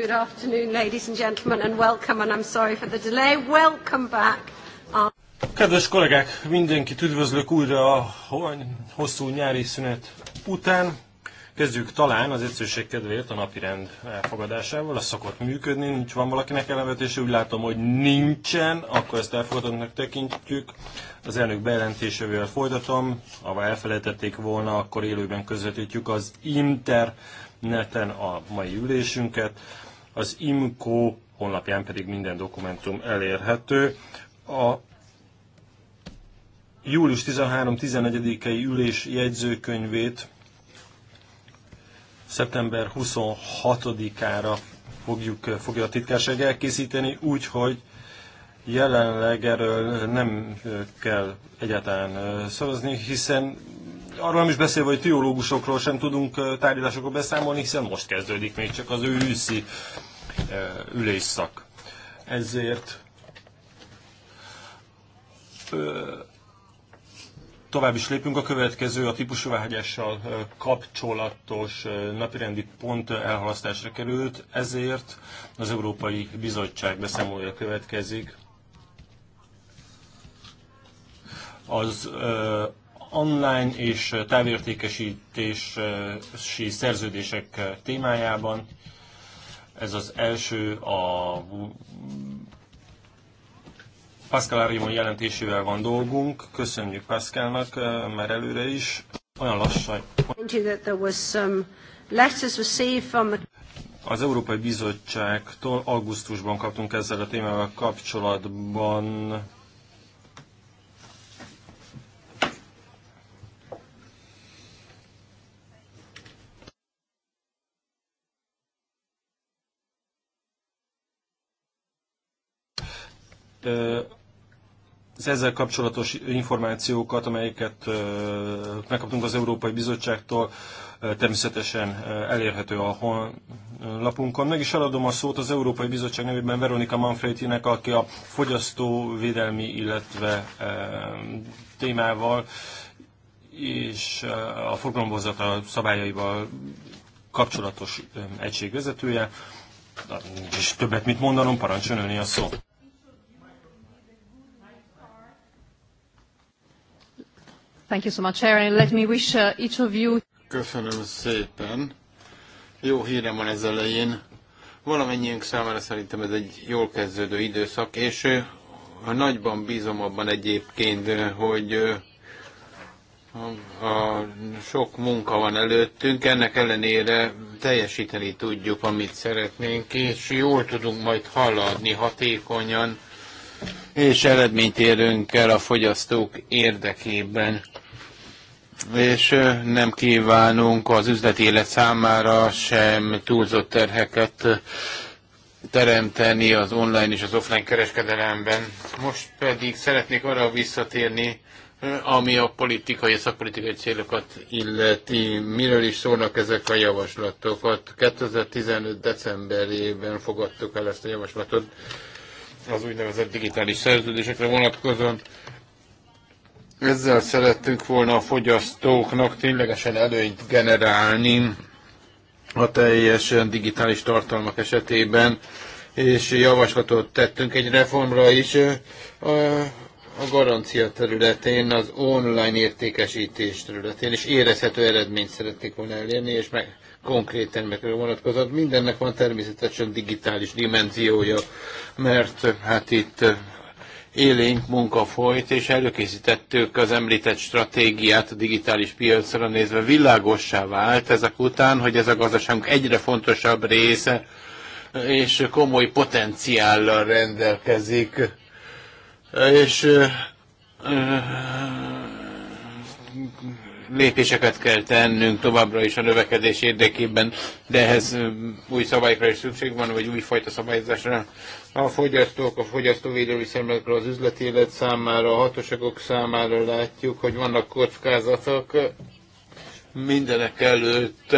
Good afternoon, ladies and gentlemen, and welcome, and I'm sorry for the delay. Welcome back. Um, Kedves kollégák, mindenkit üdvözlök újra a hosszú nyári szünet után. Kezdjük talán az egyszerűség kedvéért a napi rend elfogadásával. A szokott működni, nincs van valakinek elemetése, úgy látom, hogy nincsen, akkor ezt elfogadottnak tekintjük. Az elnök bejelentésével folytatom, ha elfelejtették volna, akkor élőben közvetítjük az Inter neten a mai ülésünket az IMCO honlapján pedig minden dokumentum elérhető. A július 13-14-i ülés jegyzőkönyvét szeptember 26-ára fogjuk, fogja a titkárság elkészíteni, úgyhogy jelenleg erről nem kell egyáltalán szavazni, hiszen arról is beszélve, hogy teológusokról sem tudunk tárgyalásokról beszámolni, hiszen most kezdődik még csak az ő őszi ülésszak. Ezért tovább is lépünk. A következő a típusú vágyással kapcsolatos napirendi pont elhalasztásra került, ezért az Európai Bizottság beszámolója következik. Az online és távértékesítési szerződések témájában. Ez az első a Pascal Arimon jelentésével van dolgunk. Köszönjük Pascalnak mert előre is. Olyan lassan. Az Európai Bizottságtól augusztusban kaptunk ezzel a témával kapcsolatban az ezzel kapcsolatos információkat, amelyeket megkaptunk az Európai Bizottságtól, természetesen elérhető a honlapunkon. Meg is eladom a szót az Európai Bizottság nevében Veronika Manfredinek, aki a fogyasztóvédelmi, illetve témával és a a szabályaival kapcsolatos egységvezetője. Nincs is többet mit mondanom, parancsön a szó. Thank you so much, Sharon. Let me wish uh, each of you... Köszönöm szépen. Jó hírem van ez elején. Valamennyiünk számára szerintem ez egy jól kezdődő időszak, és nagyban bízom abban egyébként, hogy a, a, sok munka van előttünk, ennek ellenére teljesíteni tudjuk, amit szeretnénk, és jól tudunk majd haladni hatékonyan és eredményt érünk el a fogyasztók érdekében. És nem kívánunk az üzleti élet számára sem túlzott terheket teremteni az online és az offline kereskedelemben. Most pedig szeretnék arra visszatérni, ami a politikai, a szakpolitikai célokat illeti, miről is szólnak ezek a javaslatokat. 2015. decemberében fogadtuk el ezt a javaslatot, az úgynevezett digitális szerződésekre vonatkozóan. Ezzel szerettünk volna a fogyasztóknak ténylegesen előnyt generálni a teljesen digitális tartalmak esetében, és javaslatot tettünk egy reformra is a garancia területén, az online értékesítés területén, és érezhető eredményt szerették volna elérni, és meg konkrét termékre vonatkozott. Mindennek van természetesen digitális dimenziója, mert hát itt élénk munka folyt, és előkészítettük az említett stratégiát a digitális piacra nézve. Világossá vált ezek után, hogy ez a gazdaságunk egyre fontosabb része, és komoly potenciállal rendelkezik. És lépéseket kell tennünk továbbra is a növekedés érdekében, de ehhez új szabályokra is szükség van, vagy újfajta szabályozásra. A fogyasztók, a fogyasztóvédelmi szemekről az üzleti élet számára, a hatóságok számára látjuk, hogy vannak kockázatok mindenek előtt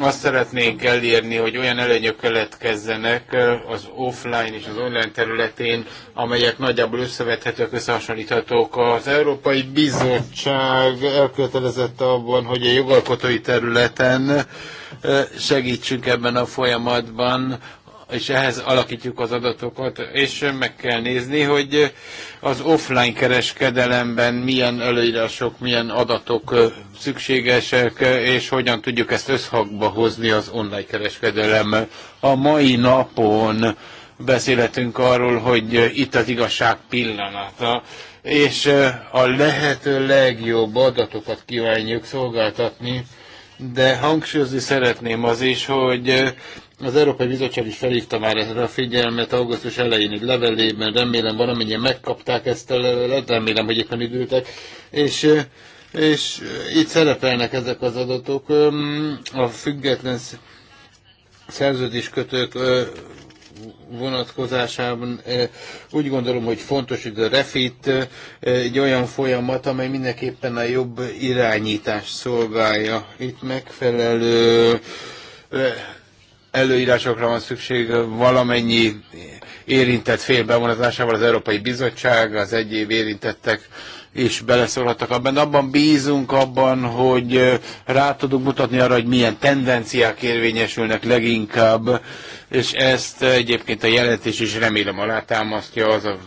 azt szeretnénk elérni, hogy olyan előnyök keletkezzenek az offline és az online területén, amelyek nagyjából összevethetők, összehasonlíthatók. Az Európai Bizottság elkötelezett abban, hogy a jogalkotói területen segítsünk ebben a folyamatban, és ehhez alakítjuk az adatokat, és meg kell nézni, hogy az offline kereskedelemben milyen előírások, milyen adatok szükségesek, és hogyan tudjuk ezt összhangba hozni az online kereskedelem. A mai napon beszélhetünk arról, hogy itt az igazság pillanata, és a lehető legjobb adatokat kívánjuk szolgáltatni, de hangsúlyozni szeretném az is, hogy az Európai Bizottság is felhívta már erre a figyelmet augusztus elején egy levelében, remélem valamennyien megkapták ezt a levelet, remélem, hogy éppen üdültek, és és itt szerepelnek ezek az adatok. A független szerződéskötők vonatkozásában úgy gondolom, hogy fontos, hogy a refit egy olyan folyamat, amely mindenképpen a jobb irányítás szolgálja. Itt megfelelő előírásokra van szükség valamennyi érintett fél bevonatásával az Európai Bizottság, az egyéb érintettek és beleszólhattak abban. abban bízunk abban, hogy rá tudunk mutatni arra, hogy milyen tendenciák érvényesülnek leginkább, és ezt egyébként a jelentés is remélem alátámasztja az a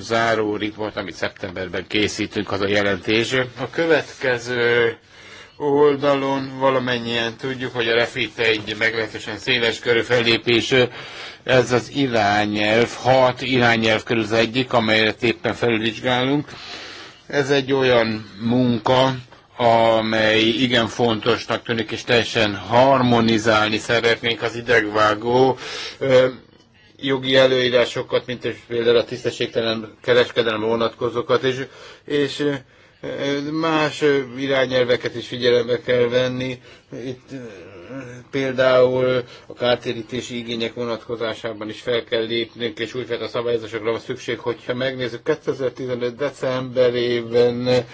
záró riport, amit szeptemberben készítünk, az a jelentés. A következő oldalon valamennyien tudjuk, hogy a refit egy meglehetősen széles körű fellépés. Ez az irányelv, hat irányelv körül az egyik, amelyet éppen felülvizsgálunk. Ez egy olyan munka, amely igen fontosnak tűnik, és teljesen harmonizálni szeretnénk az idegvágó jogi előírásokat, mint és például a tisztességtelen kereskedelem vonatkozókat, és, és Más irányelveket is figyelembe kell venni. Itt például a kártérítési igények vonatkozásában is fel kell lépnünk, és a szabályozásokra van szükség, hogyha megnézzük, 2015. decemberében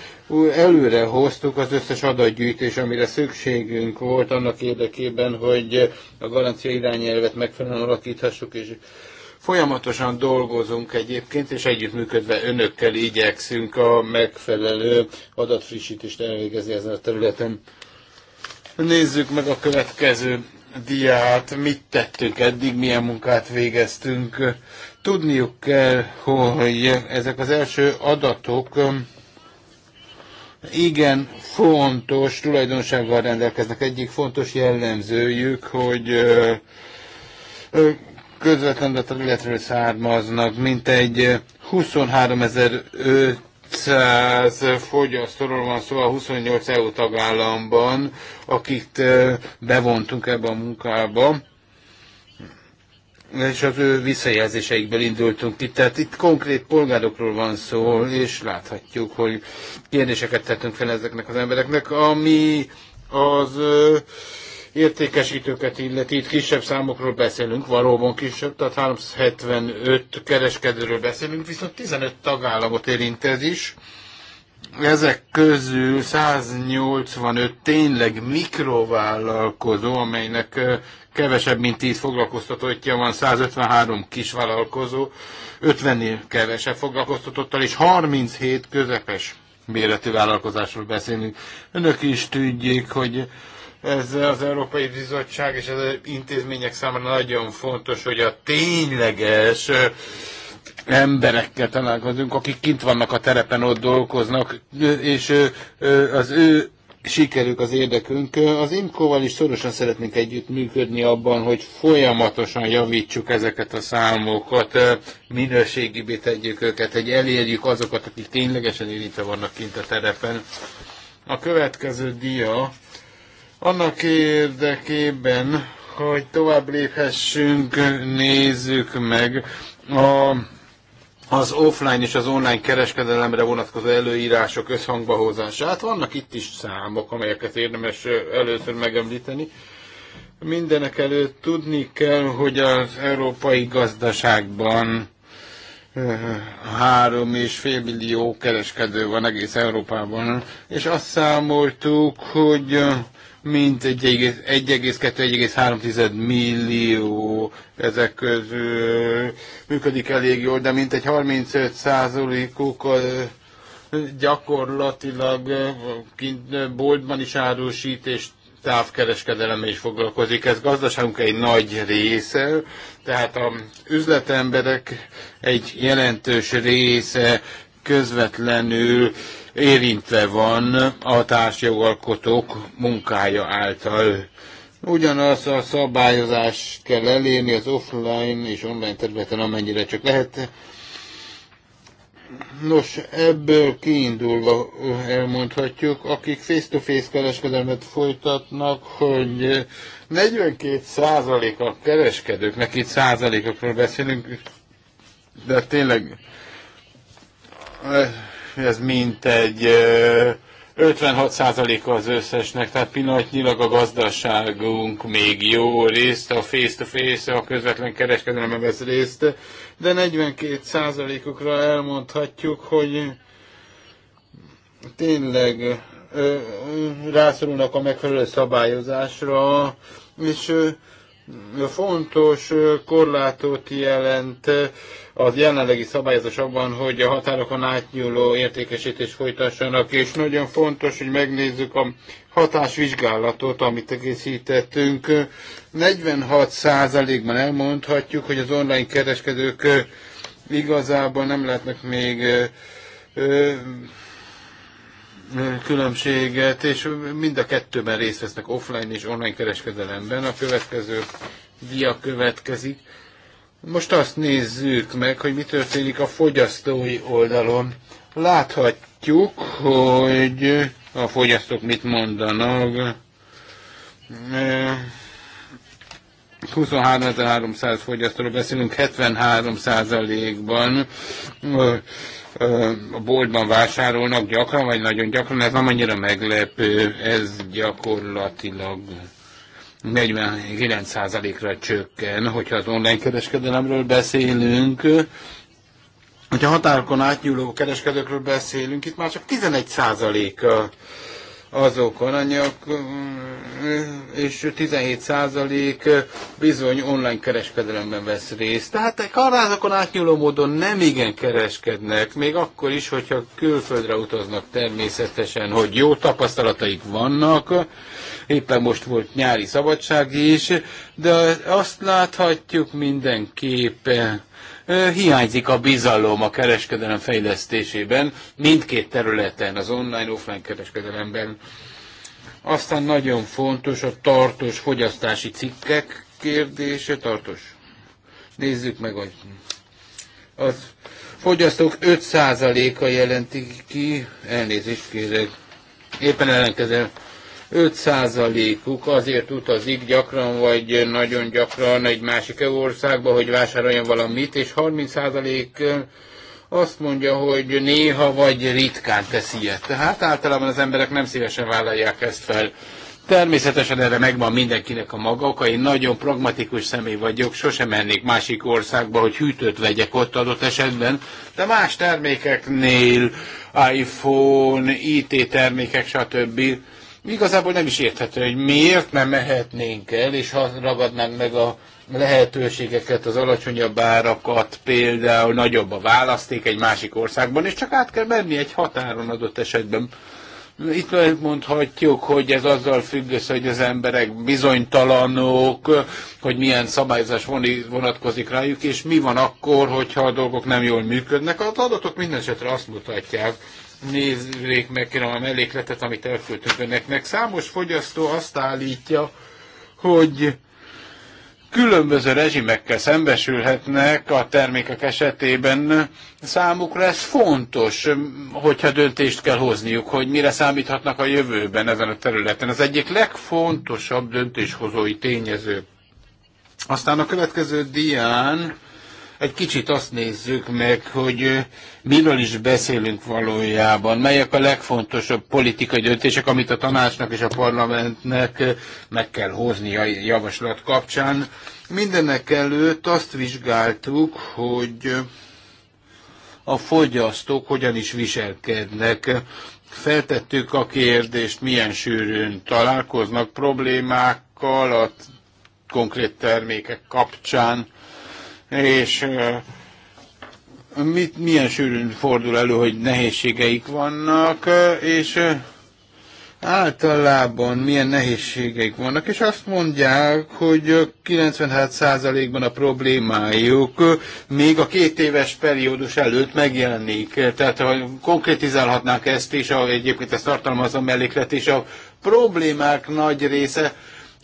előre hoztuk az összes adatgyűjtés, amire szükségünk volt annak érdekében, hogy a garancia irányelvet megfelelően alakíthassuk, és Folyamatosan dolgozunk egyébként, és együttműködve önökkel igyekszünk a megfelelő adatfrissítést elvégezni ezen a területen. Nézzük meg a következő diát, mit tettünk eddig, milyen munkát végeztünk. Tudniuk kell, hogy ezek az első adatok um, igen fontos tulajdonsággal rendelkeznek. Egyik fontos jellemzőjük, hogy uh, uh, közvetlenül a területről származnak, mint egy 23.500 eh, fogyasztóról van szó a 28 EU tagállamban, akit eh, bevontunk ebbe a munkába és az ő visszajelzéseikből indultunk ki. Tehát itt konkrét polgárokról van szó, és láthatjuk, hogy kérdéseket tettünk fel ezeknek az embereknek, ami az eh, értékesítőket illeti, itt kisebb számokról beszélünk, valóban kisebb, tehát 375 kereskedőről beszélünk, viszont 15 tagállamot érint ez is. Ezek közül 185 tényleg mikrovállalkozó, amelynek kevesebb, mint 10 foglalkoztatottja van, 153 kisvállalkozó, 50-nél kevesebb foglalkoztatottal, és 37 közepes méretű vállalkozásról beszélünk. Önök is tudják, hogy ez az Európai Bizottság és az intézmények számára nagyon fontos, hogy a tényleges emberekkel találkozunk, akik kint vannak a terepen, ott dolgoznak, és az ő sikerük az érdekünk. Az IMCO-val is szorosan szeretnénk együttműködni abban, hogy folyamatosan javítsuk ezeket a számokat, minőségibé tegyük őket, hogy elérjük azokat, akik ténylegesen érintve vannak kint a terepen. A következő dia annak érdekében, hogy tovább léphessünk, nézzük meg a, az offline és az online kereskedelemre vonatkozó előírások összhangba hozását. Vannak itt is számok, amelyeket érdemes először megemlíteni. Mindenek előtt tudni kell, hogy az európai gazdaságban három és fél millió kereskedő van egész Európában, és azt számoltuk, hogy mint 1,2-1,3 millió ezek közül működik elég jól, de mint egy 35 százalékuk gyakorlatilag kint boltban is árusít, és távkereskedelemmel is foglalkozik. Ez gazdaságunk egy nagy része, tehát a üzletemberek egy jelentős része közvetlenül érintve van a társjogalkotók munkája által. Ugyanaz a szabályozás kell elérni az offline és online területen, amennyire csak lehet. Nos, ebből kiindulva elmondhatjuk, akik face-to-face -face kereskedelmet folytatnak, hogy 42% a kereskedőknek, itt százalékokról beszélünk, de tényleg ez mint egy 56%-a az összesnek, tehát pillanatnyilag a gazdaságunk még jó részt, a face-to-face, -face, a közvetlen kereskedelem vesz részt, de 42%-ukra elmondhatjuk, hogy tényleg rászorulnak a megfelelő szabályozásra, és fontos korlátot jelent az jelenlegi szabályozás abban, hogy a határokon átnyúló értékesítést folytassanak, és nagyon fontos, hogy megnézzük a hatásvizsgálatot, amit egészítettünk. 46%-ban elmondhatjuk, hogy az online kereskedők igazából nem lehetnek még különbséget, és mind a kettőben részt vesznek offline és online kereskedelemben. A következő dia következik. Most azt nézzük meg, hogy mi történik a fogyasztói oldalon. Láthatjuk, hogy a fogyasztók mit mondanak. 23.300 fogyasztóról beszélünk, 73%-ban a boltban vásárolnak gyakran, vagy nagyon gyakran, ez nem annyira meglepő, ez gyakorlatilag 49%-ra csökken, hogyha az online kereskedelemről beszélünk. Hogyha határokon átnyúló kereskedőkről beszélünk, itt már csak 11% azok aranyok, és 17% bizony online kereskedelemben vesz részt. Tehát karázakon átnyúló módon nem igen kereskednek, még akkor is, hogyha külföldre utaznak természetesen, hogy jó tapasztalataik vannak, Éppen most volt nyári szabadság is, de azt láthatjuk mindenképpen, hiányzik a bizalom a kereskedelem fejlesztésében, mindkét területen, az online-offline kereskedelemben. Aztán nagyon fontos a tartós fogyasztási cikkek kérdése, tartós. Nézzük meg, hogy az fogyasztók 5%-a jelenti ki, elnézést kérek, éppen ellenkezem, 5%-uk azért utazik gyakran, vagy nagyon gyakran egy másik EU országba, hogy vásároljon valamit, és 30% azt mondja, hogy néha vagy ritkán teszi ilyet. Tehát általában az emberek nem szívesen vállalják ezt fel. Természetesen erre megvan mindenkinek a maga oka. Én nagyon pragmatikus személy vagyok, sosem mennék másik országba, hogy hűtőt vegyek ott adott esetben, de más termékeknél, iPhone, IT termékek, stb Igazából nem is érthető, hogy miért nem mehetnénk el, és ha ragadnánk meg a lehetőségeket, az alacsonyabb árakat, például nagyobb a választék egy másik országban, és csak át kell menni egy határon adott esetben. Itt mondhatjuk, hogy ez azzal függ össze, hogy az emberek bizonytalanok, hogy milyen szabályozás vonatkozik rájuk, és mi van akkor, hogyha a dolgok nem jól működnek. Az adatok minden esetre azt mutatják, nézzék meg kérem a mellékletet, amit elküldtünk önöknek. Számos fogyasztó azt állítja, hogy különböző rezsimekkel szembesülhetnek a termékek esetében. Számukra ez fontos, hogyha döntést kell hozniuk, hogy mire számíthatnak a jövőben ezen a területen. Az egyik legfontosabb döntéshozói tényező. Aztán a következő dián egy kicsit azt nézzük meg, hogy miről is beszélünk valójában, melyek a legfontosabb politikai döntések, amit a tanácsnak és a parlamentnek meg kell hozni a javaslat kapcsán. Mindenek előtt azt vizsgáltuk, hogy a fogyasztók hogyan is viselkednek. Feltettük a kérdést, milyen sűrűn találkoznak problémákkal a konkrét termékek kapcsán, és mit, milyen sűrűn fordul elő, hogy nehézségeik vannak, és általában milyen nehézségeik vannak, és azt mondják, hogy 97%-ban a problémájuk még a két éves periódus előtt megjelenik. Tehát ha konkrétizálhatnák ezt is, a, egyébként ezt tartalmaz a melléklet a problémák nagy része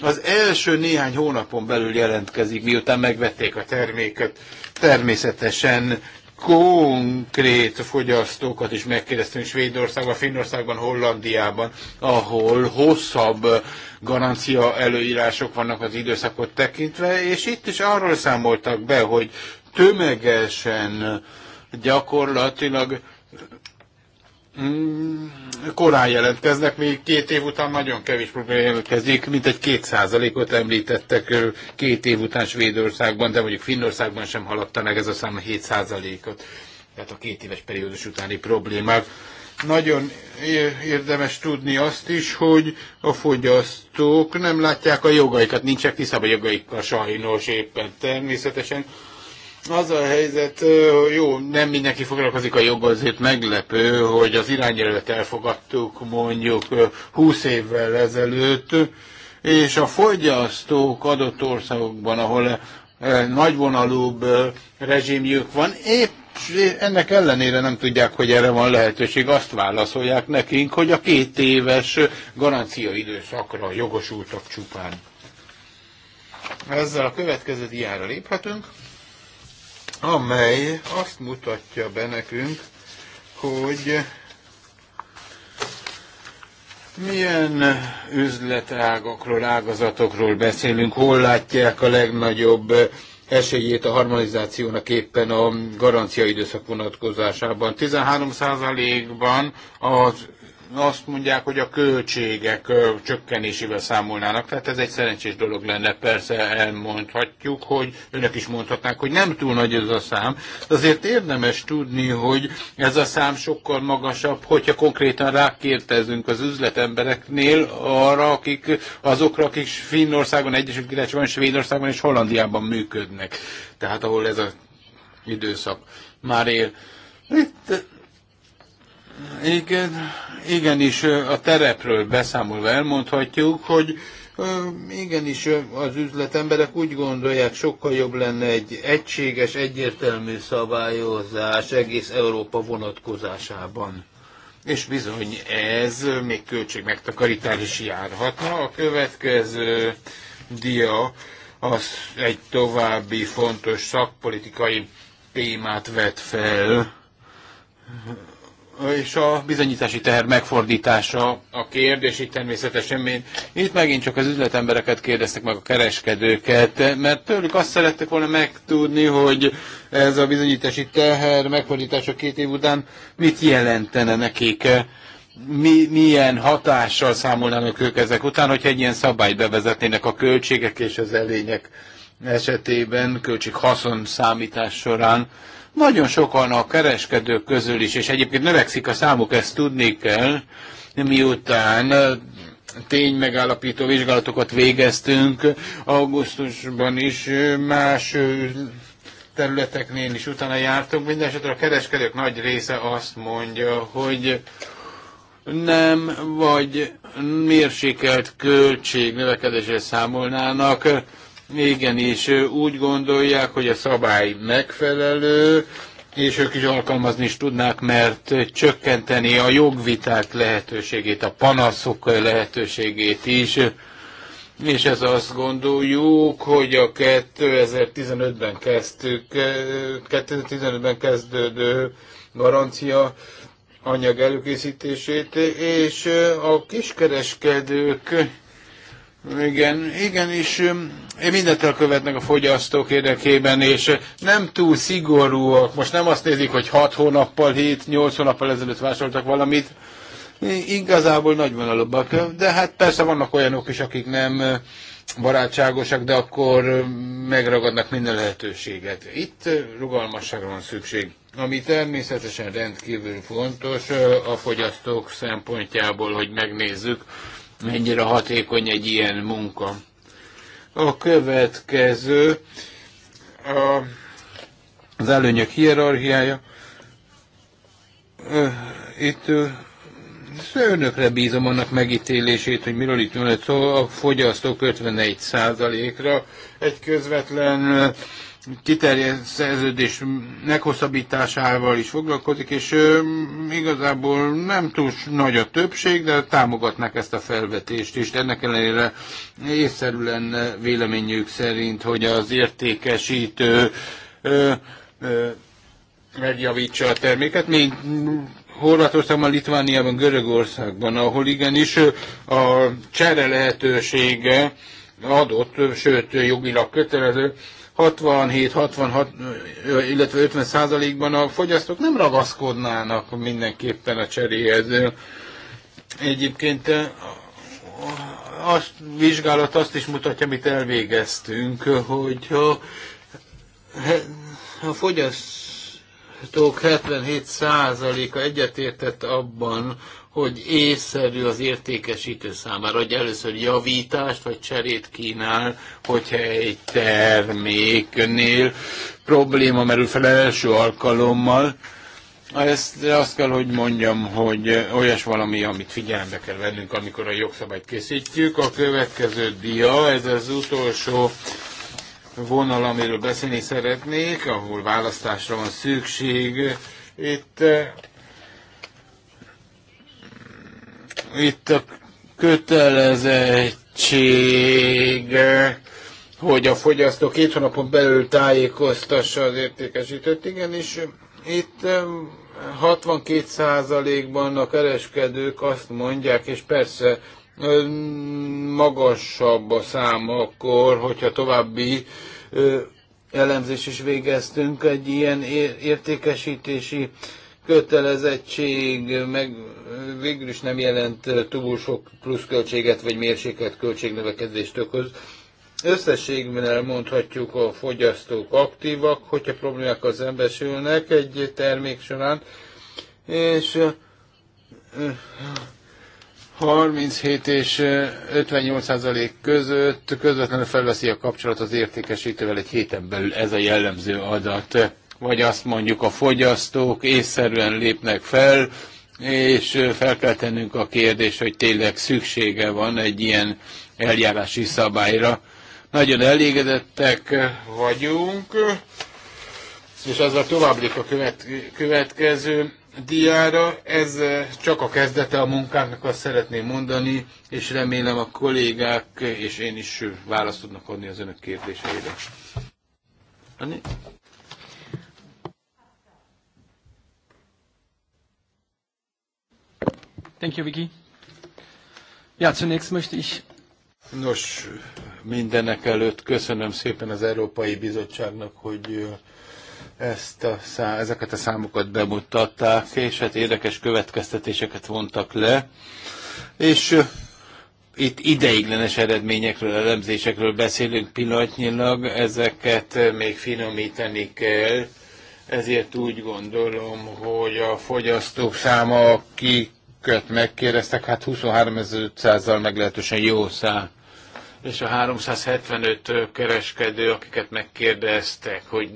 az első néhány hónapon belül jelentkezik, miután megvették a terméket. Természetesen konkrét fogyasztókat is megkérdeztünk Svédországban, Finnországban, Hollandiában, ahol hosszabb garancia előírások vannak az időszakot tekintve, és itt is arról számoltak be, hogy tömegesen gyakorlatilag Mm, korán jelentkeznek, még két év után nagyon kevés probléma jelentkezik, mint egy két százalékot említettek két év után Svédországban, de mondjuk Finnországban sem haladta meg ez a szám 7 százalékot, tehát a két éves periódus utáni problémák. Nagyon érdemes tudni azt is, hogy a fogyasztók nem látják a jogaikat, nincsek tisztában jogaikkal sajnos éppen természetesen az a helyzet, jó, nem mindenki foglalkozik a joggal, azért meglepő, hogy az irányelvet elfogadtuk mondjuk 20 évvel ezelőtt, és a fogyasztók adott országokban, ahol nagyvonalúbb rezsimjük van, épp ennek ellenére nem tudják, hogy erre van lehetőség. Azt válaszolják nekünk, hogy a két éves garancia időszakra jogosultak csupán. Ezzel a következő diára léphetünk amely azt mutatja be nekünk, hogy milyen üzletágokról ágazatokról beszélünk, hol látják a legnagyobb esélyét a harmonizációnak éppen a garancia időszak vonatkozásában. 13%-ban az azt mondják, hogy a költségek csökkenésével számolnának, tehát ez egy szerencsés dolog lenne, persze elmondhatjuk, hogy önök is mondhatnák, hogy nem túl nagy ez a szám, de azért érdemes tudni, hogy ez a szám sokkal magasabb, hogyha konkrétan rákérdezünk az üzletembereknél arra, akik, azokra, akik Finnországon, Egyesült Királyságban, Svédországban és Hollandiában működnek, tehát ahol ez az időszak már él. Itt igen, igenis a terepről beszámolva elmondhatjuk, hogy igenis az üzletemberek úgy gondolják, sokkal jobb lenne egy egységes, egyértelmű szabályozás egész Európa vonatkozásában. És bizony ez még költségmegtakarítás is járhatna. A következő dia az egy további fontos szakpolitikai témát vet fel, és a bizonyítási teher megfordítása a kérdés, itt természetesen én, itt megint csak az üzletembereket kérdeztek meg a kereskedőket, mert tőlük azt szerettek volna megtudni, hogy ez a bizonyítási teher megfordítása két év után mit jelentene nekik, mi, milyen hatással számolnának ők ezek után, hogyha egy ilyen szabályt bevezetnének a költségek és az elények esetében, költség haszon számítás során nagyon sokan a kereskedők közül is, és egyébként növekszik a számuk, ezt tudni kell, miután tény megállapító vizsgálatokat végeztünk augusztusban is, más területeknél is utána jártunk. Mindenesetre a kereskedők nagy része azt mondja, hogy nem vagy mérsékelt költség növekedésre számolnának, igen, és úgy gondolják, hogy a szabály megfelelő, és ők is alkalmazni is tudnák, mert csökkenteni a jogviták lehetőségét, a panaszok lehetőségét is. És ez azt gondoljuk, hogy a 2015-ben kezdtük, 2015-ben eh, kezdődő garancia anyag előkészítését, és eh, a kiskereskedők igen, igen, és mindent elkövetnek a fogyasztók érdekében, és nem túl szigorúak. Most nem azt nézik, hogy 6 hónappal, 7-8 hónappal ezelőtt vásároltak valamit. Igazából nagyvonalúbbak. De hát persze vannak olyanok is, akik nem barátságosak, de akkor megragadnak minden lehetőséget. Itt rugalmasságra van szükség, ami természetesen rendkívül fontos a fogyasztók szempontjából, hogy megnézzük, mennyire hatékony egy ilyen munka. A következő a, az előnyök hierarchiája. Itt önökre bízom annak megítélését, hogy miről itt van a fogyasztók 51%-ra egy közvetlen kiterjedt szerződés meghosszabbításával is foglalkozik, és ö, igazából nem túl nagy a többség, de támogatnak ezt a felvetést, és ennek ellenére észszerű lenne véleményük szerint, hogy az értékesítő ö, ö, megjavítsa a terméket, még Horvátországban, Litvániában, Görögországban, ahol igenis a csere lehetősége adott, sőt jogilag kötelező, 67-66, illetve 50 százalékban a fogyasztók nem ragaszkodnának mindenképpen a cseréhez. Egyébként a vizsgálat azt is mutatja, amit elvégeztünk, hogy a, a fogyasztók 77 százaléka egyetértett abban, hogy észszerű az értékesítő számára, hogy először javítást vagy cserét kínál, hogyha egy terméknél probléma merül fel első alkalommal. Ezt azt kell, hogy mondjam, hogy olyas valami, amit figyelembe kell vennünk, amikor a jogszabályt készítjük. A következő dia, ez az utolsó vonal, amiről beszélni szeretnék, ahol választásra van szükség. Itt Itt a kötelezettség, hogy a fogyasztó két hónapon belül tájékoztassa az értékesítőt. Igen, és itt 62%-ban a kereskedők azt mondják, és persze magasabb a szám akkor, hogyha további elemzés is végeztünk egy ilyen értékesítési kötelezettség meg végül is nem jelent túl sok pluszköltséget vagy mérsékelt költségnövekedést okoz. Összességben elmondhatjuk, a fogyasztók aktívak, hogyha az embesülnek egy termék során, és 37 és 58 százalék között közvetlenül felveszi a kapcsolat az értékesítővel egy héten belül. Ez a jellemző adat vagy azt mondjuk a fogyasztók észszerűen lépnek fel, és fel kell tennünk a kérdés, hogy tényleg szüksége van egy ilyen eljárási szabályra. Nagyon elégedettek vagyunk, és a tovább a követ, következő diára. Ez csak a kezdete a munkának, azt szeretném mondani, és remélem a kollégák és én is választ tudnak adni az önök kérdéseire. Thank you, Vicky. Ja, zunächst möchte ich... Nos, mindenek előtt köszönöm szépen az Európai Bizottságnak, hogy ezt a, szám, ezeket a számokat bemutatták, és hát érdekes következtetéseket vontak le. És itt ideiglenes eredményekről, elemzésekről beszélünk pillanatnyilag, ezeket még finomítani kell, ezért úgy gondolom, hogy a fogyasztók száma, akik őket megkérdeztek, hát 23.500-zal meglehetősen jó szám. És a 375 kereskedő, akiket megkérdeztek, hogy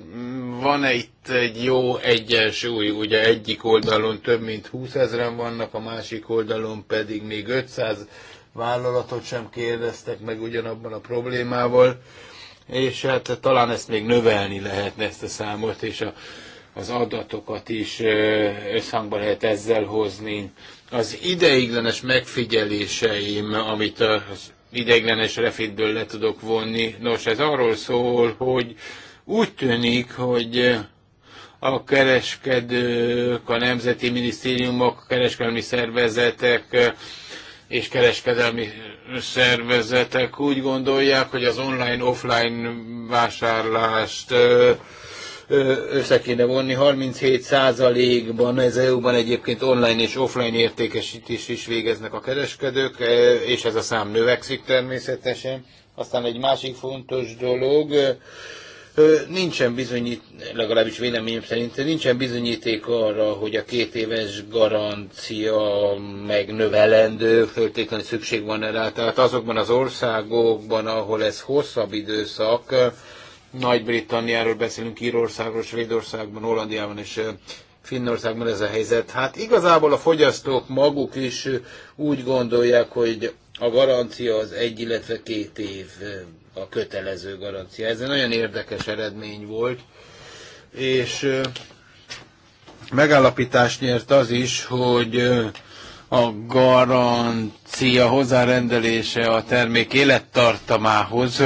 van-e itt egy jó egyensúly, ugye egyik oldalon több mint 20 ezeren vannak, a másik oldalon pedig még 500 vállalatot sem kérdeztek meg ugyanabban a problémával, és hát talán ezt még növelni lehetne ezt a számot, és a, az adatokat is összhangban lehet ezzel hozni. Az ideiglenes megfigyeléseim, amit az ideiglenes refitből le tudok vonni, nos, ez arról szól, hogy úgy tűnik, hogy a kereskedők, a nemzeti minisztériumok, kereskedelmi szervezetek és kereskedelmi szervezetek úgy gondolják, hogy az online-offline vásárlást össze kéne vonni. 37%-ban ez EU-ban egyébként online és offline értékesítés is végeznek a kereskedők, e, és ez a szám növekszik természetesen. Aztán egy másik fontos dolog, e, e, nincsen bizonyít, legalábbis véleményem szerint, nincsen bizonyíték arra, hogy a két éves garancia megnövelendő, föltétlenül szükség van erre. Tehát azokban az országokban, ahol ez hosszabb időszak, nagy-Britanniáról beszélünk, Írországról, Svédországban, Hollandiában és Finnországban ez a helyzet. Hát igazából a fogyasztók maguk is úgy gondolják, hogy a garancia az egy, illetve két év a kötelező garancia. Ez egy nagyon érdekes eredmény volt, és megállapítást nyert az is, hogy a garancia hozzárendelése a termék élettartamához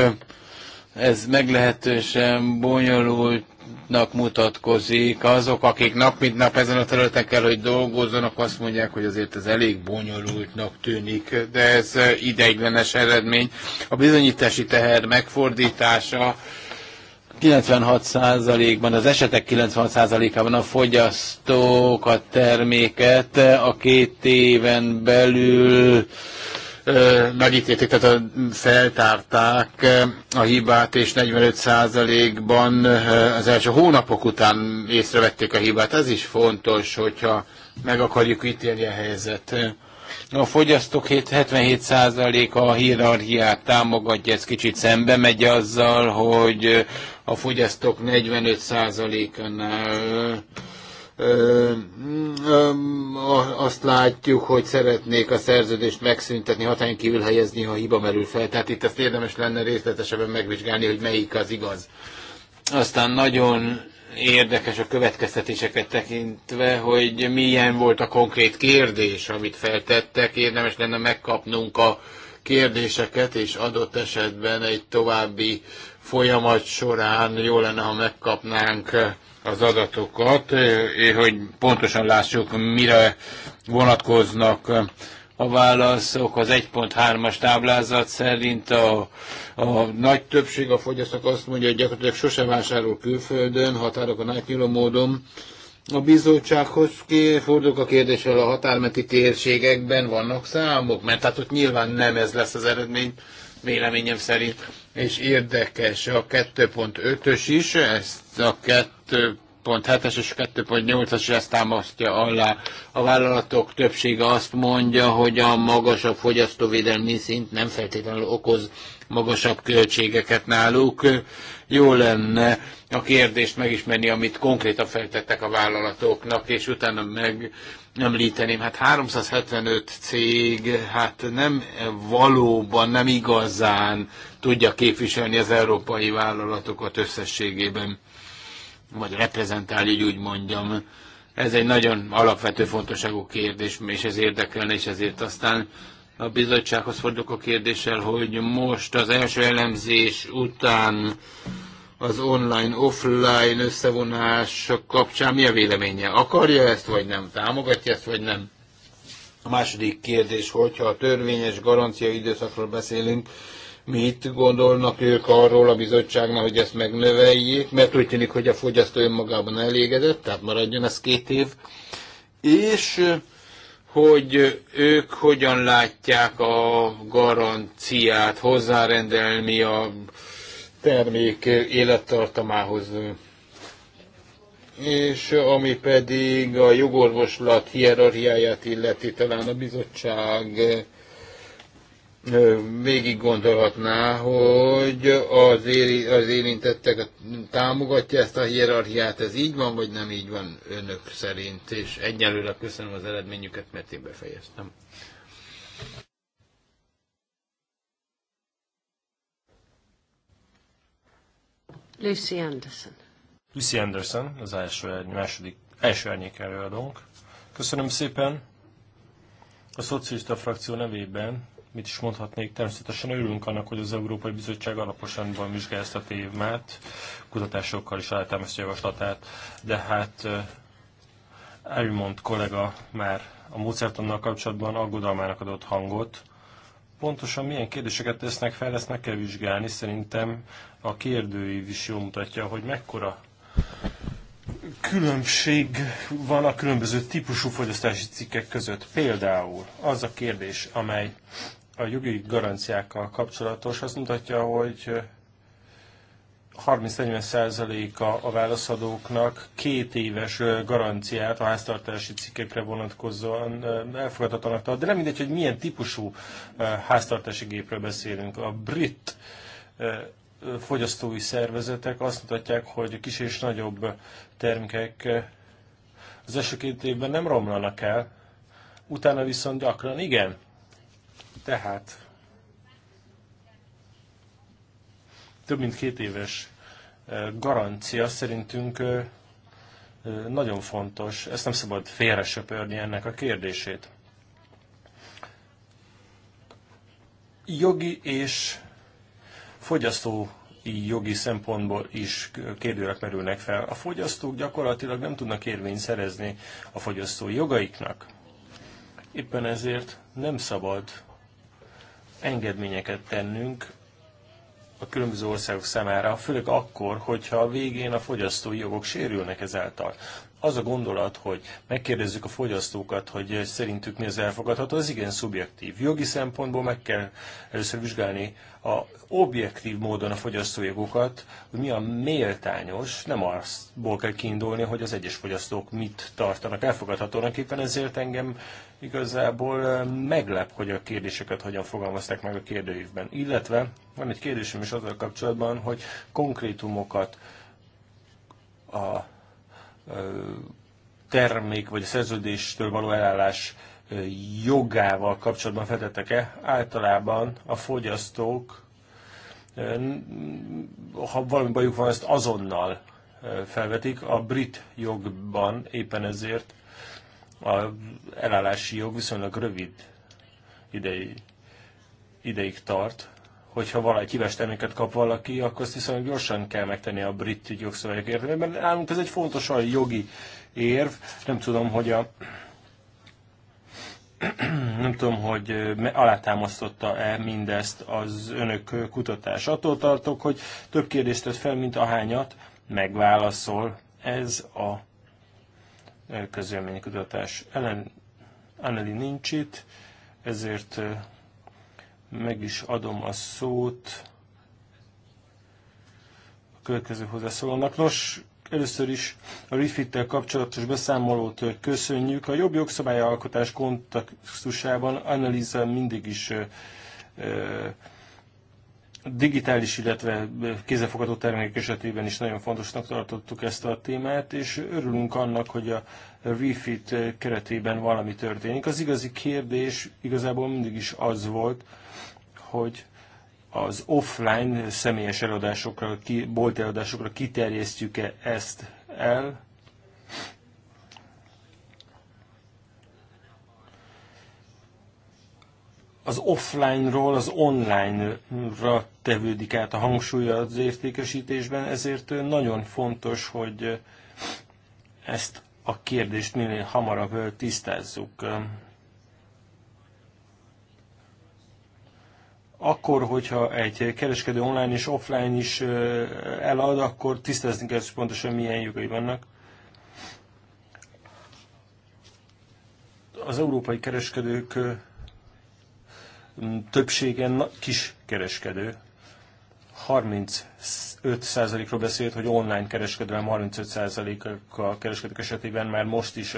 ez meglehetősen bonyolultnak mutatkozik. Azok, akik nap mint nap ezen a területen kell, hogy dolgozzanak, azt mondják, hogy azért ez elég bonyolultnak tűnik, de ez ideiglenes eredmény. A bizonyítási teher megfordítása 96%-ban, az esetek 96%-ában a fogyasztók a terméket a két éven belül megítélték, tehát feltárták a hibát, és 45%-ban az első hónapok után észrevették a hibát. Ez is fontos, hogyha meg akarjuk ítélni a helyzet. A fogyasztók 77%-a a hierarchiát támogatja, ez kicsit szembe megy azzal, hogy a fogyasztók 45%-nál azt látjuk, hogy szeretnék a szerződést megszüntetni, hatályon kívül helyezni, ha hiba merül fel. Tehát itt ezt érdemes lenne részletesebben megvizsgálni, hogy melyik az igaz. Aztán nagyon érdekes a következtetéseket tekintve, hogy milyen volt a konkrét kérdés, amit feltettek. Érdemes lenne megkapnunk a kérdéseket, és adott esetben egy további folyamat során jó lenne, ha megkapnánk az adatokat, hogy pontosan lássuk, mire vonatkoznak a válaszok. Az 1.3-as táblázat szerint a, a nagy többség a fogyasztók azt mondja, hogy gyakorlatilag sose vásárol külföldön, határokon átnyúló módon. A bizottsághoz fordulok a kérdéssel a határmenti térségekben vannak számok, mert hát ott nyilván nem ez lesz az eredmény, véleményem szerint és érdekes a 2.5-ös is, ezt a 2.7-es és 2.8-as ezt támasztja alá. A vállalatok többsége azt mondja, hogy a magasabb fogyasztóvédelmi szint nem feltétlenül okoz magasabb költségeket náluk. Jó lenne a kérdést megismerni, amit konkrétan feltettek a vállalatoknak, és utána meg említeném, hát 375 cég, hát nem valóban, nem igazán tudja képviselni az európai vállalatokat összességében, vagy reprezentálni, úgy mondjam. Ez egy nagyon alapvető fontosságú kérdés, és ez érdekelne, és ezért aztán a bizottsághoz fordulok a kérdéssel, hogy most az első elemzés után az online-offline összevonás kapcsán mi a véleménye? Akarja ezt, vagy nem? Támogatja ezt, vagy nem? A második kérdés, hogyha a törvényes garancia időszakról beszélünk, Mit gondolnak ők arról a bizottságnak, hogy ezt megnöveljék? Mert úgy tűnik, hogy a fogyasztó önmagában elégedett, tehát maradjon ez két év. És hogy ők hogyan látják a garanciát hozzárendelni a termék élettartamához. És ami pedig a jogorvoslat hierarchiáját illeti, talán a bizottság végig gondolhatná, hogy az, éri, az érintettek támogatja ezt a hierarchiát, ez így van, vagy nem így van önök szerint, és egyelőre köszönöm az eredményüket, mert én befejeztem. Lucy Anderson. Lucy Anderson, az első, második, első árnyék előadónk. Köszönöm szépen. A szocialista frakció nevében mit is mondhatnék, természetesen örülünk annak, hogy az Európai Bizottság alaposan vizsgálja ezt a témát, kutatásokkal is alátámasztja javaslatát, de hát Elmond kollega már a módszertannal kapcsolatban aggodalmának adott hangot. Pontosan milyen kérdéseket tesznek fel, ezt meg kell vizsgálni. Szerintem a kérdői is jól mutatja, hogy mekkora különbség van a különböző típusú fogyasztási cikkek között. Például az a kérdés, amely a jogi garanciákkal kapcsolatos, azt mutatja, hogy 30-40%-a a válaszadóknak két éves garanciát a háztartási cikkekre vonatkozóan elfogadhatónak tart, de nem mindegy, hogy milyen típusú háztartási gépről beszélünk. A brit fogyasztói szervezetek azt mutatják, hogy kis és nagyobb termékek az első két évben nem romlanak el, utána viszont gyakran igen. Tehát több mint két éves garancia szerintünk nagyon fontos. Ezt nem szabad félre söpörni ennek a kérdését. Jogi és fogyasztó jogi szempontból is kérdőre merülnek fel. A fogyasztók gyakorlatilag nem tudnak érvényt szerezni a fogyasztói jogaiknak. Éppen ezért nem szabad engedményeket tennünk a különböző országok számára, főleg akkor, hogyha a végén a fogyasztói jogok sérülnek ezáltal az a gondolat, hogy megkérdezzük a fogyasztókat, hogy szerintük mi az elfogadható, az igen szubjektív. Jogi szempontból meg kell először vizsgálni a objektív módon a jogokat, hogy mi a méltányos, nem azból kell kiindulni, hogy az egyes fogyasztók mit tartanak elfogadhatónak, éppen ezért engem igazából meglep, hogy a kérdéseket hogyan fogalmazták meg a kérdőívben. Illetve van egy kérdésem is azzal kapcsolatban, hogy konkrétumokat a termék vagy a szerződéstől való elállás jogával kapcsolatban fedettek e Általában a fogyasztók, ha valami bajuk van, ezt azonnal felvetik. A brit jogban éppen ezért a elállási jog viszonylag rövid idei, ideig tart, hogyha valaki hibás terméket kap valaki, akkor azt viszonylag gyorsan kell megtenni a brit jogszabályok értelmében, mert nálunk ez egy fontos a jogi érv. Nem tudom, hogy a nem tudom, hogy alátámasztotta-e mindezt az önök kutatás. Attól tartok, hogy több kérdést tett fel, mint ahányat megválaszol ez a közélménykutatás. Ellen Anneli nincs itt, ezért meg is adom a szót a következő hozzászólónak. Nos, először is a refit kapcsolatos beszámolót köszönjük. A jobb jogszabályalkotás kontextusában Annalisa mindig is digitális, illetve kézzelfogható termékek esetében is nagyon fontosnak tartottuk ezt a témát, és örülünk annak, hogy a refit keretében valami történik. Az igazi kérdés igazából mindig is az volt, hogy az offline személyes eladásokra, ki, bolt eladásokra kiterjesztjük-e ezt el. Az offline-ról az online-ra tevődik át a hangsúly az értékesítésben, ezért nagyon fontos, hogy ezt a kérdést minél hamarabb tisztázzuk. akkor, hogyha egy kereskedő online és offline is elad, akkor tisztázni kell, hogy pontosan milyen jogai vannak. Az európai kereskedők többsége kis kereskedő, 35%-ról beszélt, hogy online kereskedelem 35%-a kereskedők esetében már most is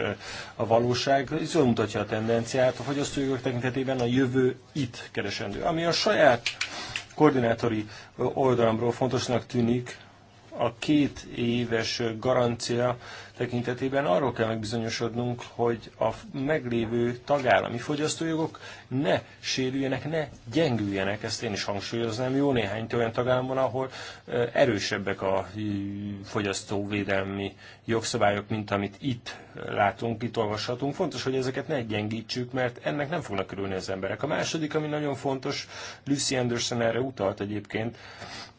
a valóság. Ez jól mutatja a tendenciát. A fogyasztójogok tekintetében a jövő itt keresendő. Ami a saját koordinátori oldalamról fontosnak tűnik, a két éves garancia tekintetében arról kell megbizonyosodnunk, hogy a meglévő tagállami fogyasztójogok ne sérüljenek, ne gyengüljenek, ezt én is hangsúlyoznám. Jó néhány olyan tagállamban, ahol erősebbek a fogyasztóvédelmi jogszabályok, mint amit itt látunk, itt olvashatunk. Fontos, hogy ezeket ne gyengítsük, mert ennek nem fognak örülni az emberek. A második, ami nagyon fontos, Lucy Anderson erre utalt egyébként,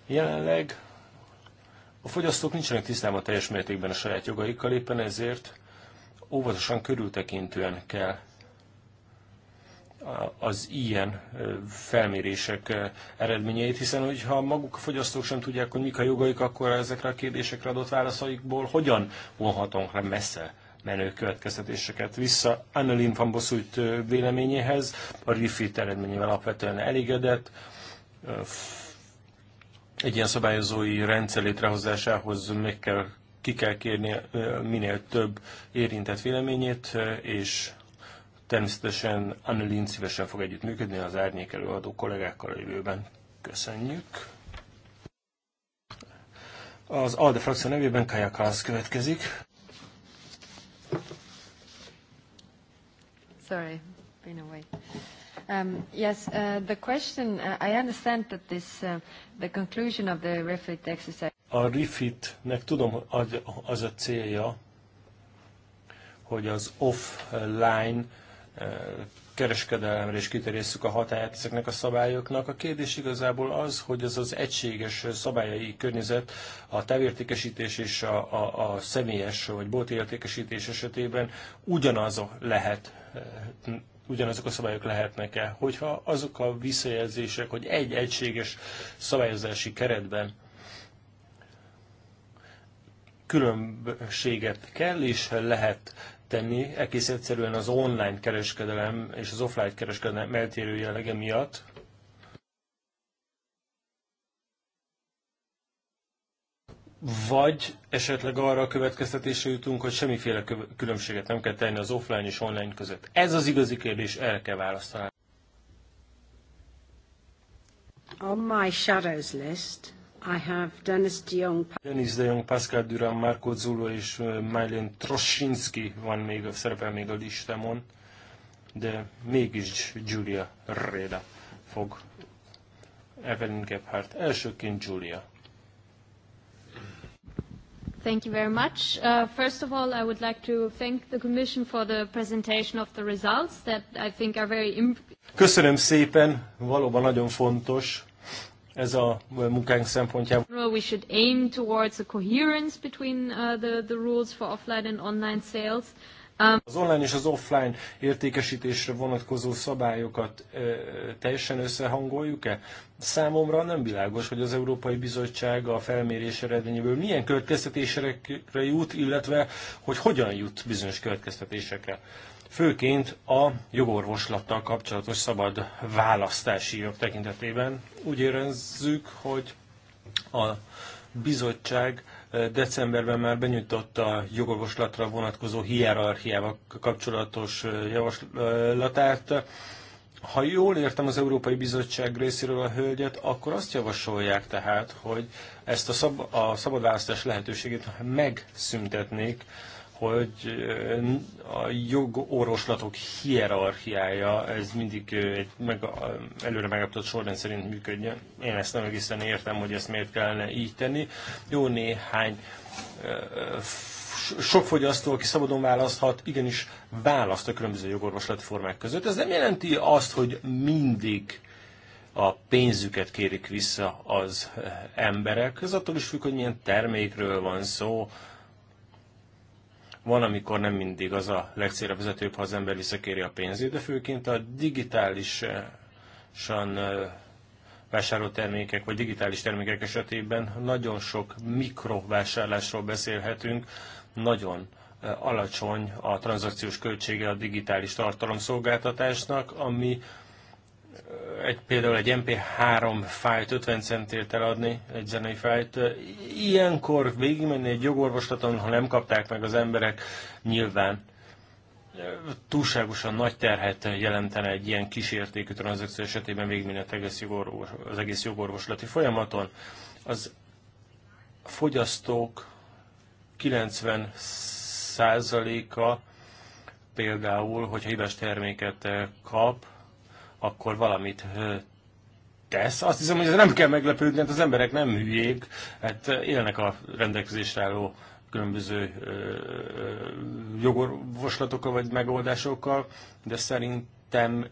jelenleg a fogyasztók nincsenek tisztában teljes mértékben a saját jogaikkal, éppen ezért óvatosan körültekintően kell az ilyen felmérések eredményeit, hiszen hogyha maguk a fogyasztók sem tudják, hogy mik a jogaik, akkor ezekre a kérdésekre adott válaszaikból hogyan vonhatunk le messze menő következtetéseket. Vissza Annelin van Bosszújt véleményéhez, a refit eredményével alapvetően elégedett, egy ilyen szabályozói rendszer létrehozásához meg kell, ki kell kérni minél több érintett véleményét, és természetesen Annelin szívesen fog együttműködni az árnyék előadó kollégákkal a jövőben. Köszönjük! Az ALDE frakció nevében Kaja Kalsz következik. Sorry, been away. Um, yes, uh, the question, uh, I understand that this, uh, the conclusion of the refit exercise. A refitnek tudom, az a célja, hogy az offline uh, kereskedelemre is kiterjesszük a hatáját ezeknek a szabályoknak. A kérdés igazából az, hogy ez az egységes szabályai környezet a tevértékesítés és a, a, a személyes vagy bolti értékesítés esetében ugyanaz lehet uh, ugyanazok a szabályok lehetnek-e. Hogyha azok a visszajelzések, hogy egy egységes szabályozási keretben különbséget kell és lehet tenni, egész egyszerűen az online kereskedelem és az offline kereskedelem eltérő jellege miatt, vagy esetleg arra a következtetésre jutunk, hogy semmiféle különbséget nem kell tenni az offline és online között. Ez az igazi kérdés, erre kell választani. On my shadows list, I have Dennis de Jong, Dennis de Jong Pascal Durán, Marco Zulo és Mylène Troszinski van még, szerepel még a listámon, de mégis Julia Reda fog. Evelyn Gebhardt, elsőként Julia. Thank you very much. Uh, first of all, I would like to thank the Commission for the presentation of the results that I think are very Köszönöm szépen, valóban nagyon fontos ez a munkánk szempontjából. We should aim towards a coherence between uh, the, the rules for offline and online sales. Um, az online és az offline értékesítésre vonatkozó szabályokat teljesen összehangoljuk-e? Számomra nem világos, hogy az Európai Bizottság a felmérés eredményéből milyen következtetésekre jut, illetve hogy hogyan jut bizonyos következtetésekre. Főként a jogorvoslattal kapcsolatos szabad választási jog tekintetében úgy érezzük, hogy a bizottság decemberben már benyújtotta a jogorvoslatra vonatkozó hierarchiával kapcsolatos javaslatát. Ha jól értem az Európai Bizottság részéről a hölgyet, akkor azt javasolják tehát, hogy ezt a, szab a szabadválasztás lehetőségét megszüntetnék hogy a jogorvoslatok hierarchiája, ez mindig egy meg, előre megadott sorrend szerint működjön. Én ezt nem egészen értem, hogy ezt miért kellene így tenni. Jó néhány sok fogyasztó, aki szabadon választhat, igenis választ a különböző jogorvoslati formák között. Ez nem jelenti azt, hogy mindig a pénzüket kérik vissza az emberek. Ez attól is függ, hogy milyen termékről van szó, van, amikor nem mindig az a legcélra vezetőbb, ha az ember visszakéri a pénzét, de főként a digitálisan vásárolt termékek, vagy digitális termékek esetében nagyon sok mikrovásárlásról beszélhetünk, nagyon alacsony a tranzakciós költsége a digitális tartalomszolgáltatásnak, ami egy, például egy MP3 fájt 50 centért eladni, egy zenei fájt. Ilyenkor végigmenni egy jogorvoslaton, ha nem kapták meg az emberek, nyilván túlságosan nagy terhet jelentene egy ilyen kísértékű tranzakció esetében végigmenni az egész, jogorvos, az egész jogorvoslati folyamaton. Az fogyasztók 90 százaléka például, hogyha hibás terméket kap, akkor valamit tesz. Azt hiszem, hogy ez nem kell meglepődni, hát az emberek nem hülyék, hát élnek a rendelkezésre álló különböző jogorvoslatokkal vagy megoldásokkal, de szerintem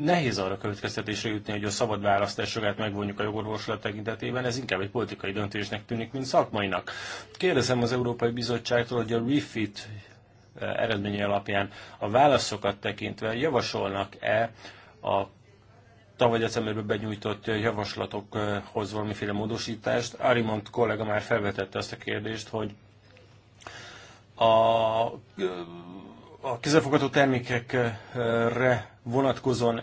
nehéz arra következtetésre jutni, hogy a szabad választás jogát megvonjuk a jogorvoslat tekintetében, ez inkább egy politikai döntésnek tűnik, mint szakmainak. Kérdezem az Európai Bizottságtól, hogy a refit eredménye alapján a válaszokat tekintve javasolnak-e a tavaly decemberben benyújtott javaslatokhoz valamiféle módosítást. Arimont kollega már felvetette azt a kérdést, hogy a, a kezelfogható termékekre vonatkozóan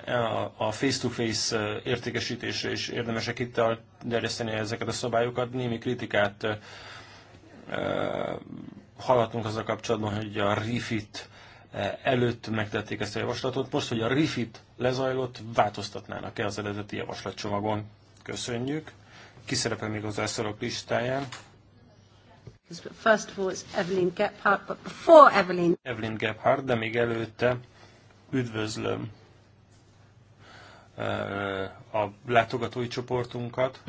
a face-to-face -face értékesítésre is érdemesek itt terjeszteni ezeket a szabályokat. Némi kritikát hallhatunk azzal kapcsolatban, hogy a refit E, előtt megtették ezt a javaslatot. Most, hogy a RIFIT lezajlott, változtatnának-e az eredeti javaslatcsomagon? Köszönjük. Ki szerepel még az elszorok listáján? First of all, it's Evelyn Gephardt, but before Evelyn... Evelyn Gephardt, de még előtte üdvözlöm uh, a látogatói csoportunkat.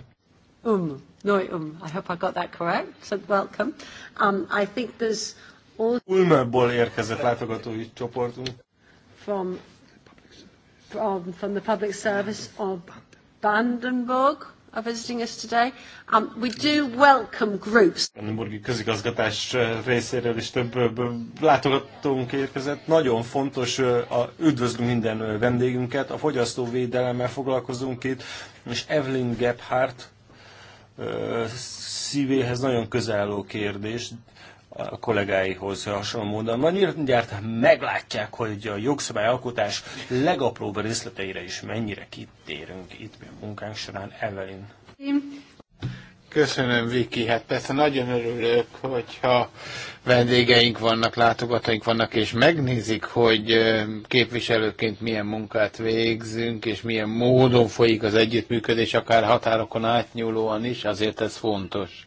Um, no, um, I hope I got that correct, so welcome. Um, I think there's Ulmerból érkezett látogatói csoportunk. From, from, from the public service of Brandenburg are visiting us today. Um, we do welcome groups. Brandenburgi közigazgatás eh, részéről is több eh, látogatónk érkezett. Nagyon fontos, eh, a, üdvözlünk minden vendégünket, a fogyasztóvédelemmel foglalkozunk itt, és Evelyn Gebhardt szívéhez nagyon közel álló kérdés a kollégáihoz hasonló módon van. Mindjárt meglátják, hogy a jogszabályalkotás legapróbb részleteire is mennyire kitérünk itt a munkánk során. Evelyn. Köszönöm, Viki. Hát persze nagyon örülök, hogyha vendégeink vannak, látogatóink vannak, és megnézik, hogy képviselőként milyen munkát végzünk, és milyen módon folyik az együttműködés, akár határokon átnyúlóan is, azért ez fontos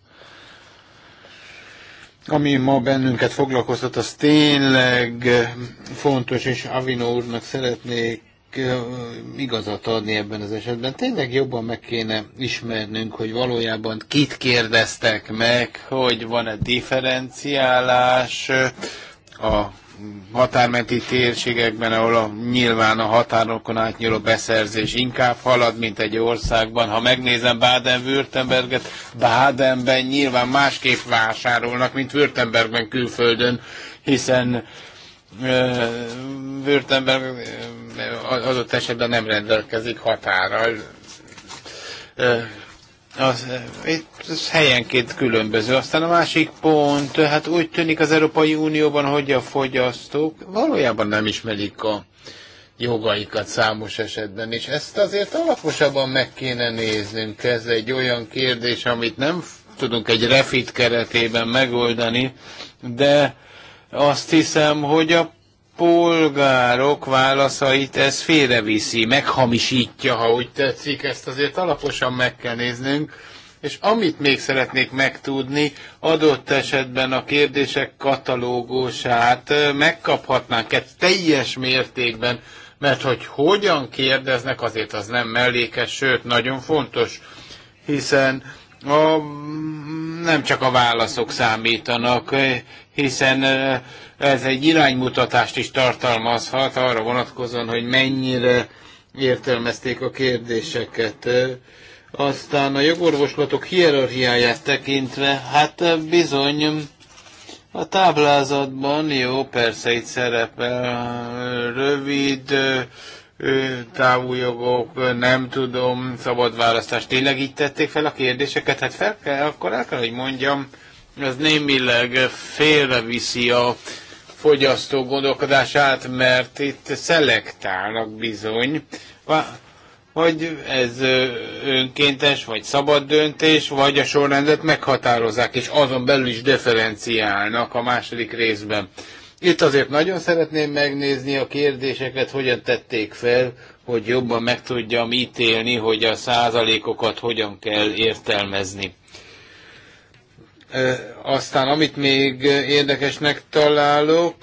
ami ma bennünket foglalkoztat, az tényleg fontos, és Avino úrnak szeretnék igazat adni ebben az esetben. Tényleg jobban meg kéne ismernünk, hogy valójában kit kérdeztek meg, hogy van-e differenciálás a határmenti térségekben, ahol a, nyilván a határokon átnyúló beszerzés inkább halad, mint egy országban. Ha megnézem Baden-Württemberget, Badenben nyilván másképp vásárolnak, mint Württembergben külföldön, hiszen uh, Württemberg uh, ott esetben nem rendelkezik határral. Uh, az, eh, ez helyenként különböző. Aztán a másik pont, hát úgy tűnik az Európai Unióban, hogy a fogyasztók valójában nem ismerik a jogaikat számos esetben, és ezt azért alaposabban meg kéne néznünk. Ez egy olyan kérdés, amit nem tudunk egy refit keretében megoldani, de azt hiszem, hogy a polgárok válaszait ez félreviszi, meghamisítja, ha úgy tetszik, ezt azért alaposan meg kell néznünk. És amit még szeretnék megtudni, adott esetben a kérdések katalógusát megkaphatnánk egy teljes mértékben, mert hogy hogyan kérdeznek, azért az nem mellékes, sőt, nagyon fontos, hiszen a, nem csak a válaszok számítanak, hiszen ez egy iránymutatást is tartalmazhat arra vonatkozóan, hogy mennyire értelmezték a kérdéseket. Aztán a jogorvoslatok hierarchiáját tekintve, hát bizony a táblázatban, jó, persze itt szerepel rövid távú jogok, nem tudom, szabad választás. Tényleg így tették fel a kérdéseket? Hát fel kell, akkor el kell, hogy mondjam, ez némileg félreviszi a fogyasztó gondolkodását, mert itt szelektálnak bizony, hogy ez önkéntes, vagy szabad döntés, vagy a sorrendet meghatározzák, és azon belül is differenciálnak a második részben. Itt azért nagyon szeretném megnézni a kérdéseket, hogyan tették fel, hogy jobban meg tudjam ítélni, hogy a százalékokat hogyan kell értelmezni. Aztán amit még érdekesnek találok,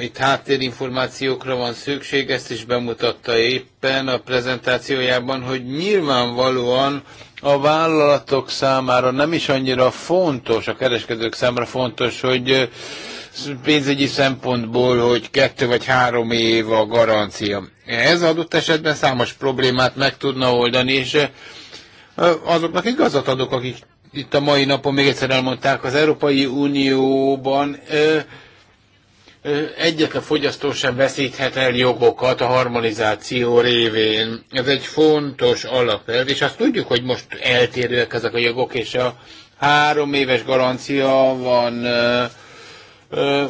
itt háttérinformációkra van szükség, ezt is bemutatta éppen a prezentációjában, hogy nyilvánvalóan a vállalatok számára nem is annyira fontos, a kereskedők számára fontos, hogy pénzügyi szempontból, hogy kettő vagy három év a garancia. Ez adott esetben számos problémát meg tudna oldani, és azoknak igazat adok, akik itt a mai napon még egyszer elmondták, az Európai Unióban ö, ö, egyetlen fogyasztó sem veszíthet el jogokat a harmonizáció révén. Ez egy fontos alapelv, és azt tudjuk, hogy most eltérőek ezek a jogok, és a három éves garancia van ö, ö,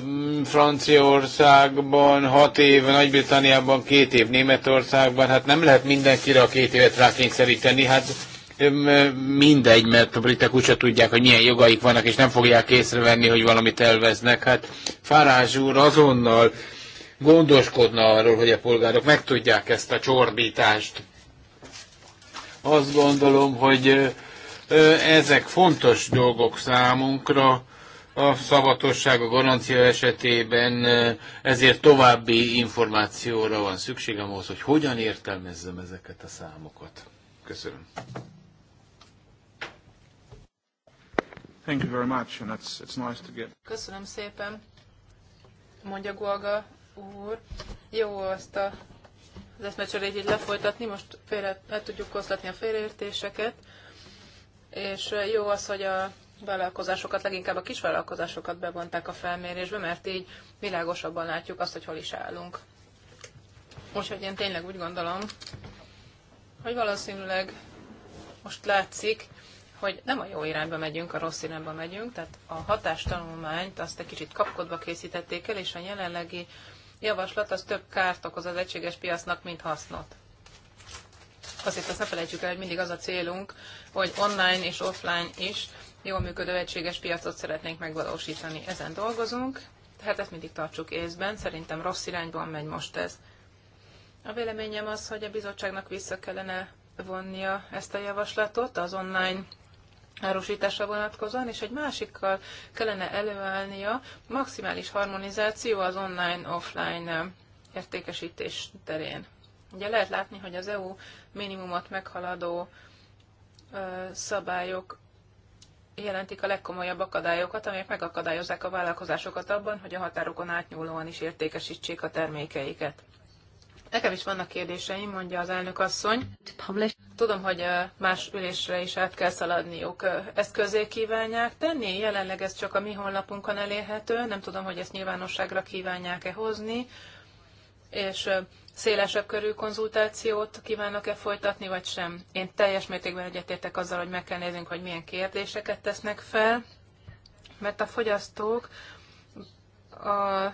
Franciaországban, hat év, Nagy-Britanniában, két év Németországban, hát nem lehet mindenkire a két évet rákényszeríteni, hát mindegy, mert a britek úgyse tudják, hogy milyen jogaik vannak, és nem fogják észrevenni, hogy valamit elveznek. Hát Farázs úr azonnal gondoskodna arról, hogy a polgárok megtudják ezt a csorbítást. Azt gondolom, hogy ezek fontos dolgok számunkra, a szabatosság a garancia esetében, ezért további információra van szükségem ahhoz, hogy hogyan értelmezzem ezeket a számokat. Köszönöm. Thank you very much, and it's, it's nice to get... Köszönöm szépen, mondja Golga úr. Jó azt a, az eszmecserét így lefolytatni, most félre, le tudjuk koszlatni a félreértéseket, és eh, jó az, hogy a vállalkozásokat, leginkább a kisvállalkozásokat bevonták a felmérésbe, mert így világosabban látjuk azt, hogy hol is állunk. Most hogy én tényleg úgy gondolom, hogy valószínűleg most látszik, hogy nem a jó irányba megyünk, a rossz irányba megyünk, tehát a hatástanulmányt azt egy kicsit kapkodva készítették el, és a jelenlegi javaslat az több kárt okoz az egységes piacnak, mint hasznot. Azért azt ne felejtsük el, hogy mindig az a célunk, hogy online és offline is jól működő egységes piacot szeretnénk megvalósítani. Ezen dolgozunk, tehát ezt mindig tartsuk észben, szerintem rossz irányban megy most ez. A véleményem az, hogy a bizottságnak vissza kellene vonnia ezt a javaslatot az online árusításra vonatkozóan, és egy másikkal kellene előállnia maximális harmonizáció az online-offline értékesítés terén. Ugye lehet látni, hogy az EU minimumot meghaladó ö, szabályok jelentik a legkomolyabb akadályokat, amelyek megakadályozzák a vállalkozásokat abban, hogy a határokon átnyúlóan is értékesítsék a termékeiket. Nekem is vannak kérdéseim, mondja az elnök asszony. Tudom, hogy más ülésre is át kell szaladniuk. Ezt közé kívánják tenni? Jelenleg ez csak a mi honlapunkon elérhető. Nem tudom, hogy ezt nyilvánosságra kívánják-e hozni. És szélesebb körű konzultációt kívánok-e folytatni, vagy sem. Én teljes mértékben egyetértek azzal, hogy meg kell néznünk, hogy milyen kérdéseket tesznek fel, mert a fogyasztók a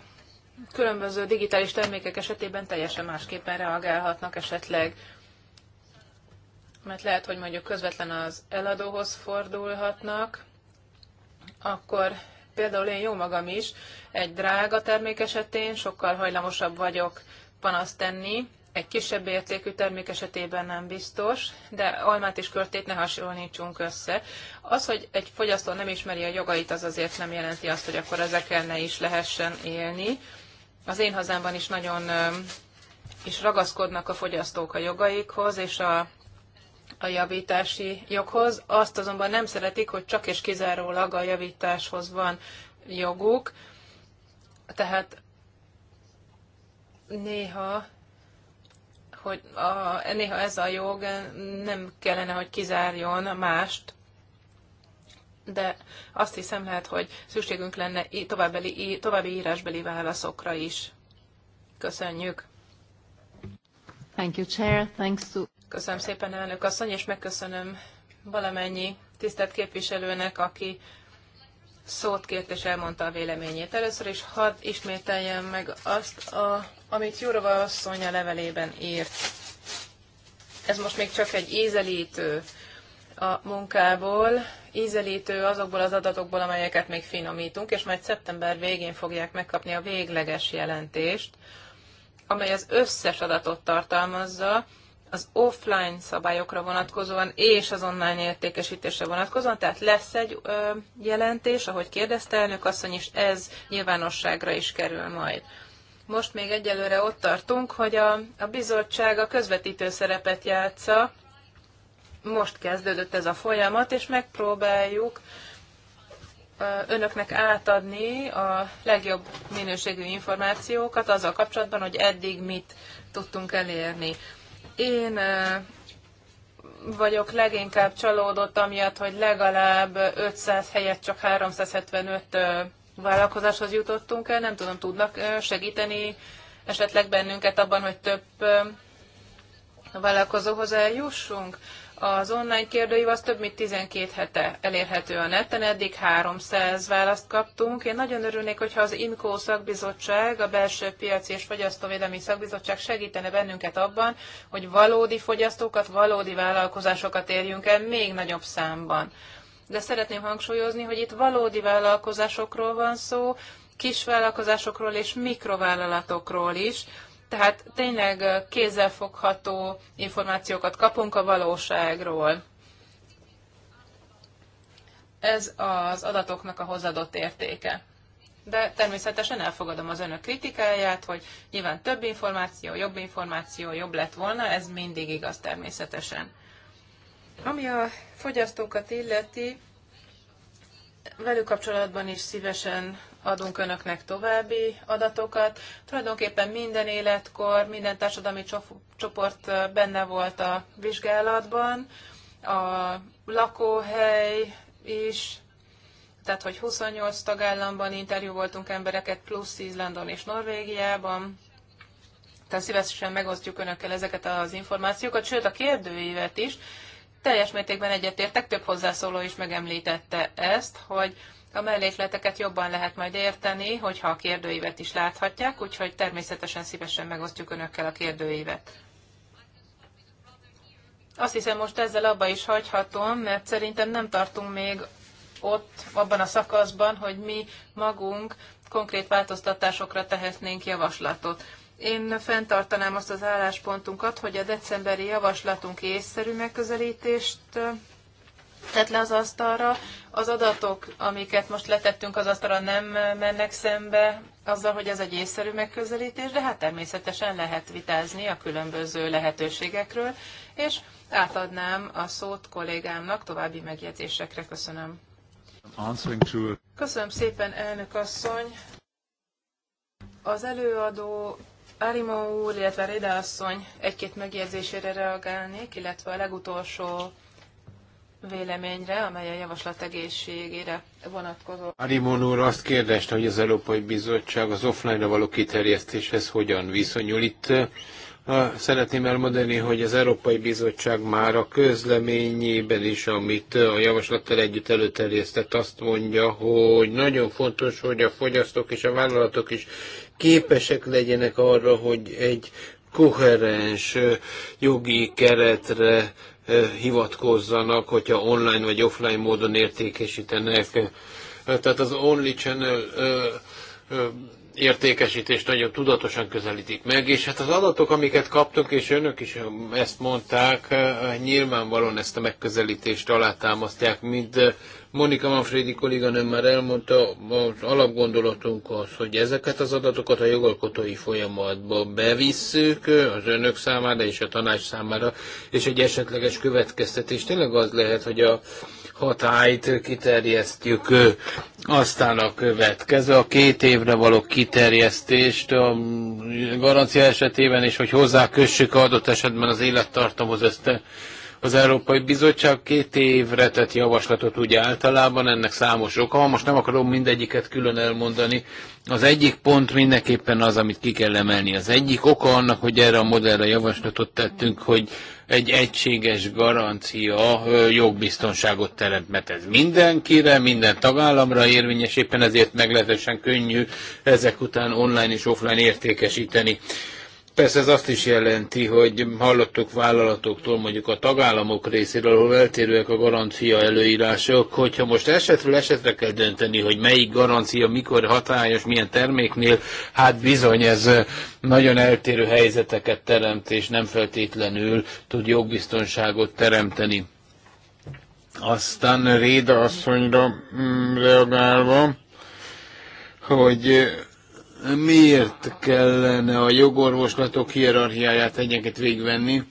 különböző digitális termékek esetében teljesen másképpen reagálhatnak esetleg. Mert lehet, hogy mondjuk közvetlen az eladóhoz fordulhatnak, akkor például én jó magam is egy drága termék esetén sokkal hajlamosabb vagyok panaszt tenni, egy kisebb értékű termék esetében nem biztos, de almát is körtét ne hasonlítsunk össze. Az, hogy egy fogyasztó nem ismeri a jogait, az azért nem jelenti azt, hogy akkor ezekkel ne is lehessen élni az én hazámban is nagyon is ragaszkodnak a fogyasztók a jogaikhoz és a, a javítási joghoz. Azt azonban nem szeretik, hogy csak és kizárólag a javításhoz van joguk. Tehát néha hogy a, néha ez a jog nem kellene, hogy kizárjon mást de azt hiszem lehet, hogy szükségünk lenne további, további írásbeli válaszokra is. Köszönjük! Thank you, Chair. Thanks to... Köszönöm szépen, elnök asszony, és megköszönöm valamennyi tisztelt képviselőnek, aki szót kért és elmondta a véleményét. Először is hadd ismételjem meg azt, a, amit Jurova asszony a levelében írt. Ez most még csak egy ízelítő a munkából, ízelítő azokból az adatokból, amelyeket még finomítunk, és majd szeptember végén fogják megkapni a végleges jelentést, amely az összes adatot tartalmazza, az offline szabályokra vonatkozóan és az online értékesítésre vonatkozóan, tehát lesz egy ö, jelentés, ahogy kérdezte elnök asszony, és ez nyilvánosságra is kerül majd. Most még egyelőre ott tartunk, hogy a, a bizottság a közvetítő szerepet játsza, most kezdődött ez a folyamat, és megpróbáljuk önöknek átadni a legjobb minőségű információkat azzal kapcsolatban, hogy eddig mit tudtunk elérni. Én vagyok leginkább csalódott amiatt, hogy legalább 500 helyett csak 375 vállalkozáshoz jutottunk el. Nem tudom, tudnak segíteni esetleg bennünket abban, hogy több vállalkozóhoz eljussunk? az online kérdőív az több mint 12 hete elérhető a neten, eddig 300 választ kaptunk. Én nagyon örülnék, hogyha az IMCO szakbizottság, a belső piaci és fogyasztóvédelmi szakbizottság segítene bennünket abban, hogy valódi fogyasztókat, valódi vállalkozásokat érjünk el még nagyobb számban. De szeretném hangsúlyozni, hogy itt valódi vállalkozásokról van szó, kisvállalkozásokról és mikrovállalatokról is, tehát tényleg kézzelfogható információkat kapunk a valóságról. Ez az adatoknak a hozadott értéke. De természetesen elfogadom az önök kritikáját, hogy nyilván több információ, jobb információ jobb lett volna, ez mindig igaz természetesen. Ami a fogyasztókat illeti, velük kapcsolatban is szívesen adunk önöknek további adatokat. Tulajdonképpen minden életkor, minden társadalmi csoport benne volt a vizsgálatban, a lakóhely is, tehát hogy 28 tagállamban interjú voltunk embereket, plusz Izlandon és Norvégiában. Tehát szívesen megosztjuk önökkel ezeket az információkat, sőt a kérdőívet is. Teljes mértékben egyetértek, több hozzászóló is megemlítette ezt, hogy a mellékleteket jobban lehet majd érteni, hogyha a kérdőívet is láthatják, úgyhogy természetesen szívesen megosztjuk önökkel a kérdőívet. Azt hiszem, most ezzel abba is hagyhatom, mert szerintem nem tartunk még ott, abban a szakaszban, hogy mi magunk konkrét változtatásokra tehetnénk javaslatot. Én fenntartanám azt az álláspontunkat, hogy a decemberi javaslatunk észszerű megközelítést tett le az asztalra. Az adatok, amiket most letettünk az asztalra, nem mennek szembe azzal, hogy ez egy észszerű megközelítés, de hát természetesen lehet vitázni a különböző lehetőségekről, és átadnám a szót kollégámnak további megjegyzésekre. Köszönöm. Köszönöm szépen, elnök asszony. Az előadó Arimo úr, illetve Réda asszony egy-két megjegyzésére reagálnék, illetve a legutolsó véleményre, amely a javaslat egészségére vonatkozó. Arimon úr azt kérdezte, hogy az Európai Bizottság az offline-ra való kiterjesztéshez hogyan viszonyul itt. Szeretném elmondani, hogy az Európai Bizottság már a közleményében is, amit a javaslattal együtt előterjesztett, azt mondja, hogy nagyon fontos, hogy a fogyasztók és a vállalatok is képesek legyenek arra, hogy egy koherens jogi keretre hivatkozzanak, hogyha online vagy offline módon értékesítenek. Tehát az Only Channel értékesítést nagyon tudatosan közelítik meg, és hát az adatok, amiket kaptunk, és önök is ezt mondták, nyilvánvalóan ezt a megközelítést alátámasztják, mint eh, Monika Manfredi kolléganőm már elmondta, az alapgondolatunk az, hogy ezeket az adatokat a jogalkotói folyamatba bevisszük eh, az önök számára és a tanács számára, és egy esetleges következtetés tényleg az lehet, hogy a hatályt kiterjesztjük, aztán a következő, a két évre való kiterjesztést a garancia esetében, és hogy hozzákössük adott esetben az élettartamhoz ezt az Európai Bizottság két évre tett javaslatot ugye általában, ennek számos oka van, most nem akarom mindegyiket külön elmondani. Az egyik pont mindenképpen az, amit ki kell emelni. Az egyik oka annak, hogy erre a modellre javaslatot tettünk, hogy egy egységes garancia jogbiztonságot teremt, mert ez mindenkire, minden tagállamra érvényes, éppen ezért meglehetősen könnyű ezek után online és offline értékesíteni Persze ez azt is jelenti, hogy hallottuk vállalatoktól, mondjuk a tagállamok részéről, ahol eltérőek a garancia előírások, hogyha most esetről esetre kell dönteni, hogy melyik garancia, mikor hatályos, milyen terméknél, hát bizony ez nagyon eltérő helyzeteket teremt, és nem feltétlenül tud jogbiztonságot teremteni. Aztán Réda asszonyra mm, reagálva, hogy miért kellene a jogorvoslatok hierarchiáját egyenként végvenni.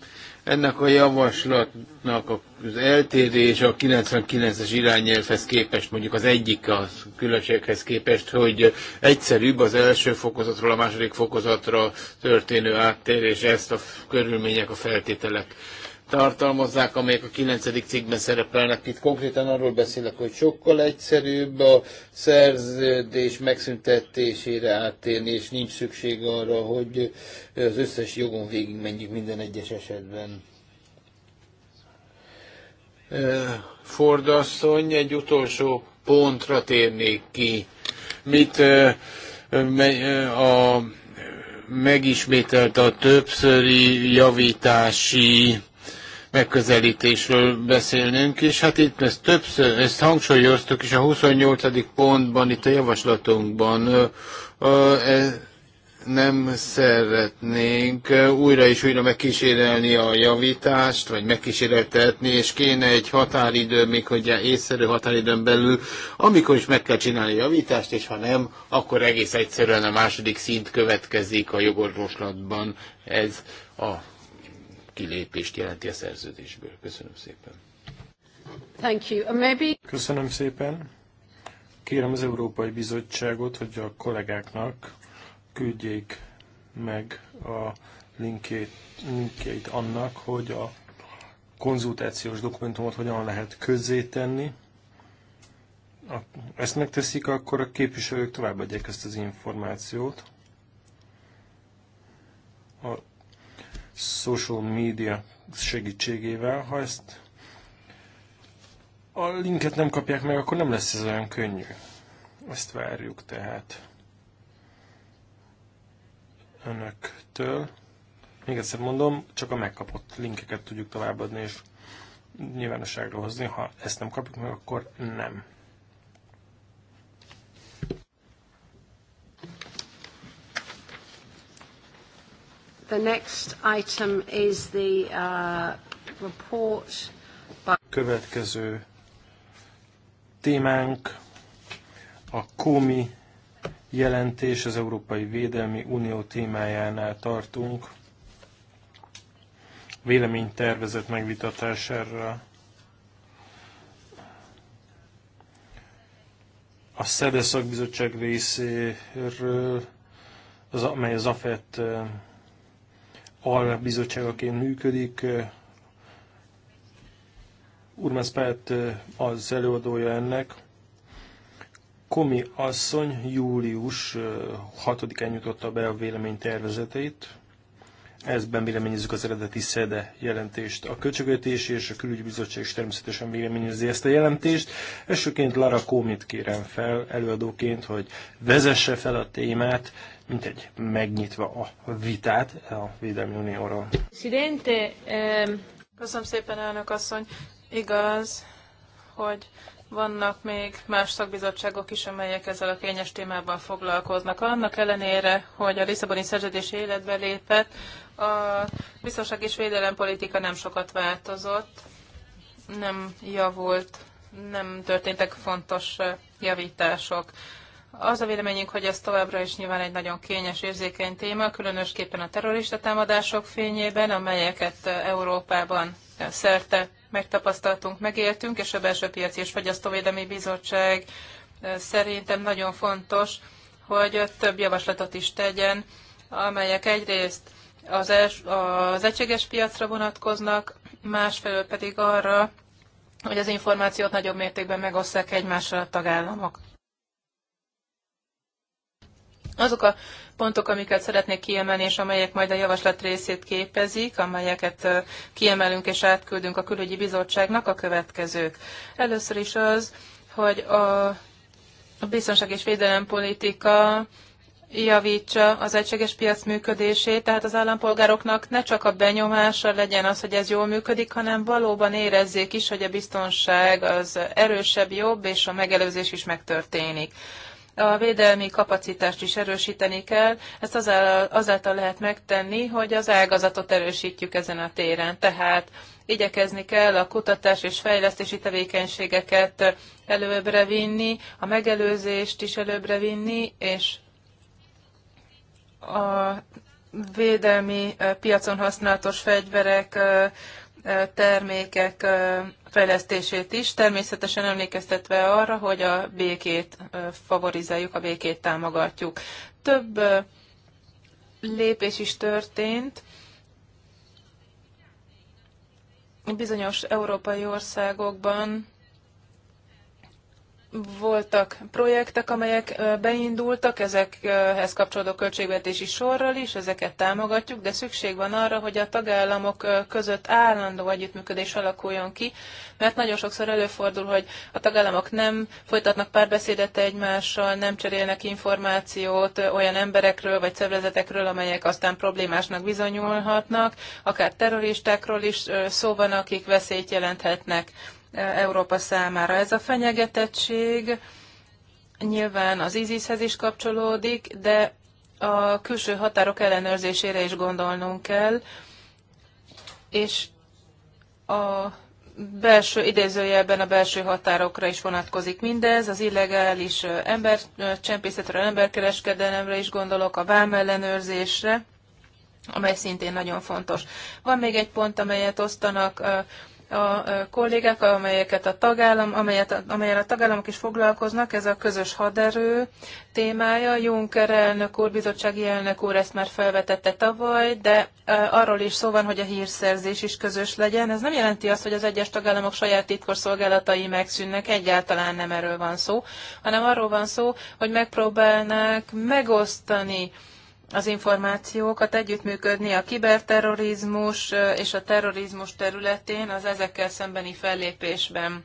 Ennek a javaslatnak az eltérés a 99-es irányelvhez képest, mondjuk az egyik a különbséghez képest, hogy egyszerűbb az első fokozatról a második fokozatra történő áttérés, ezt a körülmények, a feltételek tartalmazzák, amelyek a 9. cikkben szerepelnek. Itt konkrétan arról beszélek, hogy sokkal egyszerűbb a szerződés megszüntetésére áttérni, és nincs szükség arra, hogy az összes jogon végig menjünk minden egyes esetben. Fordasszony, egy utolsó pontra térnék ki. Mit a megismételt a többszöri javítási megközelítésről beszélnünk, és hát itt ezt többször, ezt hangsúlyoztuk is a 28. pontban, itt a javaslatunkban e, nem szeretnénk újra és újra megkísérelni a javítást, vagy megkíséreltetni, és kéne egy határidő, még hogy észszerű határidőn belül, amikor is meg kell csinálni a javítást, és ha nem, akkor egész egyszerűen a második szint következik a jogorvoslatban. Ez a kilépést jelenti a szerződésből. Köszönöm szépen. Thank you. And maybe... Köszönöm szépen. Kérem az Európai Bizottságot, hogy a kollégáknak küldjék meg a linkjét, linkjét annak, hogy a konzultációs dokumentumot hogyan lehet közzétenni. Ezt megteszik, akkor a képviselők továbbadják ezt az információt. A social media segítségével. Ha ezt a linket nem kapják meg, akkor nem lesz ez olyan könnyű. Ezt várjuk tehát önöktől. Még egyszer mondom, csak a megkapott linkeket tudjuk továbbadni, és nyilvánosságra hozni. Ha ezt nem kapjuk meg, akkor nem. The next item is the uh, report by... Következő témánk a KOMI jelentés, az Európai Védelmi Unió témájánál tartunk. Véleménytervezet megvitatására a SZEDE szakbizottság részéről, az, amely az AFET albizottságaként működik. Urmász Pált az előadója ennek. Komi asszony július 6-án nyújtotta be a vélemény tervezeteit. Ezben véleményezzük az eredeti SZEDE jelentést. A Költségvetési és a Külügyi Bizottság is természetesen véleményezi ezt a jelentést. Elsőként Lara Komit kérem fel előadóként, hogy vezesse fel a témát, mint egy megnyitva a vitát a Védelmi Unióról. Ehm, Köszönöm szépen, elnök asszony. Igaz, hogy vannak még más szakbizottságok is, amelyek ezzel a kényes témában foglalkoznak. Annak ellenére, hogy a Lisszaboni szerződés életbe lépett, a biztonság és védelempolitika nem sokat változott, nem javult, nem történtek fontos eh, javítások. Az a véleményünk, hogy ez továbbra is nyilván egy nagyon kényes, érzékeny téma, különösképpen a terrorista támadások fényében, amelyeket eh, Európában eh, szerte megtapasztaltunk, megéltünk, és a Belső Piaci és Fogyasztóvédelmi Bizottság eh, szerintem nagyon fontos, hogy több javaslatot is tegyen, amelyek egyrészt az, els, az egységes piacra vonatkoznak, másfelől pedig arra, hogy az információt nagyobb mértékben megosszák egymással a tagállamok. Azok a pontok, amiket szeretnék kiemelni, és amelyek majd a javaslat részét képezik, amelyeket kiemelünk és átküldünk a külügyi bizottságnak, a következők. Először is az, hogy a biztonság és védelem politika javítsa az egységes piac működését, tehát az állampolgároknak ne csak a benyomása legyen az, hogy ez jól működik, hanem valóban érezzék is, hogy a biztonság az erősebb, jobb, és a megelőzés is megtörténik. A védelmi kapacitást is erősíteni kell, ezt azáltal lehet megtenni, hogy az ágazatot erősítjük ezen a téren. Tehát igyekezni kell a kutatás és fejlesztési tevékenységeket előbbre vinni, a megelőzést is előbbre vinni, és a védelmi piacon használatos fegyverek, termékek fejlesztését is, természetesen emlékeztetve arra, hogy a békét favorizáljuk, a békét támogatjuk. Több lépés is történt. Bizonyos európai országokban voltak projektek, amelyek beindultak, ezekhez kapcsolódó költségvetési sorral is, ezeket támogatjuk, de szükség van arra, hogy a tagállamok között állandó együttműködés alakuljon ki, mert nagyon sokszor előfordul, hogy a tagállamok nem folytatnak párbeszédet egymással, nem cserélnek információt olyan emberekről vagy szervezetekről, amelyek aztán problémásnak bizonyulhatnak, akár terroristákról is szó van, akik veszélyt jelenthetnek Európa számára. Ez a fenyegetettség nyilván az ISIS-hez is kapcsolódik, de a külső határok ellenőrzésére is gondolnunk kell, és a belső, idézőjelben a belső határokra is vonatkozik mindez, az illegális embercsempészetre, emberkereskedelemre is gondolok, a vámellenőrzésre, amely szintén nagyon fontos. Van még egy pont, amelyet osztanak a kollégák, amelyeket a tagállam, amelyet, amelyel a tagállamok is foglalkoznak, ez a közös haderő témája. Juncker elnök úr, bizottsági elnök úr ezt már felvetette tavaly, de arról is szó van, hogy a hírszerzés is közös legyen. Ez nem jelenti azt, hogy az egyes tagállamok saját titkosszolgálatai megszűnnek, egyáltalán nem erről van szó, hanem arról van szó, hogy megpróbálnák megosztani az információkat, együttműködni a kiberterrorizmus és a terrorizmus területén az ezekkel szembeni fellépésben.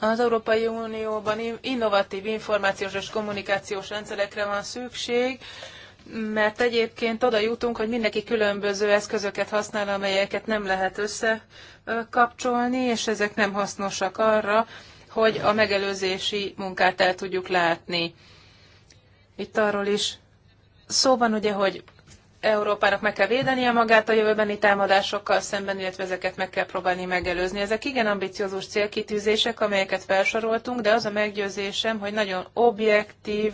Az Európai Unióban innovatív információs és kommunikációs rendszerekre van szükség, mert egyébként oda jutunk, hogy mindenki különböző eszközöket használ, amelyeket nem lehet összekapcsolni, és ezek nem hasznosak arra, hogy a megelőzési munkát el tudjuk látni. Itt arról is Szó van ugye, hogy Európának meg kell védenie magát a jövőbeni támadásokkal szemben, illetve ezeket meg kell próbálni megelőzni. Ezek igen ambiciózus célkitűzések, amelyeket felsoroltunk, de az a meggyőzésem, hogy nagyon objektív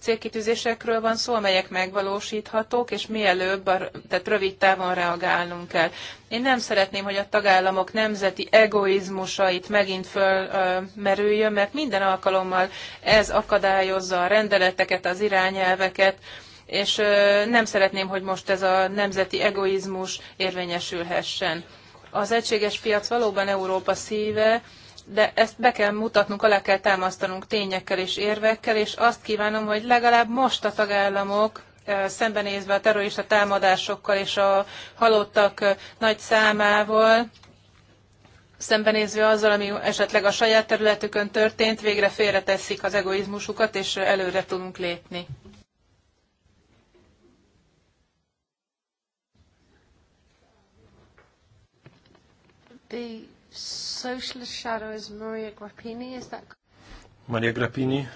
célkitűzésekről van szó, amelyek megvalósíthatók, és mielőbb, tehát rövid távon reagálnunk kell. Én nem szeretném, hogy a tagállamok nemzeti egoizmusait megint fölmerüljön, mert minden alkalommal ez akadályozza a rendeleteket, az irányelveket, és nem szeretném, hogy most ez a nemzeti egoizmus érvényesülhessen. Az egységes piac valóban Európa szíve, de ezt be kell mutatnunk, alá kell támasztanunk tényekkel és érvekkel, és azt kívánom, hogy legalább most a tagállamok szembenézve a terrorista támadásokkal és a halottak nagy számával, szembenézve azzal, ami esetleg a saját területükön történt, végre félreteszik az egoizmusukat, és előre tudunk lépni. The socialist shadow is Maria Grappini, is that... Maria Grappini,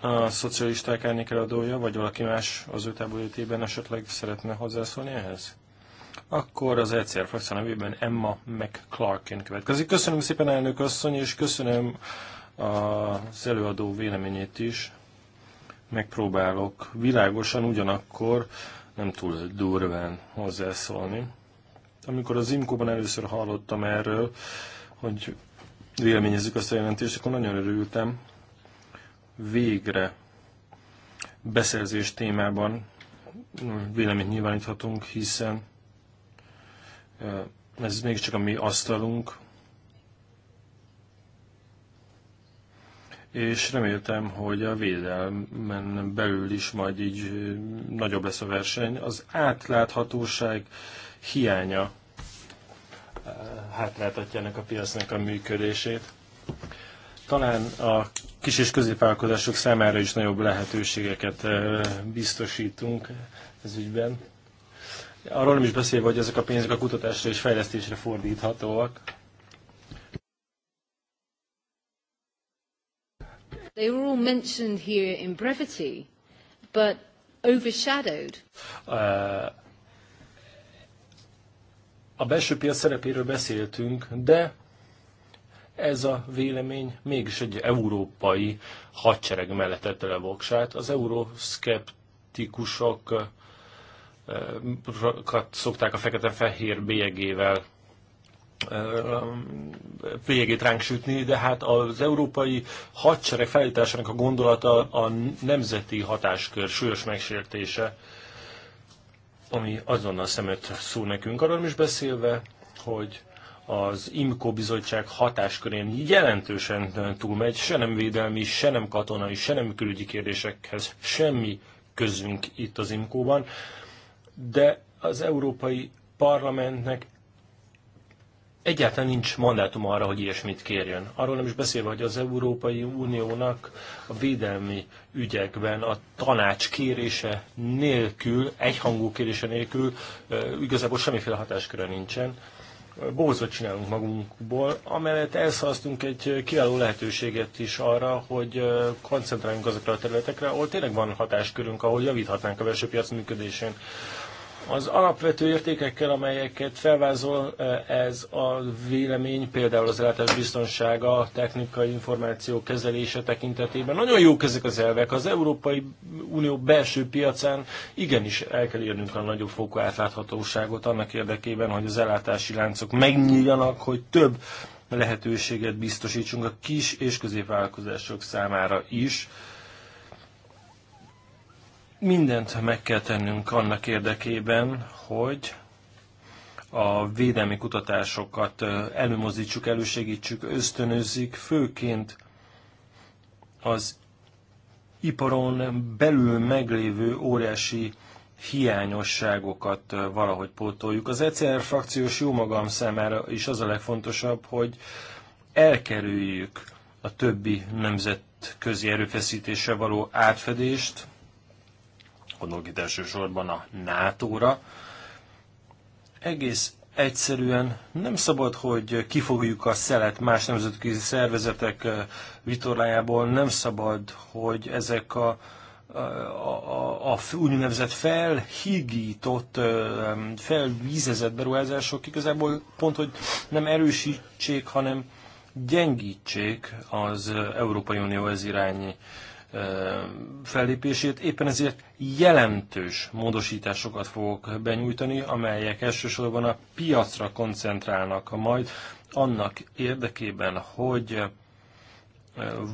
a szocialisták árnyék előadója, vagy valaki más az ő táborítében esetleg szeretne hozzászólni ehhez? Akkor az ECR frakció nevében Emma McClarkin következik. Köszönöm szépen, elnök asszony, és köszönöm az előadó véleményét is. Megpróbálok világosan, ugyanakkor nem túl durván hozzászólni amikor az imco először hallottam erről, hogy véleményezzük azt a jelentést, akkor nagyon örültem. Végre beszerzés témában véleményt nyilváníthatunk, hiszen ez mégiscsak a mi asztalunk, és reméltem, hogy a védelmen belül is majd így nagyobb lesz a verseny. Az átláthatóság, hiánya eh, hátráltatja ennek a piacnak a működését. Talán a kis és középvállalkozások számára is nagyobb lehetőségeket eh, biztosítunk ez ügyben. Arról nem is beszélve, hogy ezek a pénzek a kutatásra és fejlesztésre fordíthatóak. They were all mentioned here in brevity, but overshadowed. Uh, a belső piac szerepéről beszéltünk, de ez a vélemény mégis egy európai hadsereg mellett tette le voksát. Az euroszkeptikusokat szokták a fekete-fehér bélyegével bélyegét ránk sütni, de hát az európai hadsereg felállításának a gondolata a nemzeti hatáskör súlyos megsértése ami azonnal szemet szúr nekünk, arról is beszélve, hogy az IMCO bizottság hatáskörén jelentősen túlmegy, se nem védelmi, se nem katonai, se nem külügyi kérdésekhez semmi közünk itt az IMCO-ban, de az Európai Parlamentnek egyáltalán nincs mandátum arra, hogy ilyesmit kérjen. Arról nem is beszélve, hogy az Európai Uniónak a védelmi ügyekben a tanács kérése nélkül, egyhangú kérése nélkül igazából semmiféle hatásköre nincsen. Bózot csinálunk magunkból, amellett elszalasztunk egy kiváló lehetőséget is arra, hogy koncentráljunk azokra a területekre, ahol tényleg van hatáskörünk, ahol javíthatnánk a belső piac működésén az alapvető értékekkel, amelyeket felvázol e, ez a vélemény, például az ellátás biztonsága, technikai információ kezelése tekintetében, nagyon jók ezek az elvek. Az Európai Unió belső piacán igenis el kell érnünk a nagyobb fokú átláthatóságot annak érdekében, hogy az ellátási láncok megnyíljanak, hogy több lehetőséget biztosítsunk a kis és középvállalkozások számára is Mindent meg kell tennünk annak érdekében, hogy a védelmi kutatásokat előmozdítsuk, elősegítsük, ösztönözzük, főként az iparon belül meglévő óriási hiányosságokat valahogy pótoljuk. Az ECR frakciós jó magam számára is az a legfontosabb, hogy elkerüljük a többi nemzetközi erőfeszítése való átfedést, gondolok itt elsősorban a NATO-ra, egész egyszerűen nem szabad, hogy kifogjuk a szelet más nemzetközi szervezetek vitorlájából, nem szabad, hogy ezek a, a, a, a úgynevezett felhigított, felvízezett beruházások igazából pont, hogy nem erősítsék, hanem gyengítsék az Európai Unió ez irányi fellépését. Éppen ezért jelentős módosításokat fogok benyújtani, amelyek elsősorban a piacra koncentrálnak majd, annak érdekében, hogy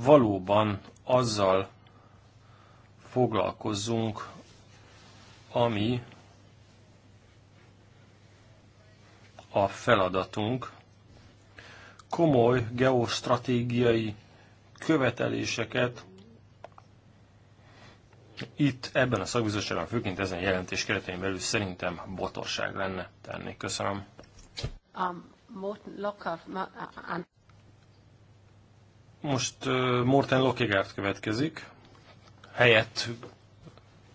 valóban azzal foglalkozzunk, ami a feladatunk. Komoly geostratégiai követeléseket itt ebben a szakbizottságban, főként ezen jelentés keretein belül szerintem botorság lenne tenni. Köszönöm. Um, Most uh, Morten Lokegárt következik, helyett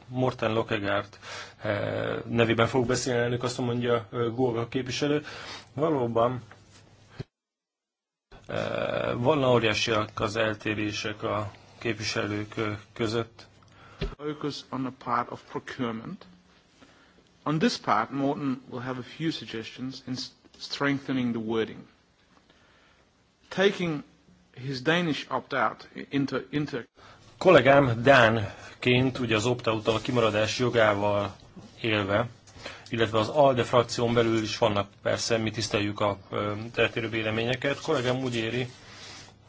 Morten Lokegárt uh, nevében fog beszélni, elnök azt mondja uh, Góga képviselő. Valóban uh, van óriásiak az eltérések a képviselők között Focus on the part of procurement. On this part, Morton will have a few suggestions in strengthening the wording. Taking his Danish opt-out into, into... Kollégám Dánként, ugye az opt out a kimaradás jogával élve, illetve az ALDE frakción belül is vannak persze, mi tiszteljük a teretérő véleményeket. Kollégám úgy éri,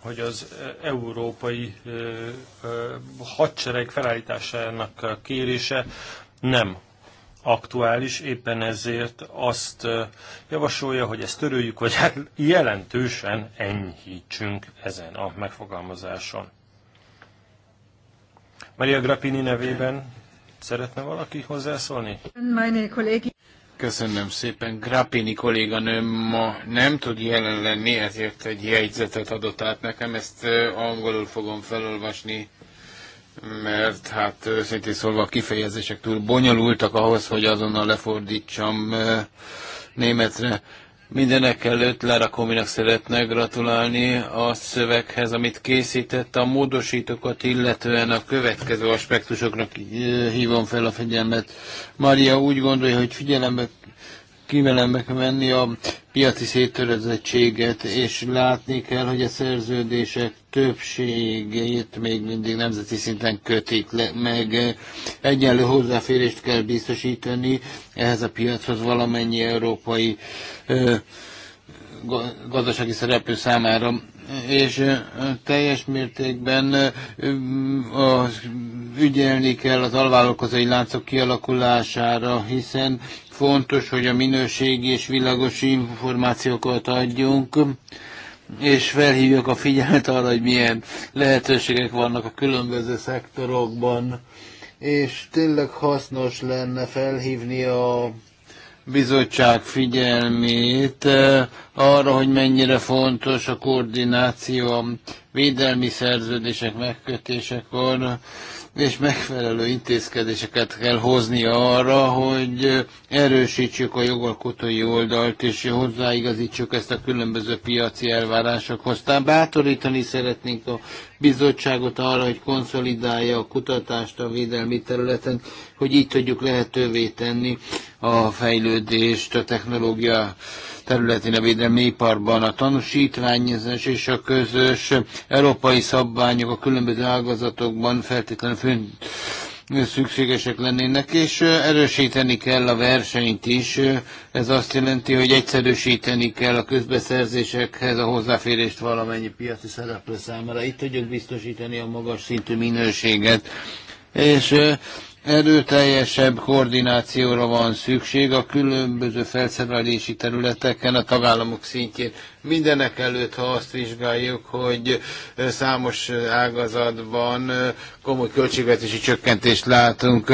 hogy az európai hadsereg felállításának kérése nem aktuális, éppen ezért azt javasolja, hogy ezt töröljük, vagy hát jelentősen enyhítsünk ezen a megfogalmazáson. Maria Grappini nevében szeretne valaki hozzászólni? Köszönöm szépen. Grappini kolléganőm ma nem tud jelen lenni, ezért egy jegyzetet adott át nekem. Ezt angolul fogom felolvasni, mert hát őszintén szólva a kifejezések túl bonyolultak ahhoz, hogy azonnal lefordítsam németre. Mindenek előtt Lára Kominak szeretne gratulálni a szöveghez, amit készített. A módosítókat illetően a következő aspektusokra hívom fel a figyelmet. Maria úgy gondolja, hogy figyelembe kivelembe menni venni a piaci széttöredezettséget, és látni kell, hogy a szerződések többségét még mindig nemzeti szinten kötik le, meg egyenlő hozzáférést kell biztosítani ehhez a piachoz valamennyi európai ö, gazdasági szereplő számára és teljes mértékben ügyelni kell az alvállalkozói láncok kialakulására, hiszen Fontos, hogy a minőségi és világos információkat adjunk, és felhívjuk a figyelmet arra, hogy milyen lehetőségek vannak a különböző szektorokban, és tényleg hasznos lenne felhívni a bizottság figyelmét eh, arra, hogy mennyire fontos a koordináció a védelmi szerződések megkötésekor, és megfelelő intézkedéseket kell hozni arra, hogy erősítsük a jogalkotói oldalt, és hozzáigazítsuk ezt a különböző piaci elvárásokhoz. Tehát bátorítani szeretnénk a bizottságot arra, hogy konszolidálja a kutatást a védelmi területen, hogy így tudjuk lehetővé tenni a fejlődést, a technológia területén a védelmi iparban. A tanúsítványozás és a közös európai szabványok a különböző ágazatokban feltétlenül fönn szükségesek lennének, és erősíteni kell a versenyt is. Ez azt jelenti, hogy egyszerűsíteni kell a közbeszerzésekhez a hozzáférést valamennyi piaci szereplő számára. Itt tudjuk biztosítani a magas szintű minőséget. És erőteljesebb koordinációra van szükség a különböző felszerelési területeken, a tagállamok szintjén. Mindenek előtt, ha azt vizsgáljuk, hogy számos ágazatban komoly költségvetési csökkentést látunk,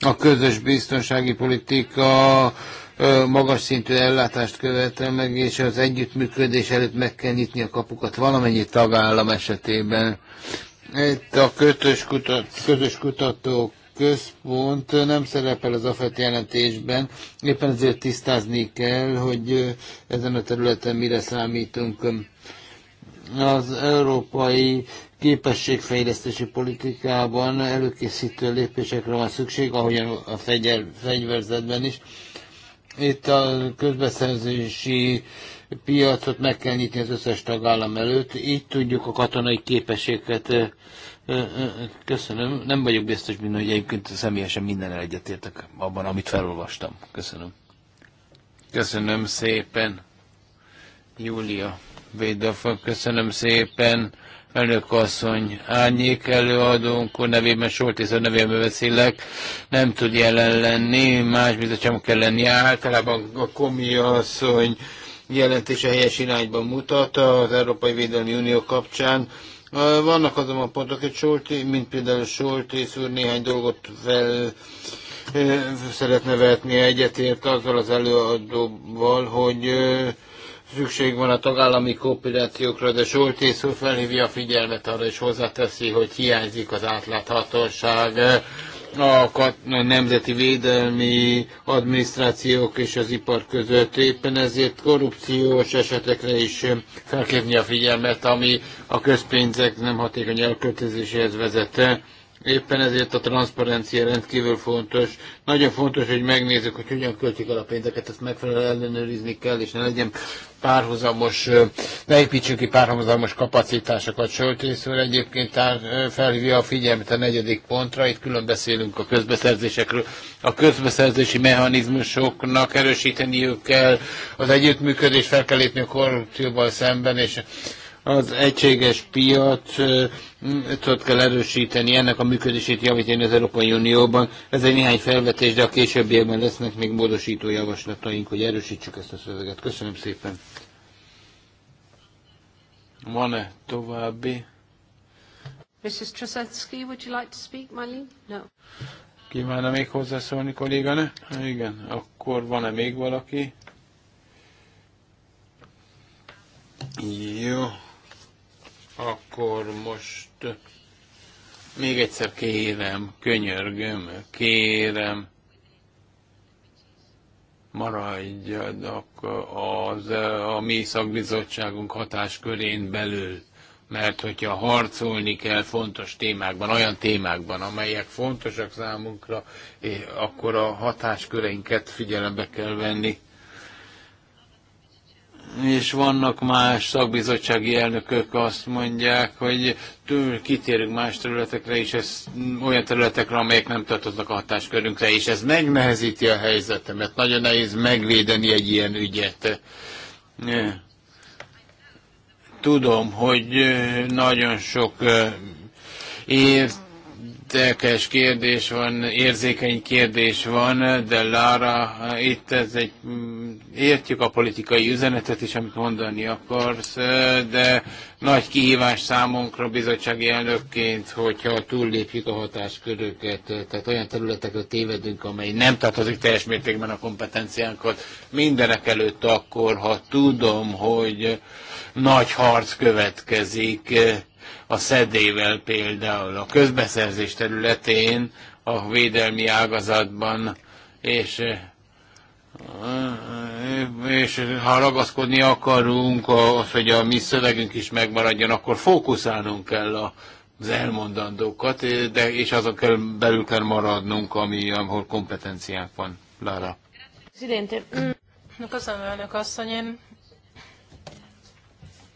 a közös biztonsági politika magas szintű ellátást követel meg, és az együttműködés előtt meg kell nyitni a kapukat valamennyi tagállam esetében. Itt a kutat, közös kutatók központ nem szerepel az AFET jelentésben, éppen ezért tisztázni kell, hogy ezen a területen mire számítunk. Az európai képességfejlesztési politikában előkészítő lépésekre van szükség, ahogyan a fegyel, fegyverzetben is. Itt a közbeszerzési piacot meg kell nyitni az összes tagállam előtt, így tudjuk a katonai képességet Köszönöm. Nem vagyok biztos benne, hogy egyébként személyesen minden egyetértek abban, amit felolvastam. Köszönöm. Köszönöm szépen. Júlia Védafa, köszönöm szépen. Elnök asszony, árnyék előadónk, nevében Soltész a nevében beszélek, nem tud jelen lenni, más bizottságban kell lenni. Általában a komi asszony jelentése helyes irányba mutat az Európai Védelmi Unió kapcsán vannak a pontok, hogy Solti, mint például Solti úr néhány dolgot fel szeretne vetni egyetért azzal az előadóval, hogy szükség van a tagállami kooperációkra, de Solti szó felhívja a figyelmet arra, és hozzáteszi, hogy hiányzik az átláthatóság a nemzeti védelmi adminisztrációk és az ipar között. Éppen ezért korrupciós esetekre is felkérni a figyelmet, ami a közpénzek nem hatékony elköltözéséhez vezette. Éppen ezért a transzparencia rendkívül fontos. Nagyon fontos, hogy megnézzük, hogy hogyan költik el a pénzeket, ezt megfelelően ellenőrizni kell, és ne legyen párhuzamos, ne építsünk ki párhuzamos kapacitásokat. Söltész úr egyébként felhívja a figyelmet a negyedik pontra, itt külön beszélünk a közbeszerzésekről. A közbeszerzési mechanizmusoknak erősíteniük kell, az együttműködés fel kell lépni a korrupcióval szemben, és az egységes piacot kell erősíteni, ennek a működését javítani az Európai Unióban. Ez egy néhány felvetés, de a későbbiekben lesznek még módosító javaslataink, hogy erősítsük ezt a szöveget. Köszönöm szépen. Van-e további? Mrs. Trosetsky, would you like to speak, Marlene? No. Kívánna még hozzászólni, kolléganő? Igen, akkor van-e még valaki? Jó, akkor most még egyszer kérem, könyörgöm, kérem, maradjanak az, a mi szakbizottságunk hatáskörén belül, mert hogyha harcolni kell fontos témákban, olyan témákban, amelyek fontosak számunkra, eh, akkor a hatásköreinket figyelembe kell venni és vannak más szakbizottsági elnökök azt mondják, hogy től kitérünk más területekre, és ez olyan területekre, amelyek nem tartoznak a hatáskörünkre, és ez megnehezíti a helyzetemet. Nagyon nehéz megvédeni egy ilyen ügyet. Tudom, hogy nagyon sok ért érdekes kérdés van, érzékeny kérdés van, de Lara, itt ez egy, mm, értjük a politikai üzenetet is, amit mondani akarsz, de nagy kihívás számunkra bizottsági elnökként, hogyha túllépjük a hatásköröket, tehát olyan területekre tévedünk, amely nem tartozik teljes mértékben a kompetenciánkat, mindenek előtt akkor, ha tudom, hogy nagy harc következik, a szedével például a közbeszerzés területén, a védelmi ágazatban, és és ha ragaszkodni akarunk, az, hogy a mi szövegünk is megmaradjon, akkor fókuszálnunk kell az elmondandókat, de, és azok kell, belül kell maradnunk, ami, ahol kompetenciánk van. Lara. Mm. Köszönöm, elnök asszony. Én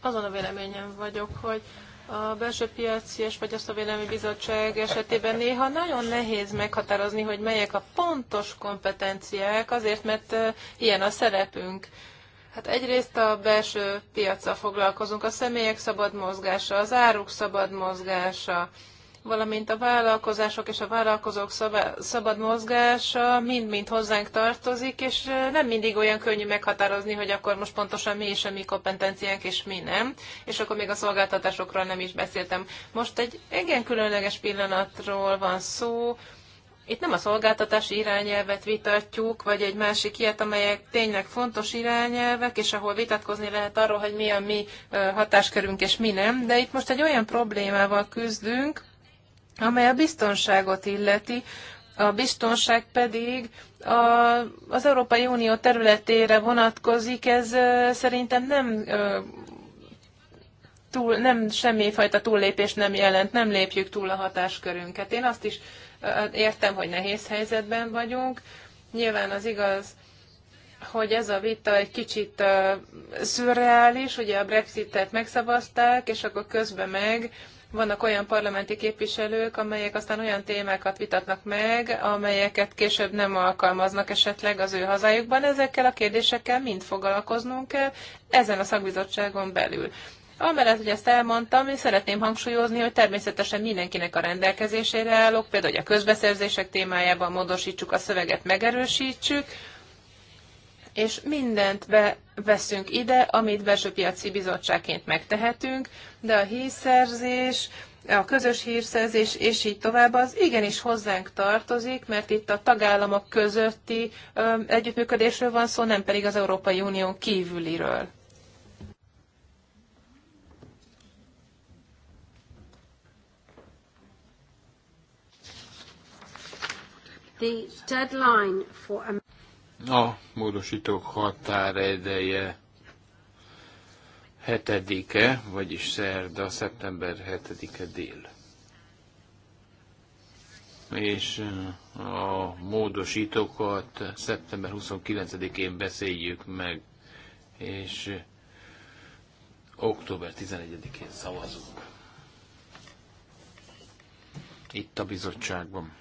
azon a véleményem vagyok, hogy a belső piaci és fogyasztóvédelmi bizottság esetében néha nagyon nehéz meghatározni, hogy melyek a pontos kompetenciák, azért mert ilyen a szerepünk. Hát egyrészt a belső piacra foglalkozunk, a személyek szabad mozgása, az áruk szabad mozgása, valamint a vállalkozások és a vállalkozók szabad mozgása mind-mind hozzánk tartozik, és nem mindig olyan könnyű meghatározni, hogy akkor most pontosan mi és a mi kompetenciánk, és mi nem, és akkor még a szolgáltatásokról nem is beszéltem. Most egy igen különleges pillanatról van szó, itt nem a szolgáltatási irányelvet vitatjuk, vagy egy másik ilyet, amelyek tényleg fontos irányelvek, és ahol vitatkozni lehet arról, hogy mi a mi hatáskörünk és mi nem, de itt most egy olyan problémával küzdünk, amely a biztonságot illeti, a biztonság pedig a, az Európai Unió területére vonatkozik, ez szerintem nem túl, nem semmifajta túllépés nem jelent, nem lépjük túl a hatáskörünket. Én azt is értem, hogy nehéz helyzetben vagyunk. Nyilván az igaz, hogy ez a vita egy kicsit uh, szürreális, ugye a Brexitet megszavazták, és akkor közben meg uh, vannak olyan parlamenti képviselők, amelyek aztán olyan témákat vitatnak meg, amelyeket később nem alkalmaznak esetleg az ő hazájukban. Ezekkel a kérdésekkel mind foglalkoznunk kell ezen a szakbizottságon belül. Amellett, hogy ezt elmondtam, én szeretném hangsúlyozni, hogy természetesen mindenkinek a rendelkezésére állok, például, hogy a közbeszerzések témájában módosítsuk a szöveget, megerősítsük, és mindent beveszünk ide, amit belső piaci bizottságként megtehetünk, de a hírszerzés, a közös hírszerzés, és így tovább, az igenis hozzánk tartozik, mert itt a tagállamok közötti ö, együttműködésről van szó, nem pedig az Európai Unión kívüliről. The deadline for... A módosítók határideje hetedike, vagyis szerda, szeptember hetedike dél. És a módosítókat szeptember 29-én beszéljük meg, és október 11-én szavazunk. Itt a bizottságban.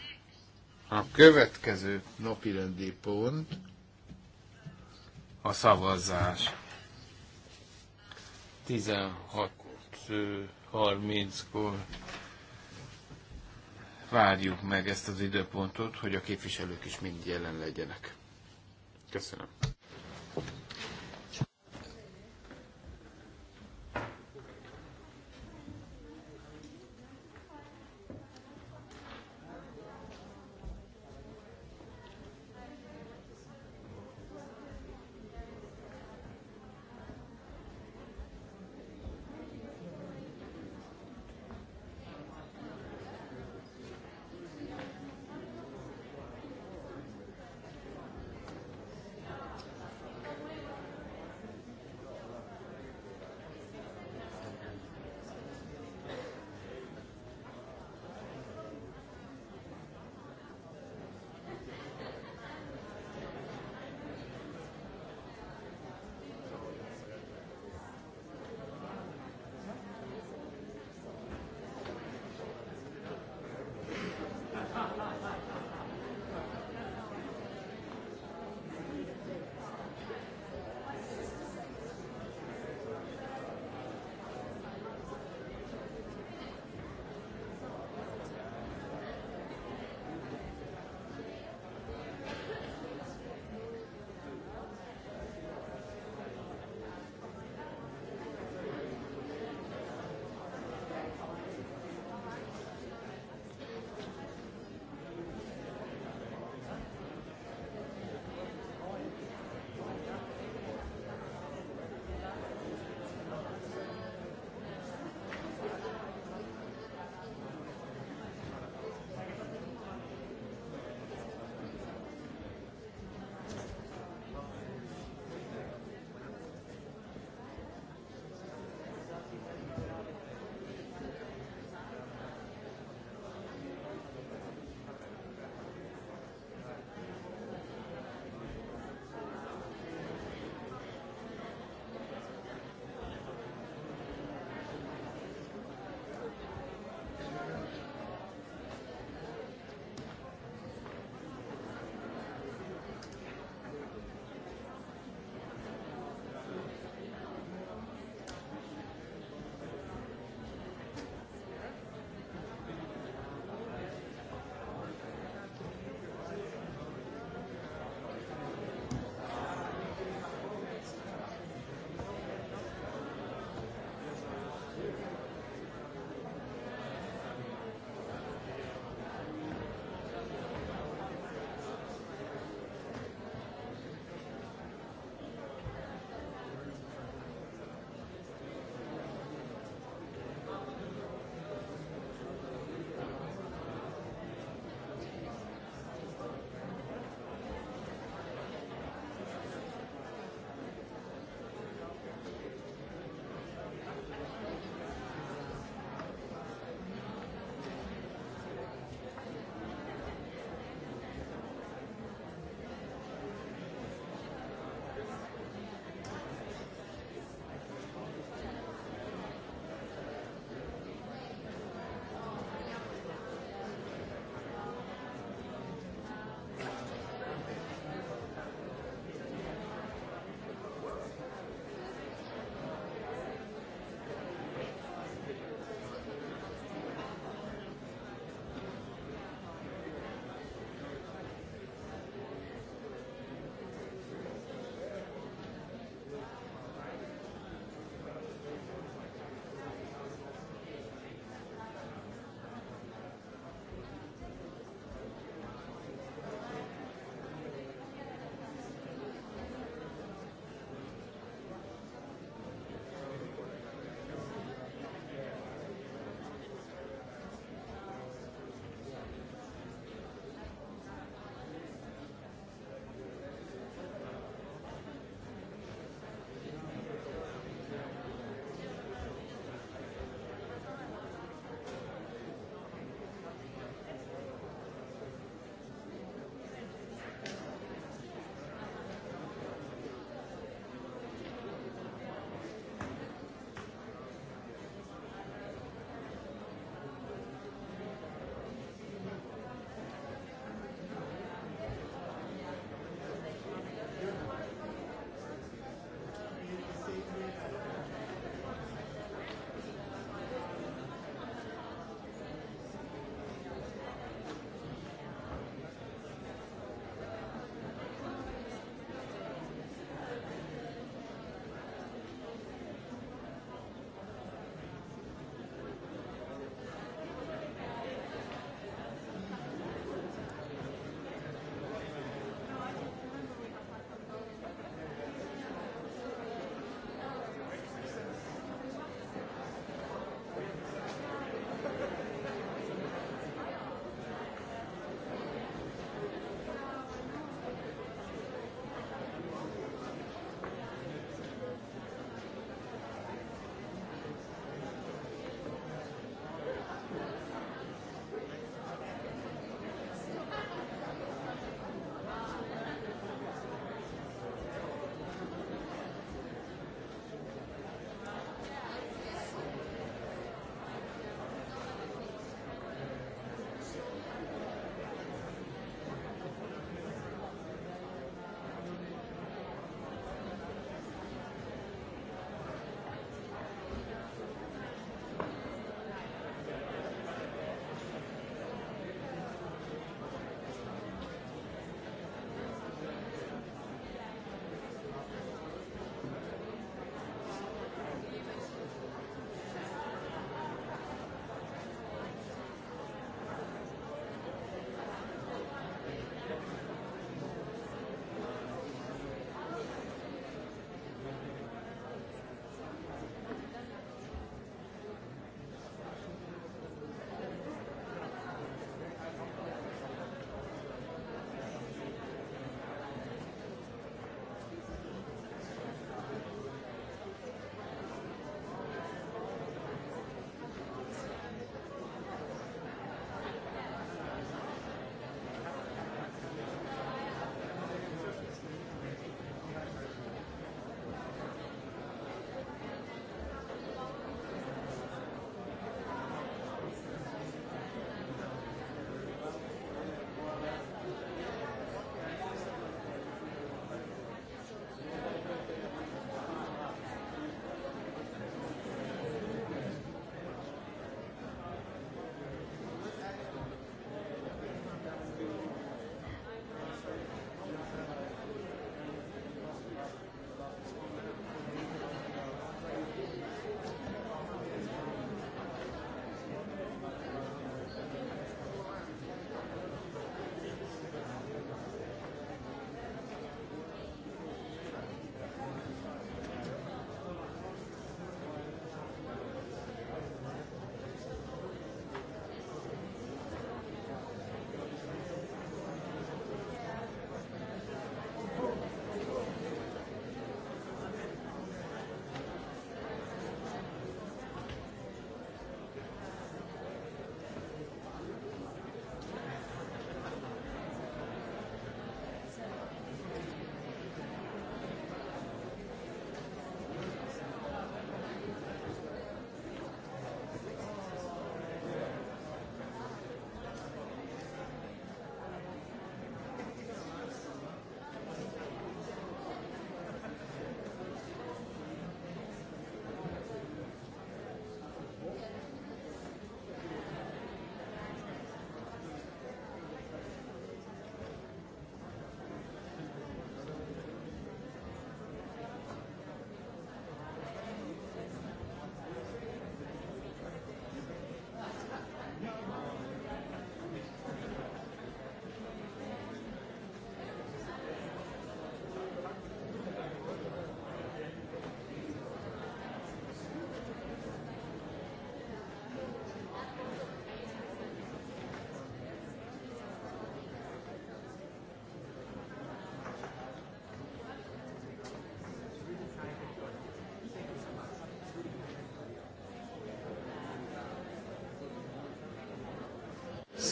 A következő napirendi pont a szavazás. 16.30-kor várjuk meg ezt az időpontot, hogy a képviselők is mind jelen legyenek. Köszönöm.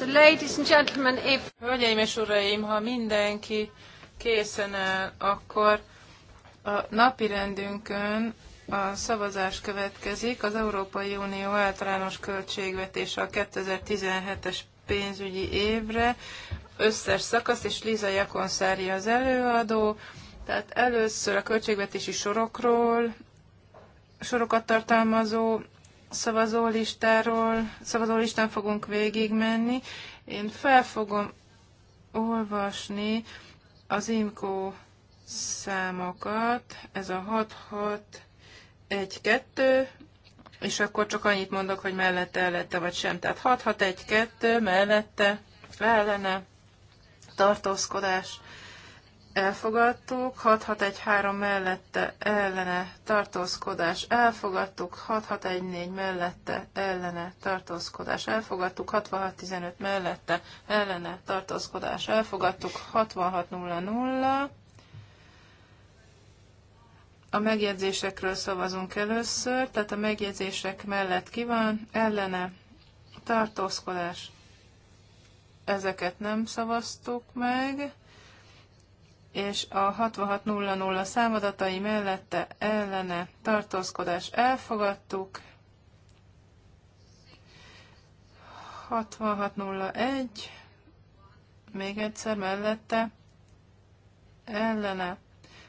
So, ladies and gentlemen, if... Hölgyeim és uraim, ha mindenki készen áll, akkor a napi rendünkön a szavazás következik az Európai Unió általános költségvetése a 2017-es pénzügyi évre összes szakasz, és Liza Jakonszári az előadó. Tehát először a költségvetési sorokról, sorokat tartalmazó szavazólistáról, szavazólistán fogunk végigmenni. Én fel fogom olvasni az IMCO számokat, ez a 6612, és akkor csak annyit mondok, hogy mellette, ellette vagy sem. Tehát 6612, mellette, ellene, tartózkodás, elfogadtuk, 6613 mellette ellene tartózkodás, elfogadtuk, 6614 mellette ellene tartózkodás, elfogadtuk, 6615 mellette ellene tartózkodás, elfogadtuk, 6600. A megjegyzésekről szavazunk először, tehát a megjegyzések mellett ki van, ellene tartózkodás, ezeket nem szavaztuk meg és a 6600 számadatai mellette ellene tartózkodás elfogadtuk. 6601 még egyszer mellette ellene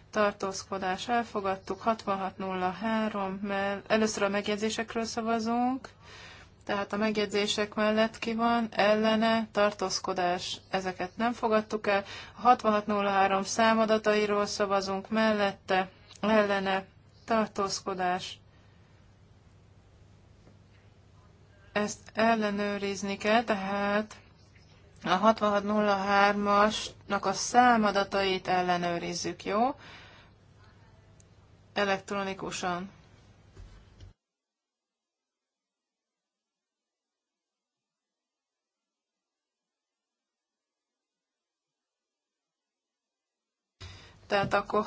tartózkodás elfogadtuk. 6603 mell először a megjegyzésekről szavazunk. Tehát a megjegyzések mellett ki van, ellene, tartózkodás, ezeket nem fogadtuk el. A 6603 számadatairól szavazunk mellette, ellene, tartózkodás. Ezt ellenőrizni kell, tehát a 6603-asnak a számadatait ellenőrizzük, jó? Elektronikusan. Tehát akkor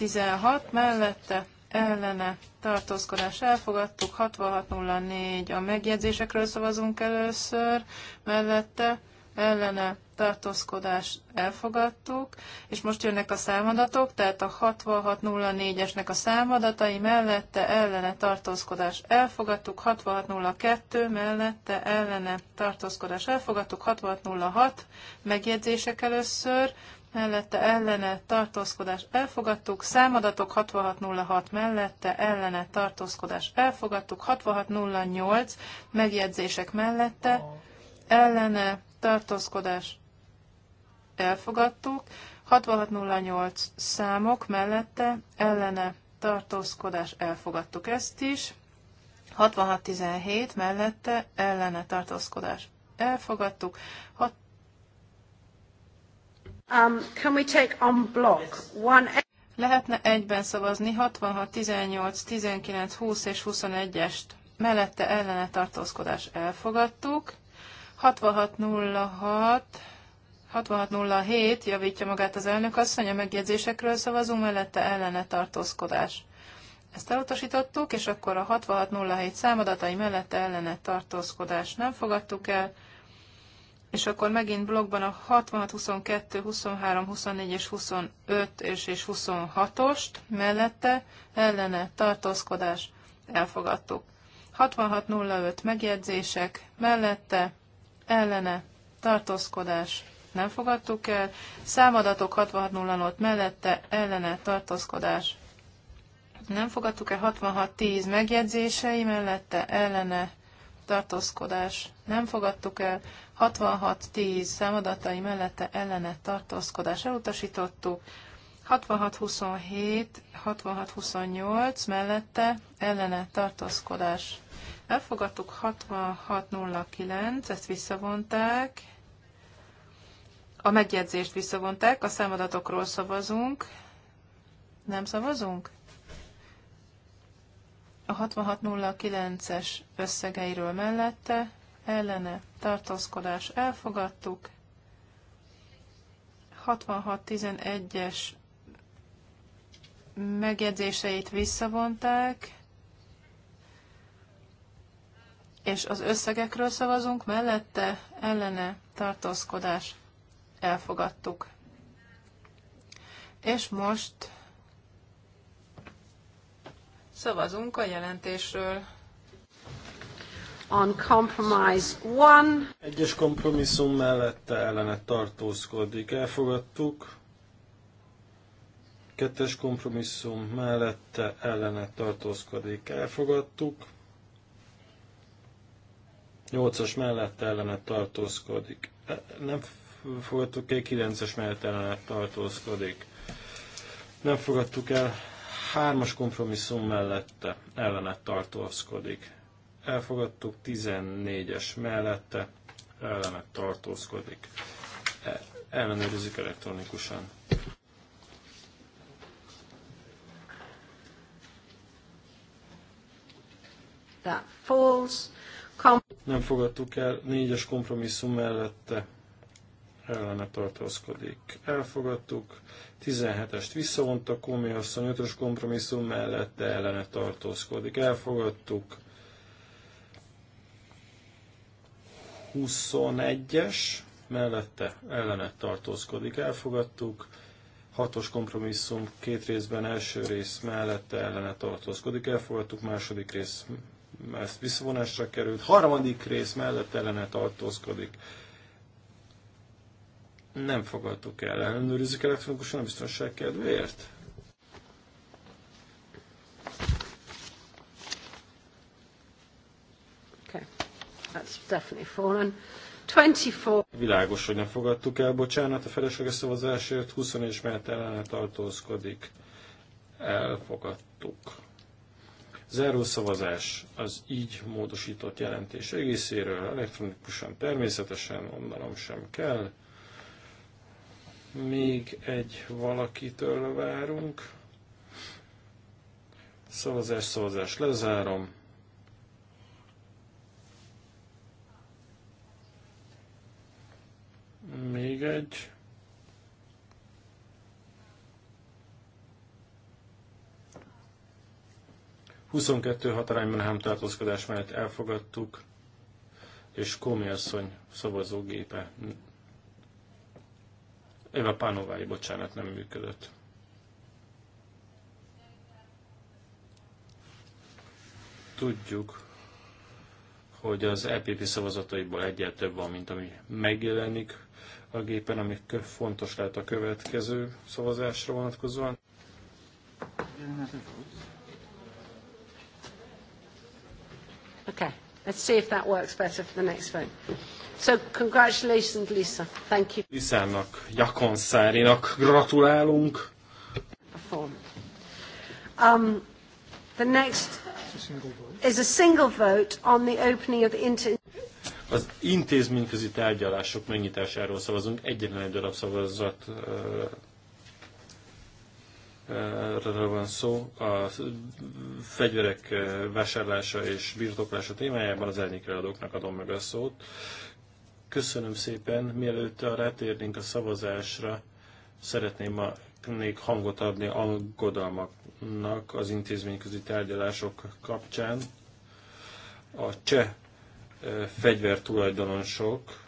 66-16 mellette ellene tartózkodás elfogadtuk, 6604 a megjegyzésekről szavazunk először, mellette ellene tartózkodás elfogadtuk, és most jönnek a számadatok, tehát a 6604-esnek a számadatai mellette ellene tartózkodás elfogadtuk, 6602 mellette ellene tartózkodás elfogadtuk, 6606 megjegyzések először, mellette ellene tartózkodás elfogadtuk, számadatok 6606 mellette ellene tartózkodás elfogadtuk, 6608 megjegyzések mellette ellene tartózkodás elfogadtuk, 6608 számok mellette ellene tartózkodás elfogadtuk ezt is, 6617 mellette ellene tartózkodás elfogadtuk, 6 Um, can we take on block one... Lehetne egyben szavazni 66, 18, 19, 20 és 21-est. Mellette ellene tartózkodás elfogadtuk. 6606 6607 javítja magát az elnök asszony, a megjegyzésekről szavazunk, mellette ellene tartózkodás. Ezt elutasítottuk, és akkor a 6607 számadatai mellette ellene tartózkodás nem fogadtuk el és akkor megint blogban a 66, 22, 23, 24 és 25 és, és 26-ost mellette ellene tartózkodás elfogadtuk. 6605 megjegyzések mellette ellene tartózkodás nem fogadtuk el, számadatok 6608 mellette ellene tartózkodás nem fogadtuk el, 6610 megjegyzései mellette ellene tartózkodás, nem fogadtuk el, 66-10 számadatai mellette ellene tartózkodás elutasítottuk, 66-27, 66-28 mellette ellene tartózkodás. Elfogadtuk 66-09, ezt visszavonták, a megjegyzést visszavonták, a számadatokról szavazunk. Nem szavazunk? a 6609-es összegeiről mellette, ellene tartózkodás elfogadtuk, 6611-es megjegyzéseit visszavonták, és az összegekről szavazunk, mellette ellene tartózkodás elfogadtuk. És most Szavazunk a jelentésről. On compromise one. Egyes kompromisszum mellette ellene tartózkodik. Elfogadtuk. Kettes kompromisszum mellette ellene tartózkodik. Elfogadtuk. Nyolcas mellette ellene tartózkodik. E, nem fogadtuk el, kilences mellett ellene tartózkodik. Nem fogadtuk el Hármas kompromisszum mellette ellenet tartózkodik. Elfogadtuk 14-es mellette ellenet tartózkodik. E, ellenőrizzük elektronikusan. That falls. Nem fogadtuk el négyes kompromisszum mellette ellene tartózkodik. Elfogadtuk. 17-est visszavonta Komi asszony 5-ös kompromisszum mellette ellene tartózkodik. Elfogadtuk. 21-es mellette ellene tartózkodik. Elfogadtuk. 6-os kompromisszum két részben első rész mellette ellene tartózkodik. Elfogadtuk második rész ezt visszavonásra került. Harmadik rész mellett ellene tartózkodik nem fogadtuk el. Ellenőrizzük elektronikusan a biztonság kedvéért? Okay. That's definitely fallen. 24. Világos, hogy nem fogadtuk el, bocsánat, a felesleges szavazásért 20 és mellett ellene tartózkodik. Elfogadtuk. Záró szavazás az így módosított jelentés egészéről, elektronikusan természetesen, mondanom sem kell. Még egy valakitől várunk. Szavazás, szavazás, lezárom. Még egy. Huszonkettő hatarányban nem tartózkodás mellett elfogadtuk, és Komi asszony szavazógépe Eva Panovai, bocsánat, nem működött. Tudjuk, hogy az EPP szavazataiból egyet több van, mint ami megjelenik a gépen, ami fontos lehet a következő szavazásra vonatkozóan. Okay, let's see if that works better for the next vote. So congratulations, Lisa. Thank you. Lisának, Jakonszárinak gratulálunk. Um, the next is a single vote on the opening of the inter az intézményközi tárgyalások megnyitásáról szavazunk, egyetlen egy darab szavazat van szó, a fegyverek vásárlása és birtoklása témájában az adóknak adom meg a szót. Köszönöm szépen. Mielőtt rátérnénk a szavazásra, szeretném a még hangot adni aggodalmaknak az intézményközi tárgyalások kapcsán. A cseh fegyvertulajdonosok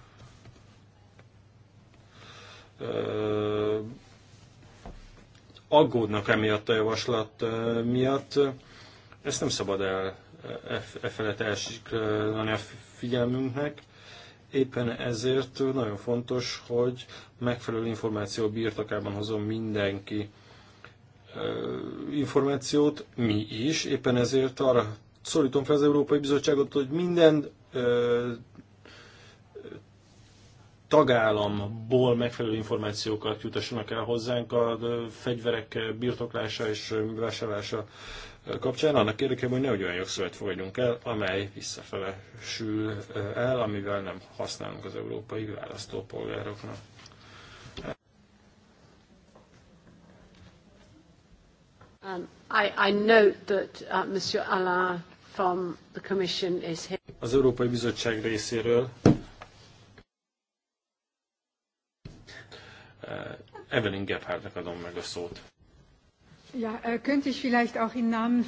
aggódnak emiatt a javaslat miatt. Ezt nem szabad el e, e felett elsiklani a figyelmünknek. Éppen ezért nagyon fontos, hogy megfelelő információ birtokában hozom mindenki információt, mi is. Éppen ezért arra szólítom fel az Európai Bizottságot, hogy minden tagállamból megfelelő információkat jutassanak el hozzánk a fegyverek birtoklása és vásárlása kapcsán, annak érdekében, hogy ne olyan jogszövet fogadjunk el, amely visszafele sül eh, el, amivel nem használunk az európai választópolgároknak. Um, I, I note that uh, Alain from the Commission is here. Az Európai Bizottság részéről eh, Evelyn Gephardtnak adom meg a szót. Ja, äh, könnte ich vielleicht auch im Namen...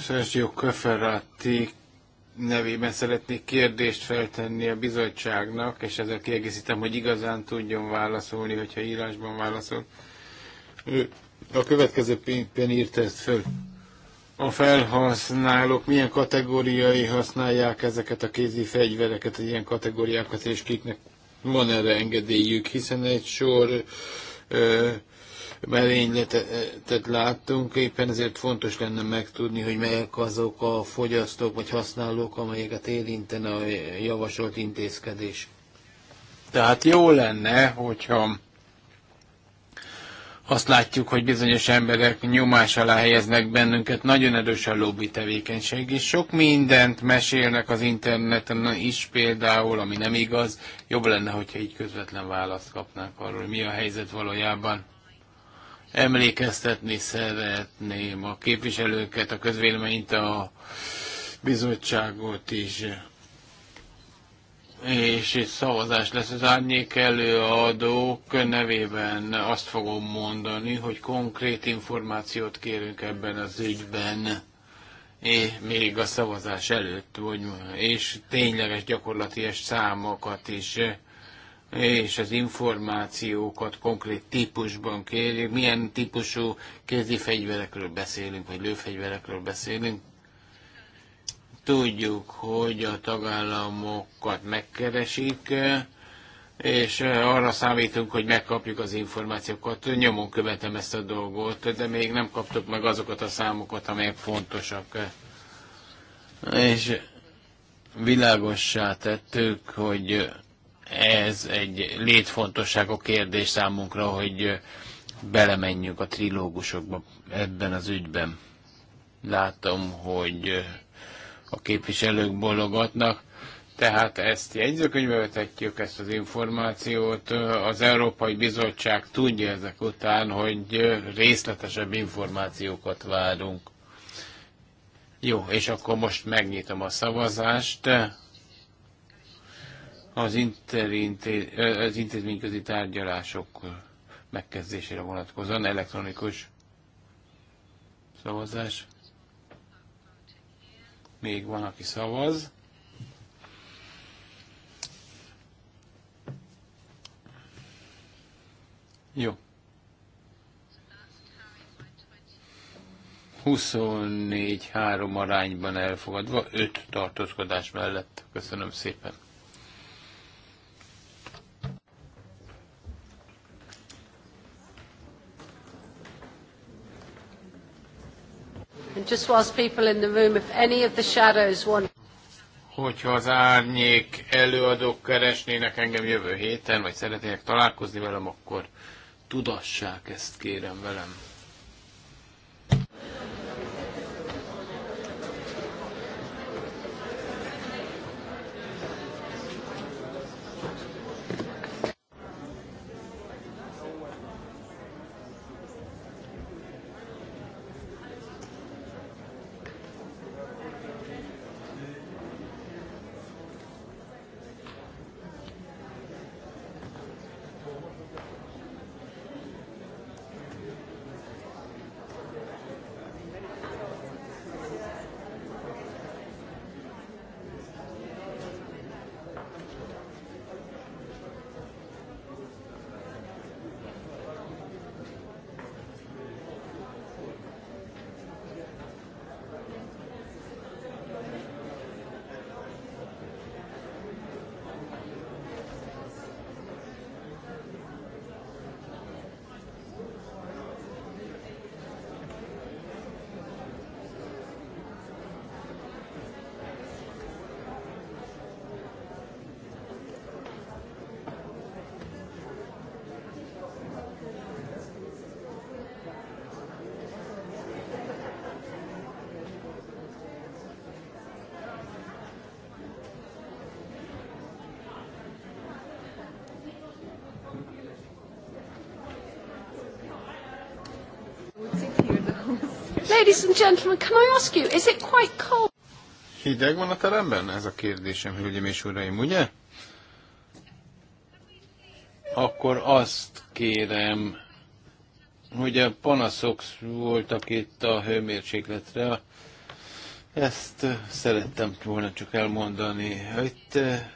Sergio Köferati nevében szeretnék kérdést feltenni a bizottságnak, és ezzel kiegészítem, hogy igazán tudjon válaszolni, hogyha írásban válaszol. Ő a következő pénzben írta ezt föl. A felhasználók milyen kategóriai használják ezeket a kézi fegyvereket, ilyen kategóriákat, és kiknek van erre engedélyük, hiszen egy sor ö, merényletet láttunk, éppen ezért fontos lenne megtudni, hogy melyek azok a fogyasztók vagy használók, amelyeket érintene a javasolt intézkedés. Tehát jó lenne, hogyha azt látjuk, hogy bizonyos emberek nyomás alá helyeznek bennünket, nagyon erős a lobby tevékenység, és sok mindent mesélnek az interneten is például, ami nem igaz. Jobb lenne, hogyha így közvetlen választ kapnánk arról, hogy mi a helyzet valójában. Emlékeztetni szeretném a képviselőket, a közvéleményt, a bizottságot is. És itt szavazás lesz az árnyék előadók nevében. Azt fogom mondani, hogy konkrét információt kérünk ebben az ügyben és még a szavazás előtt, vagy, és tényleges gyakorlati számokat is és az információkat konkrét típusban kérjük, milyen típusú kézi fegyverekről beszélünk, vagy lőfegyverekről beszélünk. Tudjuk, hogy a tagállamokat megkeresik, és arra számítunk, hogy megkapjuk az információkat. Nyomon követem ezt a dolgot, de még nem kaptuk meg azokat a számokat, amelyek fontosak. És világossá tettük, hogy ez egy létfontosságú kérdés számunkra, hogy belemenjünk a trilógusokba ebben az ügyben. Látom, hogy a képviselők bologatnak, tehát ezt jegyzőkönyvbe vetetjük, ezt az információt. Az Európai Bizottság tudja ezek után, hogy részletesebb információkat várunk. Jó, és akkor most megnyitom a szavazást az, interinté, az intézményközi tárgyalások megkezdésére vonatkozóan elektronikus szavazás. Még van, aki szavaz. Jó. 24-3 arányban elfogadva, 5 tartózkodás mellett. Köszönöm szépen. And just whilst people in the room, if any of the shadows want... Hogyha az árnyék előadók keresnének engem jövő héten, vagy szeretnének találkozni velem, akkor tudassák ezt, kérem velem. Ladies and gentlemen, can I ask you, is it quite cold? Hideg van a teremben? Ez a kérdésem, hölgyeim és uraim, ugye? Akkor azt kérem, hogy a panaszok voltak itt a hőmérsékletre, ezt eh, szerettem volna csak elmondani. Itt eh,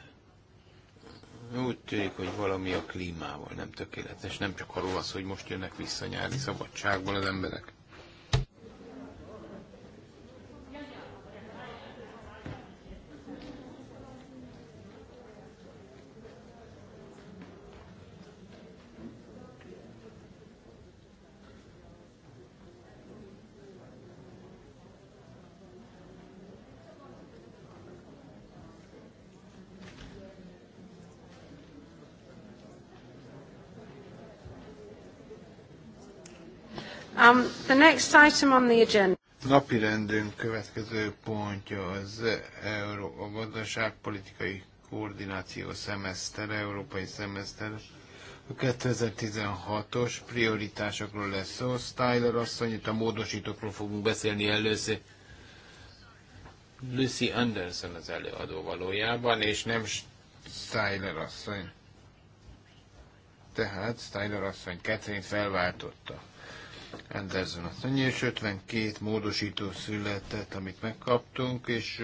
úgy tűnik, hogy valami a klímával nem tökéletes. Nem csak arról az, hogy most jönnek vissza nyári szabadságból az emberek. next item on the agenda. Napi rendünk következő pontja az Euró, a gazdaságpolitikai koordináció szemeszter, európai szemeszter. A 2016-os prioritásokról lesz szó. Styler asszony, itt a módosítókról fogunk beszélni először. Lucy Anderson az előadó valójában, és nem Styler asszony. Tehát Styler asszony Catherine felváltotta. Anderson asszony, és 52 módosító született, amit megkaptunk, és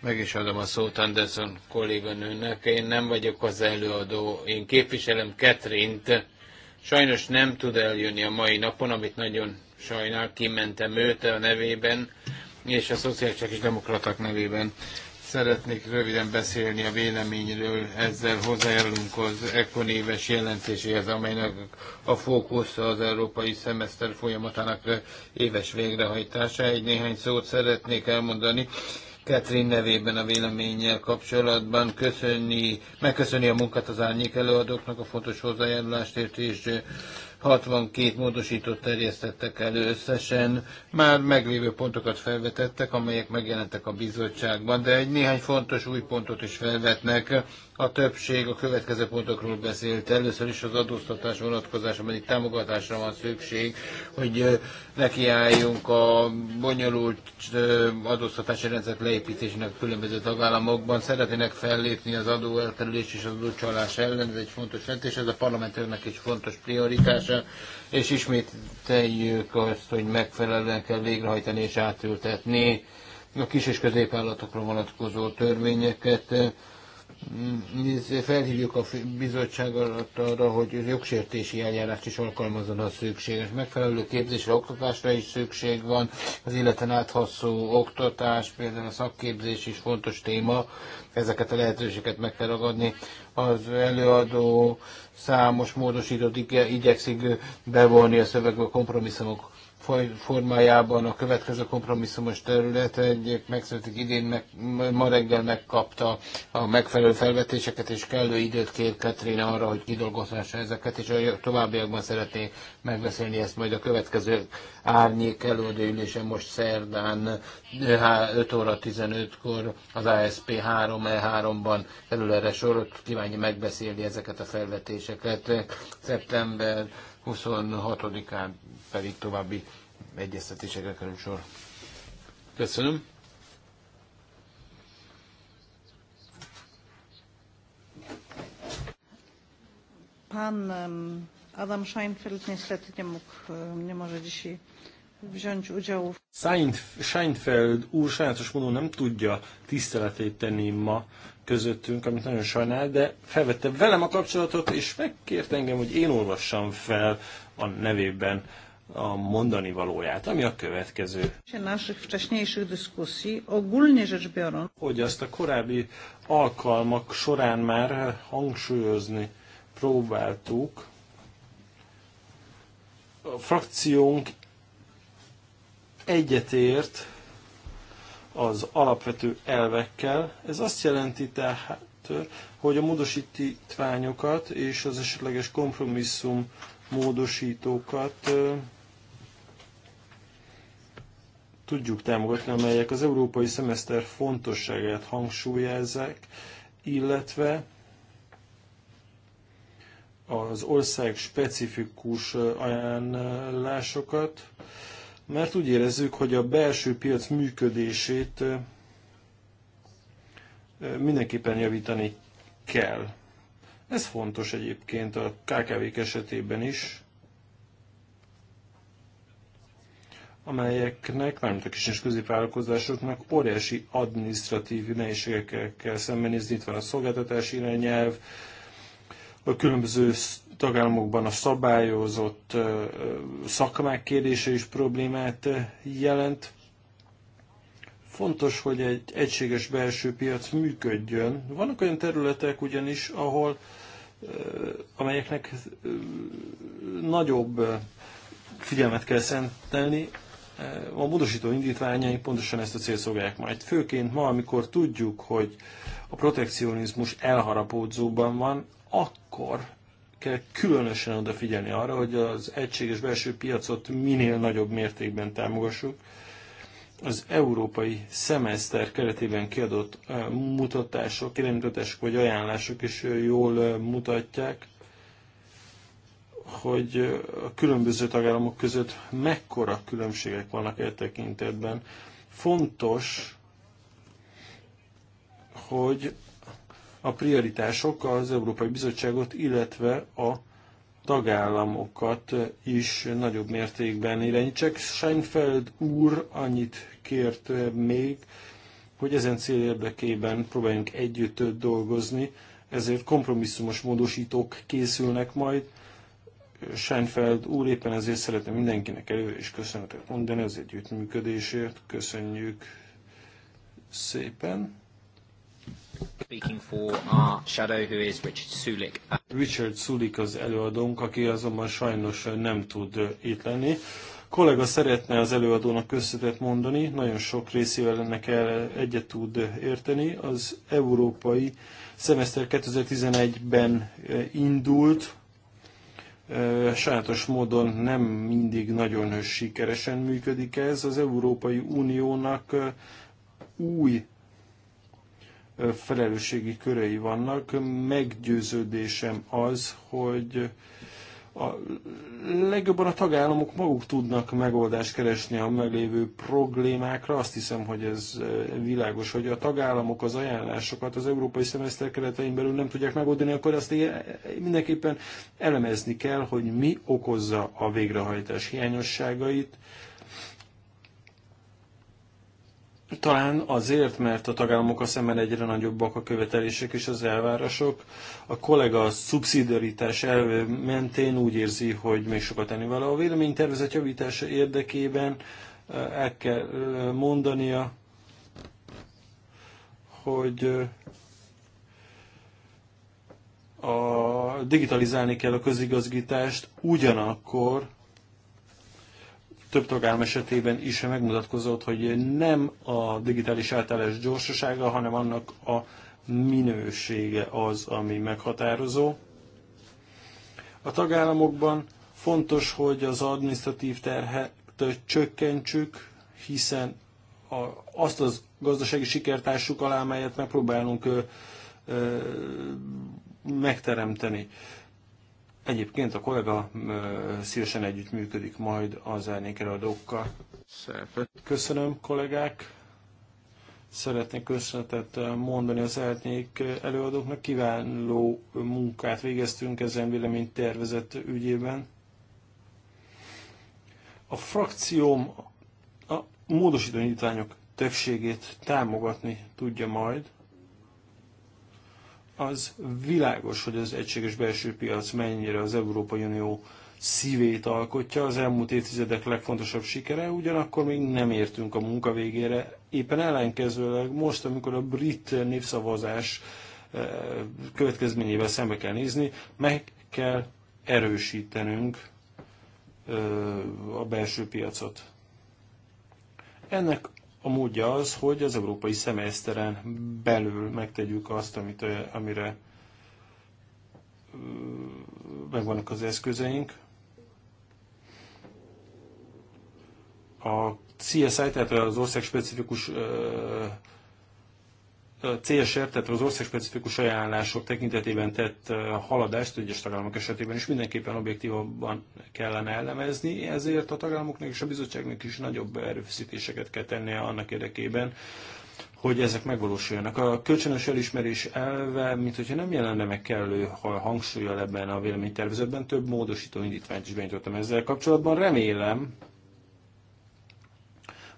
meg is adom a szót Anderson kolléganőnek. Én nem vagyok az előadó, én képviselem Ketrint. Sajnos nem tud eljönni a mai napon, amit nagyon sajnál, kimentem őt a nevében, és a szociális és demokraták nevében. Szeretnék röviden beszélni a véleményről, ezzel hozzájárulunk az ECON éves jelentéséhez, amelynek a fókusz az európai szemeszter folyamatának éves végrehajtása. Egy néhány szót szeretnék elmondani. Katrin nevében a véleménnyel kapcsolatban köszönni, megköszönni a munkát az árnyék előadóknak a fontos hozzájárulást és 62 módosítót terjesztettek elő összesen, már meglévő pontokat felvetettek, amelyek megjelentek a bizottságban, de egy néhány fontos új pontot is felvetnek. A többség a következő pontokról beszélt. Először is az adóztatás vonatkozás, amelyik támogatásra van szükség, hogy nekiálljunk a bonyolult adóztatási leépítésének leépítésnek különböző tagállamokban. Szeretnének fellépni az adóelterülés és az adócsalás ellen, ez egy fontos jelentés, ez a parlamentőrnek egy fontos prioritás kérdése, és ismételjük azt, hogy megfelelően kell végrehajtani és átültetni a kis és középállatokra vonatkozó törvényeket. Felhívjuk a bizottság arra, hogy jogsértési eljárást is alkalmazzon, a szükséges. Megfelelő képzésre, oktatásra is szükség van. Az életen áthasszó oktatás, például a szakképzés is fontos téma. Ezeket a lehetőséget meg kell ragadni. Az előadó számos módosítót igyekszik bevonni a szöveg a kompromisszumok formájában a következő kompromisszumos terület egyik megszületik idén, meg, ma reggel megkapta a megfelelő felvetéseket, és kellő időt kér Katrina arra, hogy kidolgozhassa ezeket, és a továbbiakban szeretné megbeszélni ezt majd a következő árnyék előadőülésen most szerdán 5 óra 15-kor az ASP 3E3-ban kerül erre sorot, kívánja megbeszélni ezeket a felvetéseket szeptember 26-án pedig további egyeztetésekre kerül sor. Köszönöm. Pán Adam Scheinfeld niestety hogy nem nie może dzisiaj wziąć Seinfeld úr sajátos módon nem tudja tiszteletét tenni ma közöttünk, amit nagyon sajnál, de felvette velem a kapcsolatot, és megkért engem, hogy én olvassam fel a nevében a mondani valóját, ami a következő. Hogy azt a korábbi alkalmak során már hangsúlyozni próbáltuk, a frakciónk egyetért az alapvető elvekkel. Ez azt jelenti tehát, hogy a módosítványokat és az esetleges kompromisszum módosítókat tudjuk támogatni, amelyek az európai szemeszter fontosságát hangsúlyozzák, illetve az ország specifikus ajánlásokat, mert úgy érezzük, hogy a belső piac működését mindenképpen javítani kell. Ez fontos egyébként a kkv esetében is, amelyeknek, mármint a kis és középvállalkozásoknak óriási adminisztratív nehézségekkel kell szembenézni. Itt van a szolgáltatási irányelv, a különböző tagállamokban a szabályozott szakmák kérdése is problémát jelent. Fontos, hogy egy egységes belső piac működjön. Vannak olyan területek ugyanis, ahol amelyeknek nagyobb figyelmet kell szentelni, a módosító indítványai pontosan ezt a célt szolgálják majd. Főként ma, amikor tudjuk, hogy a protekcionizmus elharapódzóban van, akkor kell különösen odafigyelni arra, hogy az egységes belső piacot minél nagyobb mértékben támogassuk. Az európai szemeszter keretében kiadott mutatások, iránymutatások vagy ajánlások is jól mutatják, hogy a különböző tagállamok között mekkora különbségek vannak e tekintetben. Fontos, hogy a prioritások az Európai Bizottságot, illetve a tagállamokat is nagyobb mértékben irányítsák. Seinfeld úr annyit kért még, hogy ezen cél érdekében próbáljunk együtt dolgozni, ezért kompromisszumos módosítók készülnek majd. Seinfeld úr éppen ezért szeretne mindenkinek előre is köszönetet mondani az együttműködésért. Köszönjük szépen! Speaking for our shadow, who is Richard Sulik. Richard Sulik az előadónk, aki azonban sajnos nem tud itt lenni. kollega szeretne az előadónak köszönetet mondani, nagyon sok részével ennek el egyet tud érteni. Az európai szemeszter 2011-ben indult, sajátos módon nem mindig nagyon sikeresen működik ez. Az Európai Uniónak új felelősségi körei vannak. Meggyőződésem az, hogy a legjobban a tagállamok maguk tudnak megoldást keresni a meglévő problémákra. Azt hiszem, hogy ez eh, világos, hogy a tagállamok az ajánlásokat az európai szemeszter keretein belül nem tudják megoldani, akkor azt eh, mindenképpen elemezni kell, hogy mi okozza a végrehajtás hiányosságait, talán azért, mert a a szemben egyre nagyobbak a követelések és az elvárások. A kollega a szubszidiaritás elve mentén úgy érzi, hogy még sokat tenni vele. A véleménytervezet javítása érdekében eh, el kell eh, mondania, hogy eh, a digitalizálni kell a közigazgatást, ugyanakkor több tagállam esetében is megmutatkozott, hogy nem a digitális általás gyorsasága, hanem annak a minősége az, ami meghatározó. A tagállamokban fontos, hogy az administratív terhet csökkentsük, hiszen a, azt az gazdasági sikertársuk alá, amelyet megpróbálunk ö, ö, megteremteni. Egyébként a kollega szívesen együttműködik majd az árnyékeladókkal. Köszönöm, kollégák! Szeretnék köszönetet mondani az eltnék előadóknak. Kiváló munkát végeztünk ezen tervezett ügyében. A frakcióm a módosító indítványok többségét támogatni tudja majd az világos, hogy az egységes belső piac mennyire az Európai Unió szívét alkotja, az elmúlt évtizedek legfontosabb sikere, ugyanakkor még nem értünk a munka végére. Éppen ellenkezőleg most, amikor a brit népszavazás eh, következményével szembe kell nézni, meg kell erősítenünk eh, a belső piacot. Ennek a módja az, hogy az európai szemeszteren belül megtegyük azt, amit, amire megvannak az eszközeink. A CSI, tehát az ország specifikus célsért, tehát az országspecifikus ajánlások tekintetében tett haladást egyes tagállamok esetében is mindenképpen objektívabban kellene elemezni, ezért a tagállamoknak és a bizottságnak is nagyobb erőfeszítéseket kell tennie annak érdekében, hogy ezek megvalósuljanak. A kölcsönös elismerés elve, mint hogyha nem jelenne meg kellő ha hangsúlyal ebben a véleménytervezetben, több módosító indítványt is benyújtottam ezzel kapcsolatban. Remélem,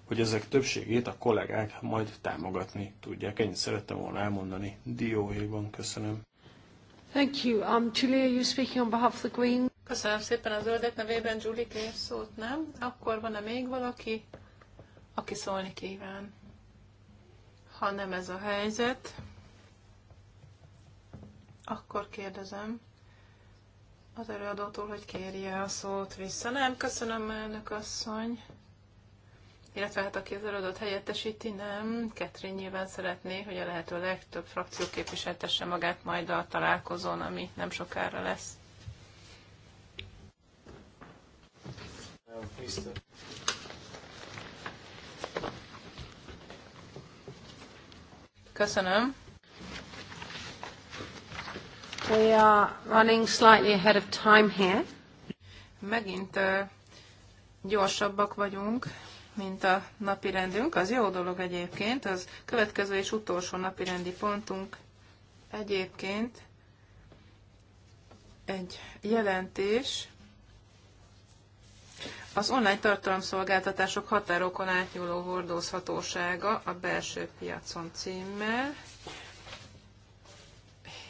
hogy ezek többségét a kollégák majd támogatni tudják. Ennyit szerettem volna elmondani. Dióhéjban köszönöm. Thank you. Um, Julia, you speaking on behalf of the Green. Köszönöm szépen az zöldek nevében, Julie kér szót, nem? Akkor van-e még valaki, aki szólni kíván? Ha nem ez a helyzet, akkor kérdezem az előadótól, hogy kérje a szót vissza. Nem, köszönöm, elnök asszony illetve hát aki az előadót helyettesíti, nem. Ketrin nyilván szeretné, hogy a lehető legtöbb frakció képviseltesse magát majd a találkozón, ami nem sokára lesz. Köszönöm. We are running slightly ahead of time here. Megint gyorsabbak vagyunk mint a napi rendünk. Az jó dolog egyébként, az következő és utolsó napi rendi pontunk egyébként egy jelentés az online tartalomszolgáltatások határokon átnyúló hordozhatósága a belső piacon címmel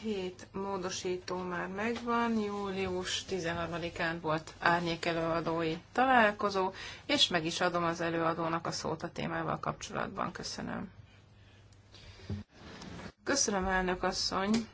hét módosító már megvan, július 13-án volt árnyék előadói találkozó, és meg is adom az előadónak a szót a témával kapcsolatban. Köszönöm. Köszönöm, elnök asszony.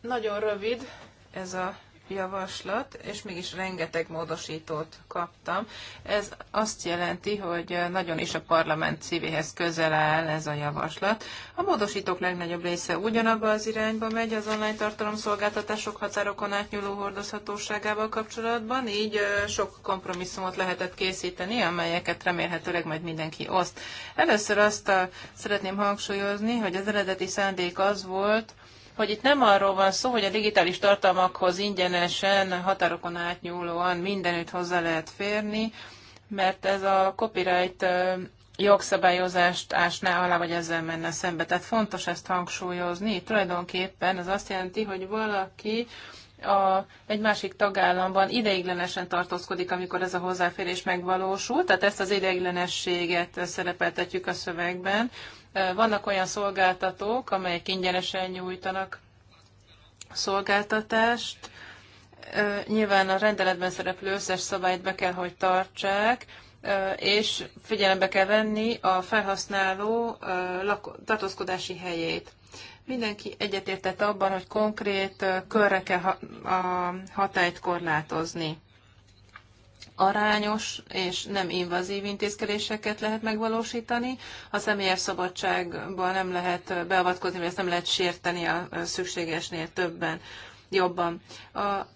Nagyon rövid ez a javaslat, és mégis rengeteg módosítót kaptam. Ez azt jelenti, hogy nagyon is a parlament szívéhez közel áll ez a javaslat. A módosítók legnagyobb része ugyanabba az irányba megy az online tartalomszolgáltatások határokon átnyúló hordozhatóságával kapcsolatban, így sok kompromisszumot lehetett készíteni, amelyeket remélhetőleg majd mindenki oszt. Először azt a, szeretném hangsúlyozni, hogy az eredeti szándék az volt, hogy itt nem arról van szó, hogy a digitális tartalmakhoz ingyenesen, határokon átnyúlóan mindenütt hozzá lehet férni, mert ez a copyright jogszabályozást ásná alá, vagy ezzel menne szembe. Tehát fontos ezt hangsúlyozni. Tulajdonképpen ez azt jelenti, hogy valaki a, egy másik tagállamban ideiglenesen tartózkodik, amikor ez a hozzáférés megvalósul, tehát ezt az ideiglenességet szerepeltetjük a szövegben, vannak olyan szolgáltatók, amelyek ingyenesen nyújtanak szolgáltatást. Nyilván a rendeletben szereplő összes szabályt be kell, hogy tartsák, és figyelembe kell venni a felhasználó tartózkodási helyét. Mindenki egyetértett abban, hogy konkrét körre kell a hatályt korlátozni arányos és nem invazív intézkedéseket lehet megvalósítani. A személyes szabadságban nem lehet beavatkozni, vagy ezt nem lehet sérteni a szükségesnél többen, jobban. A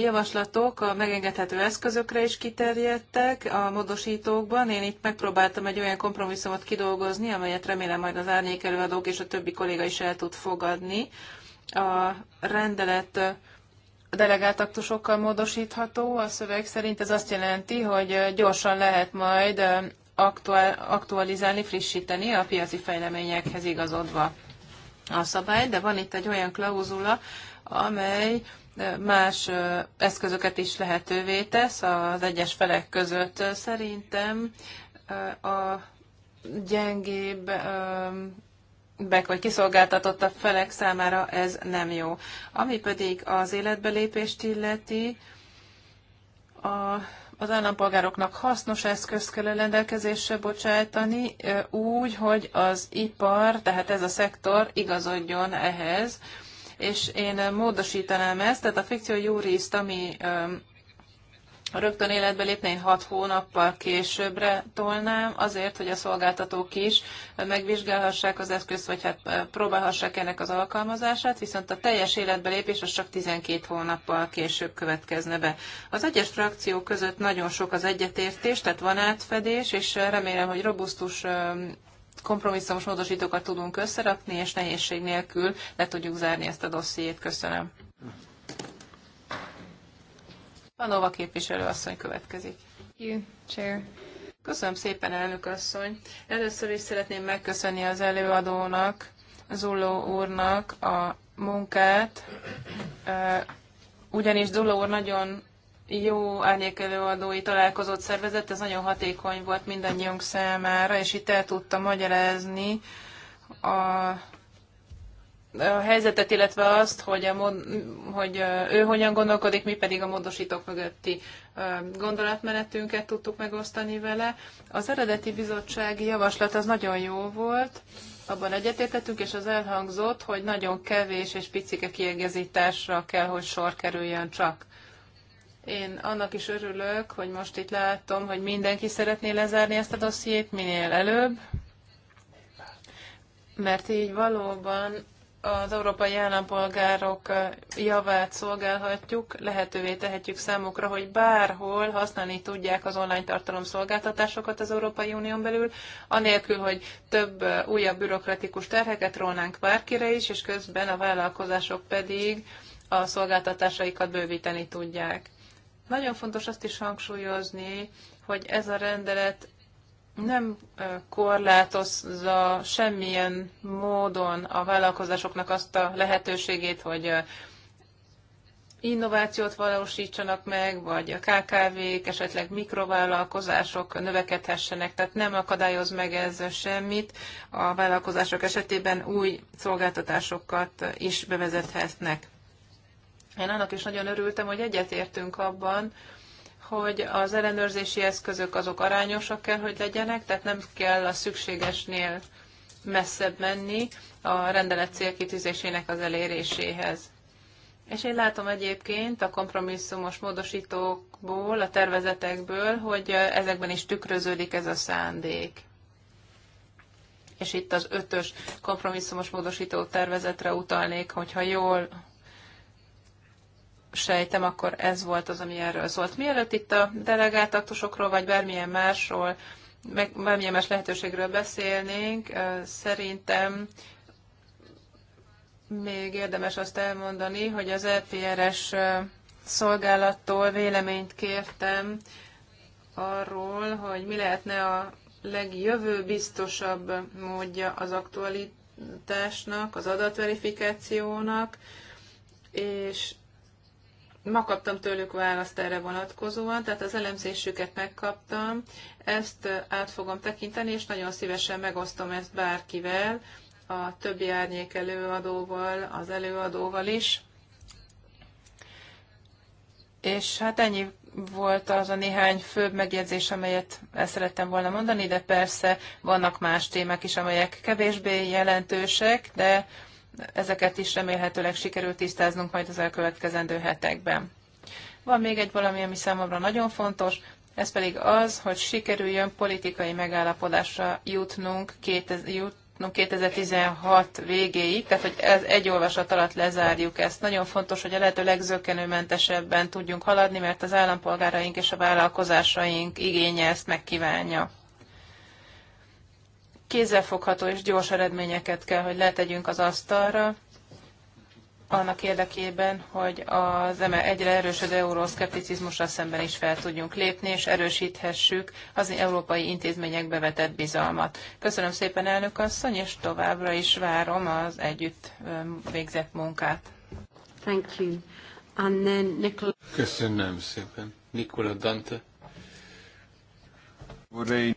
javaslatok a megengedhető eszközökre is kiterjedtek a módosítókban. Én itt megpróbáltam egy olyan kompromisszumot kidolgozni, amelyet remélem majd az árnyék előadók és a többi kolléga is el tud fogadni. A rendelet delegált aktusokkal módosítható. A szöveg szerint ez azt jelenti, hogy gyorsan lehet majd aktualizálni, frissíteni a piaci fejleményekhez igazodva a szabály, de van itt egy olyan klauzula, amely más eszközöket is lehetővé tesz az egyes felek között. Szerintem a gyengébb bek vagy kiszolgáltatottabb felek számára ez nem jó. Ami pedig az életbelépést illeti, a, az állampolgároknak hasznos eszköz kell rendelkezésre bocsájtani úgy, hogy az ipar, tehát ez a szektor igazodjon ehhez, és én módosítanám ezt, tehát a fikció jurist, ami rögtön életbe lépne, én hat hónappal későbbre tolnám, azért, hogy a szolgáltatók is megvizsgálhassák az eszközt, vagy hát próbálhassák ennek az alkalmazását, viszont a teljes életbe lépés az csak 12 hónappal később következne be. Az egyes frakció között nagyon sok az egyetértés, tehát van átfedés, és remélem, hogy robusztus kompromisszumos módosítókat tudunk összerakni, és nehézség nélkül le tudjuk zárni ezt a dossziét. Köszönöm. Panova képviselő asszony következik. You, chair. Köszönöm szépen, elnök asszony. Először is szeretném megköszönni az előadónak, Zulló úrnak a munkát, ugyanis Zulló úr nagyon jó árnyékelőadói találkozót szervezett, ez nagyon hatékony volt mindannyiunk számára, és itt el tudta magyarázni a a helyzetet, illetve azt, hogy, a, mod, hogy ő hogyan gondolkodik, mi pedig a módosítók mögötti gondolatmenetünket tudtuk megosztani vele. Az eredeti bizottsági javaslat az nagyon jó volt, abban egyetértettünk, és az elhangzott, hogy nagyon kevés és picike kiegezításra kell, hogy sor kerüljön csak. Én annak is örülök, hogy most itt látom, hogy mindenki szeretné lezárni ezt a dossziét minél előbb, mert így valóban az európai állampolgárok javát szolgálhatjuk, lehetővé tehetjük számukra, hogy bárhol használni tudják az online tartalom szolgáltatásokat az Európai Unión belül, anélkül, hogy több újabb bürokratikus terheket rólnánk bárkire is, és közben a vállalkozások pedig a szolgáltatásaikat bővíteni tudják. Nagyon fontos azt is hangsúlyozni, hogy ez a rendelet nem korlátozza semmilyen módon a vállalkozásoknak azt a lehetőségét, hogy innovációt valósítsanak meg, vagy a KKV-k, esetleg mikrovállalkozások növekedhessenek, tehát nem akadályoz meg ez semmit. A vállalkozások esetében új szolgáltatásokat is bevezethetnek. Én annak is nagyon örültem, hogy egyetértünk abban, hogy az ellenőrzési eszközök azok arányosak kell, hogy legyenek, tehát nem kell a szükségesnél messzebb menni a rendelet célkitűzésének az eléréséhez. És én látom egyébként a kompromisszumos módosítókból, a tervezetekből, hogy ezekben is tükröződik ez a szándék. És itt az ötös kompromisszumos módosító tervezetre utalnék, hogyha jól sejtem, akkor ez volt az, ami erről szólt. Mielőtt itt a delegált aktusokról, vagy bármilyen másról, meg bármilyen más lehetőségről beszélnénk, szerintem még érdemes azt elmondani, hogy az EPRS szolgálattól véleményt kértem arról, hogy mi lehetne a legjövőbiztosabb módja az aktualitásnak, az adatverifikációnak, és ma kaptam tőlük választ erre vonatkozóan, tehát az elemzésüket megkaptam, ezt át fogom tekinteni, és nagyon szívesen megosztom ezt bárkivel, a többi árnyék előadóval, az előadóval is. És hát ennyi volt az a néhány főbb megjegyzés, amelyet el szerettem volna mondani, de persze vannak más témák is, amelyek kevésbé jelentősek, de ezeket is remélhetőleg sikerül tisztáznunk majd az elkövetkezendő hetekben. Van még egy valami, ami számomra nagyon fontos, ez pedig az, hogy sikerüljön politikai megállapodásra jutnunk, 2000, jutnunk 2016 végéig, tehát hogy ez egy olvasat alatt lezárjuk ezt. Nagyon fontos, hogy a lehető legzökkenőmentesebben tudjunk haladni, mert az állampolgáraink és a vállalkozásaink igénye ezt megkívánja kézzelfogható és gyors eredményeket kell, hogy letegyünk az asztalra, annak érdekében, hogy az egyre erősödő euroszkepticizmusra szemben is fel tudjunk lépni, és erősíthessük az európai intézményekbe vetett bizalmat. Köszönöm szépen, elnök asszony, és továbbra is várom az együtt végzett munkát. Thank you. And then Nicola... Köszönöm szépen. Nikola Dante.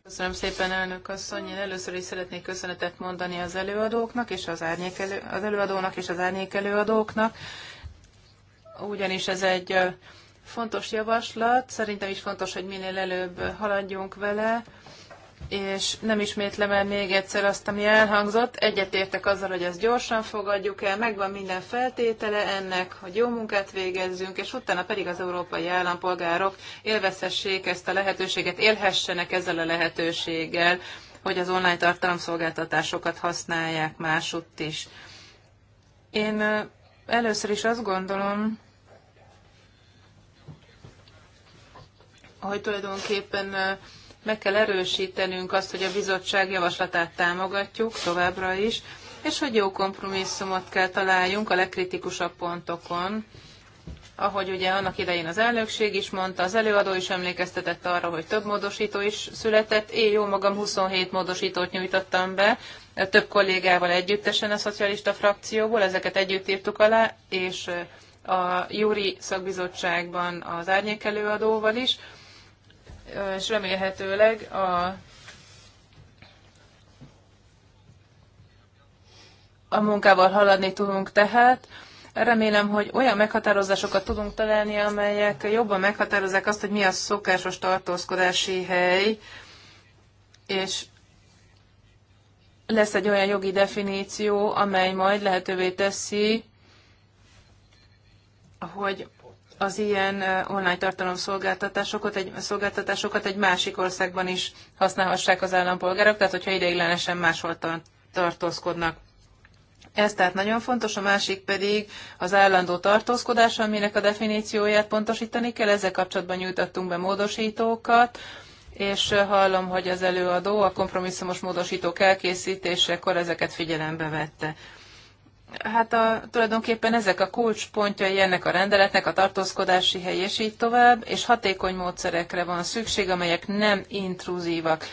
Köszönöm szépen, elnök asszony. Én először is szeretnék köszönetet mondani az előadóknak és az, árnyék elő, az előadónak és az árnyék előadóknak, ugyanis ez egy fontos javaslat. Szerintem is fontos, hogy minél előbb haladjunk vele és nem ismétlem el még egyszer azt, ami elhangzott. Egyetértek azzal, hogy ezt gyorsan fogadjuk el, megvan minden feltétele ennek, hogy jó munkát végezzünk, és utána pedig az európai állampolgárok élvezhessék ezt a lehetőséget, élhessenek ezzel a lehetőséggel, hogy az online tartalomszolgáltatásokat használják másutt is. Én először is azt gondolom, hogy tulajdonképpen uh, meg kell erősítenünk azt, hogy a bizottság javaslatát támogatjuk továbbra is, és hogy jó kompromisszumot kell találjunk a legkritikusabb pontokon. Ahogy ugye annak idején az elnökség is mondta, az előadó is emlékeztetett arra, hogy több módosító is született. Én jó magam 27 módosítót nyújtottam be, több kollégával együttesen a szocialista frakcióból, ezeket együtt írtuk alá, és a Júri szakbizottságban az árnyék előadóval is és remélhetőleg a a munkával haladni tudunk tehát. Remélem, hogy olyan meghatározásokat tudunk találni, amelyek jobban meghatározzák azt, hogy mi a szokásos tartózkodási hely, és lesz egy olyan jogi definíció, amely majd lehetővé teszi, hogy az ilyen online tartalom szolgáltatásokat egy, szolgáltatásokat egy másik országban is használhassák az állampolgárok, tehát hogyha ideiglenesen máshol tartózkodnak. Ez tehát nagyon fontos, a másik pedig az állandó tartózkodás, aminek a definícióját pontosítani kell. Ezzel kapcsolatban nyújtottunk be módosítókat, és hallom, hogy az előadó a kompromisszumos módosítók elkészítésekor ezeket figyelembe vette. Hát a, tulajdonképpen ezek a kulcspontjai ennek a rendeletnek, a tartózkodási hely és így tovább, és hatékony módszerekre van szükség, amelyek nem intruzívak.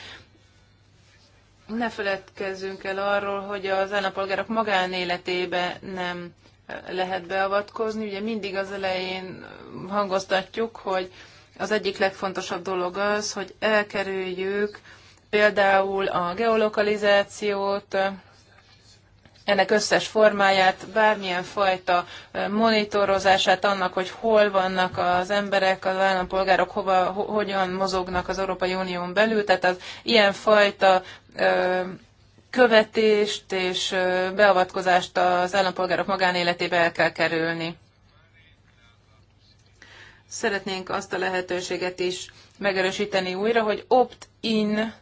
Ne feledkezzünk el arról, hogy az állampolgárok magánéletébe nem eh, lehet beavatkozni. Ugye mindig az elején hangoztatjuk, hogy az egyik legfontosabb dolog az, hogy elkerüljük például a geolokalizációt, ennek összes formáját, bármilyen fajta monitorozását annak, hogy hol vannak az emberek, az állampolgárok, hova, hogyan mozognak az Európai Unión belül, tehát az ilyen fajta követést és beavatkozást az állampolgárok magánéletébe el kell kerülni. Szeretnénk azt a lehetőséget is megerősíteni újra, hogy opt-in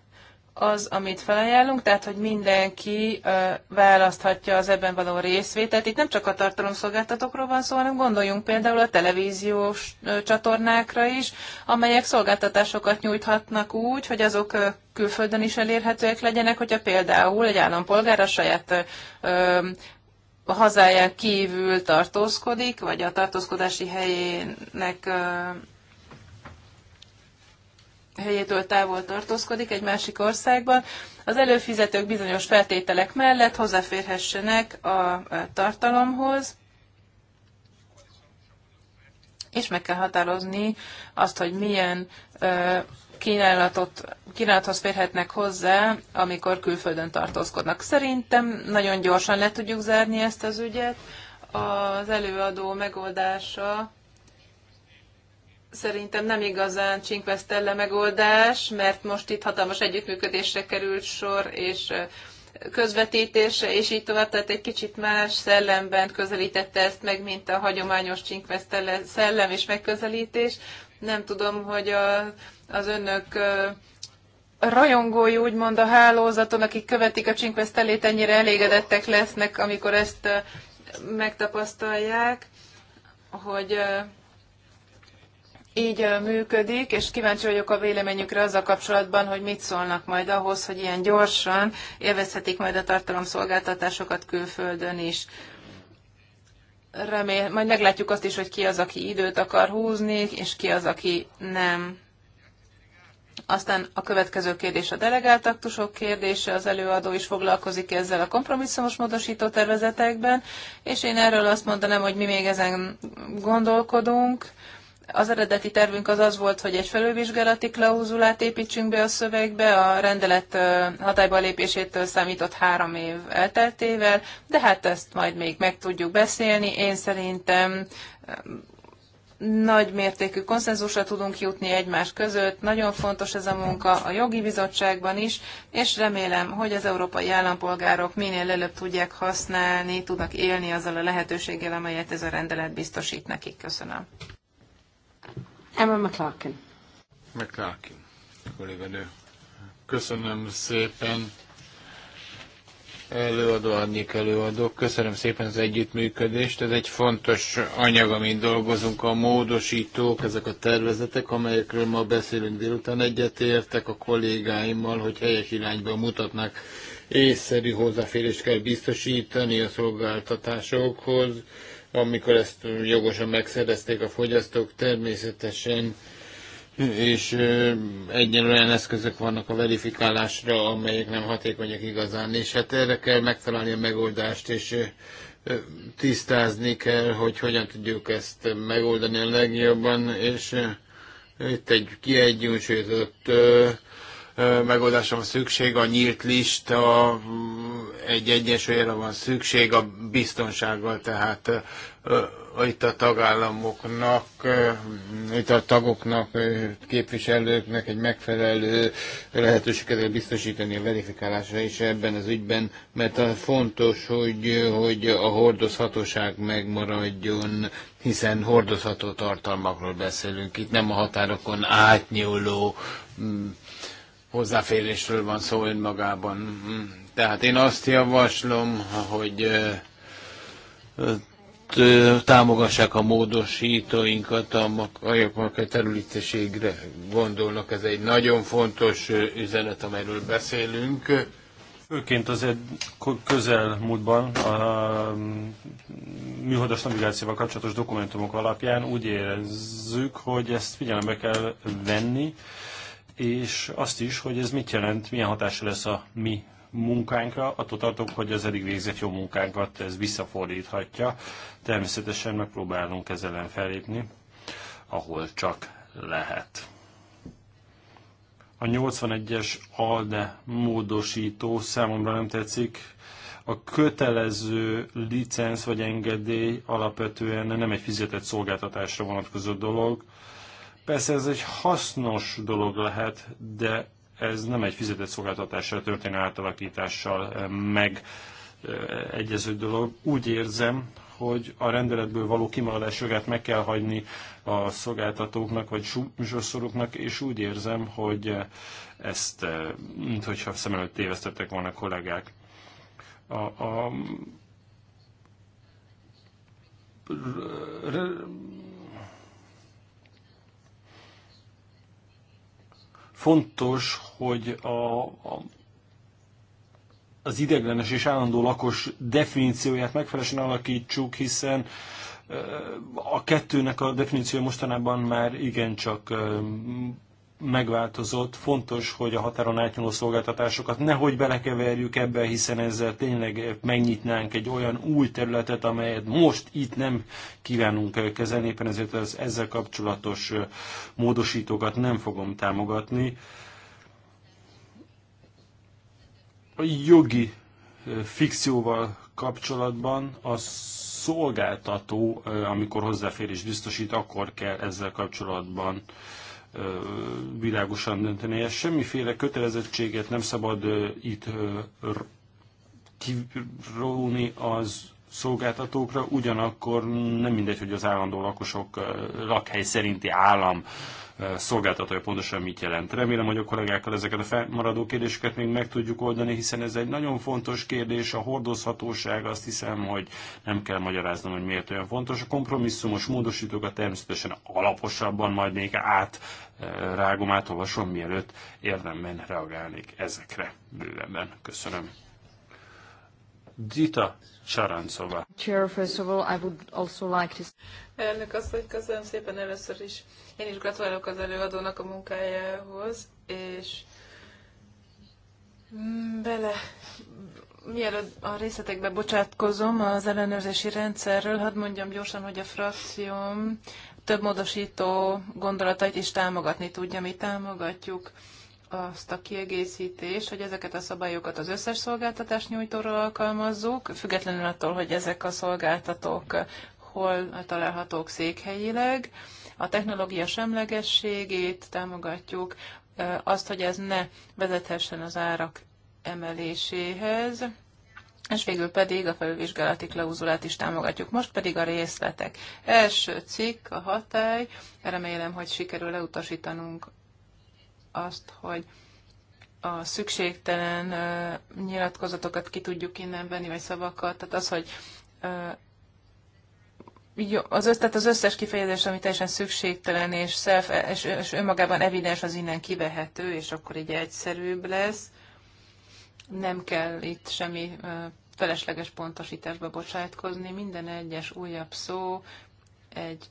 az, amit felajánlunk, tehát hogy mindenki választhatja az ebben való részvételt. Itt nem csak a tartalomszolgáltatókról van szó, hanem gondoljunk például a televíziós csatornákra is, amelyek szolgáltatásokat nyújthatnak úgy, hogy azok külföldön is elérhetőek legyenek, hogyha például egy állampolgár a saját a hazáján kívül tartózkodik, vagy a tartózkodási helyének helyétől távol tartózkodik egy másik országban, az előfizetők bizonyos feltételek mellett hozzáférhessenek a tartalomhoz, és meg kell határozni azt, hogy milyen kínálatot, kínálathoz férhetnek hozzá, amikor külföldön tartózkodnak. Szerintem nagyon gyorsan le tudjuk zárni ezt az ügyet. Az előadó megoldása szerintem nem igazán csinkvesztelle megoldás, mert most itt hatalmas együttműködésre került sor, és közvetítése, és így tovább, tehát egy kicsit más szellemben közelítette ezt meg, mint a hagyományos csinkvesztelle szellem és megközelítés. Nem tudom, hogy a, az önök rajongói, úgymond a hálózaton, akik követik a csinkvesztelét, ennyire elégedettek lesznek, amikor ezt megtapasztalják, hogy így működik, és kíváncsi vagyok a véleményükre azzal kapcsolatban, hogy mit szólnak majd ahhoz, hogy ilyen gyorsan élvezhetik majd a tartalomszolgáltatásokat külföldön is. Remél, majd meglátjuk azt is, hogy ki az, aki időt akar húzni, és ki az, aki nem. Aztán a következő kérdés a delegált aktusok kérdése, az előadó is foglalkozik ezzel a kompromisszumos módosító tervezetekben, és én erről azt mondanám, hogy mi még ezen gondolkodunk az eredeti tervünk az az volt, hogy egy felülvizsgálati klauzulát építsünk be a szövegbe, a rendelet hatályba lépésétől számított három év elteltével, de hát ezt majd még meg tudjuk beszélni. Én szerintem nagy mértékű konszenzusra tudunk jutni egymás között. Nagyon fontos ez a munka a jogi bizottságban is, és remélem, hogy az európai állampolgárok minél előbb tudják használni, tudnak élni azzal a lehetőséggel, amelyet ez a rendelet biztosít nekik. Köszönöm. Emma McClarkin. McClarkin, kolléganő. Köszönöm szépen előadó, adnék előadók. Köszönöm szépen az együttműködést. Ez egy fontos anyag, amin dolgozunk, a módosítók, ezek a tervezetek, amelyekről ma beszélünk délután. Egyetértek a kollégáimmal, hogy helyes irányba mutatnak. Észszerű hozzáférést kell biztosítani a szolgáltatásokhoz amikor ezt jogosan megszerezték a fogyasztók természetesen, és egyenlően eszközök vannak a verifikálásra, amelyek nem hatékonyak igazán, és hát erre kell megtalálni a megoldást, és tisztázni kell, hogy hogyan tudjuk ezt megoldani a legjobban, és itt egy kiegyensúlyozott megoldásra van szükség, a nyílt lista, egy egyensúlyra van szükség a biztonsággal, tehát itt a tagállamoknak, itt a tagoknak, képviselőknek egy megfelelő lehetőséget biztosítani a verifikálásra is ebben az ügyben, mert fontos, hogy, hogy a hordozhatóság megmaradjon, hiszen hordozható tartalmakról beszélünk. Itt nem a határokon átnyúló hozzáférésről van szó önmagában. Tehát én azt javaslom, hogy támogassák a módosítóinkat, amelyek a terülíteségre gondolnak. Ez egy nagyon fontos üzenet, amelyről beszélünk. Főként az egy közelmúltban a műholdas navigációval kapcsolatos dokumentumok alapján úgy érezzük, hogy ezt figyelembe kell venni, és azt is, hogy ez mit jelent, milyen hatása lesz a mi munkánkra, attól tartok, hogy az eddig végzett jó munkánkat ez visszafordíthatja. Természetesen megpróbálunk ezzel ellen felépni, ahol csak lehet. A 81-es ALDE módosító számomra nem tetszik. A kötelező licenc vagy engedély alapvetően nem egy fizetett szolgáltatásra vonatkozó dolog, Persze ez egy hasznos dolog lehet, de ez nem egy fizetett szolgáltatással történő átalakítással eh, meg eh, egyező dolog. Úgy érzem, hogy a rendeletből való kimaradás jogát meg kell hagyni a szolgáltatóknak vagy zsosszoroknak, és úgy érzem, hogy eh, ezt, hogyha szem előtt tévesztettek volna kollégák. A, a Fontos, hogy a, a, az ideglenes és állandó lakos definícióját megfelelően alakítsuk, hiszen a kettőnek a definíció mostanában már igencsak megváltozott, fontos, hogy a határon átnyúló szolgáltatásokat nehogy belekeverjük ebbe, hiszen ezzel tényleg megnyitnánk egy olyan új területet, amelyet most itt nem kívánunk kezelni, éppen ezért az ezzel kapcsolatos módosítókat nem fogom támogatni. A jogi fikcióval kapcsolatban a szolgáltató, amikor hozzáférés biztosít, akkor kell ezzel kapcsolatban világosan dönteni. Ez semmiféle kötelezettséget nem szabad itt kiróni az szolgáltatókra, ugyanakkor nem mindegy, hogy az állandó lakosok lakhely szerinti állam szolgáltatója pontosan mit jelent. Remélem, hogy a kollégákkal ezeket a felmaradó kérdéseket még meg tudjuk oldani, hiszen ez egy nagyon fontos kérdés, a hordozhatóság, azt hiszem, hogy nem kell magyaráznom, hogy miért olyan fontos. A kompromisszumos módosítókat természetesen alaposabban majd még át rágom, átolvasom, mielőtt érdemben reagálnék ezekre bővebben. Köszönöm. Dita Csarancova. Chair, first of all, I would also like to... Elnök asszony, köszönöm szépen először is. Én is gratulálok az előadónak a munkájához, és bele, mielőtt a részletekbe bocsátkozom az ellenőrzési rendszerről, hadd mondjam gyorsan, hogy a frakcióm több módosító gondolatait is támogatni tudja. Mi támogatjuk azt a kiegészítést, hogy ezeket a szabályokat az összes szolgáltatás nyújtóra alkalmazzuk, függetlenül attól, hogy ezek a szolgáltatók hol találhatók székhelyileg a technológia semlegességét támogatjuk, azt, hogy ez ne vezethessen az árak emeléséhez, és végül pedig a felülvizsgálati klauzulát is támogatjuk. Most pedig a részletek. Első cikk, a hatály. Remélem, hogy sikerül leutasítanunk azt, hogy a szükségtelen nyilatkozatokat ki tudjuk innen venni, vagy szavakat. Tehát az, hogy jó, az össz, tehát az összes kifejezés, ami teljesen szükségtelen és, self, és, és önmagában evidens, az innen kivehető, és akkor így egyszerűbb lesz. Nem kell itt semmi felesleges pontosításba bocsátkozni. Minden egyes újabb szó egy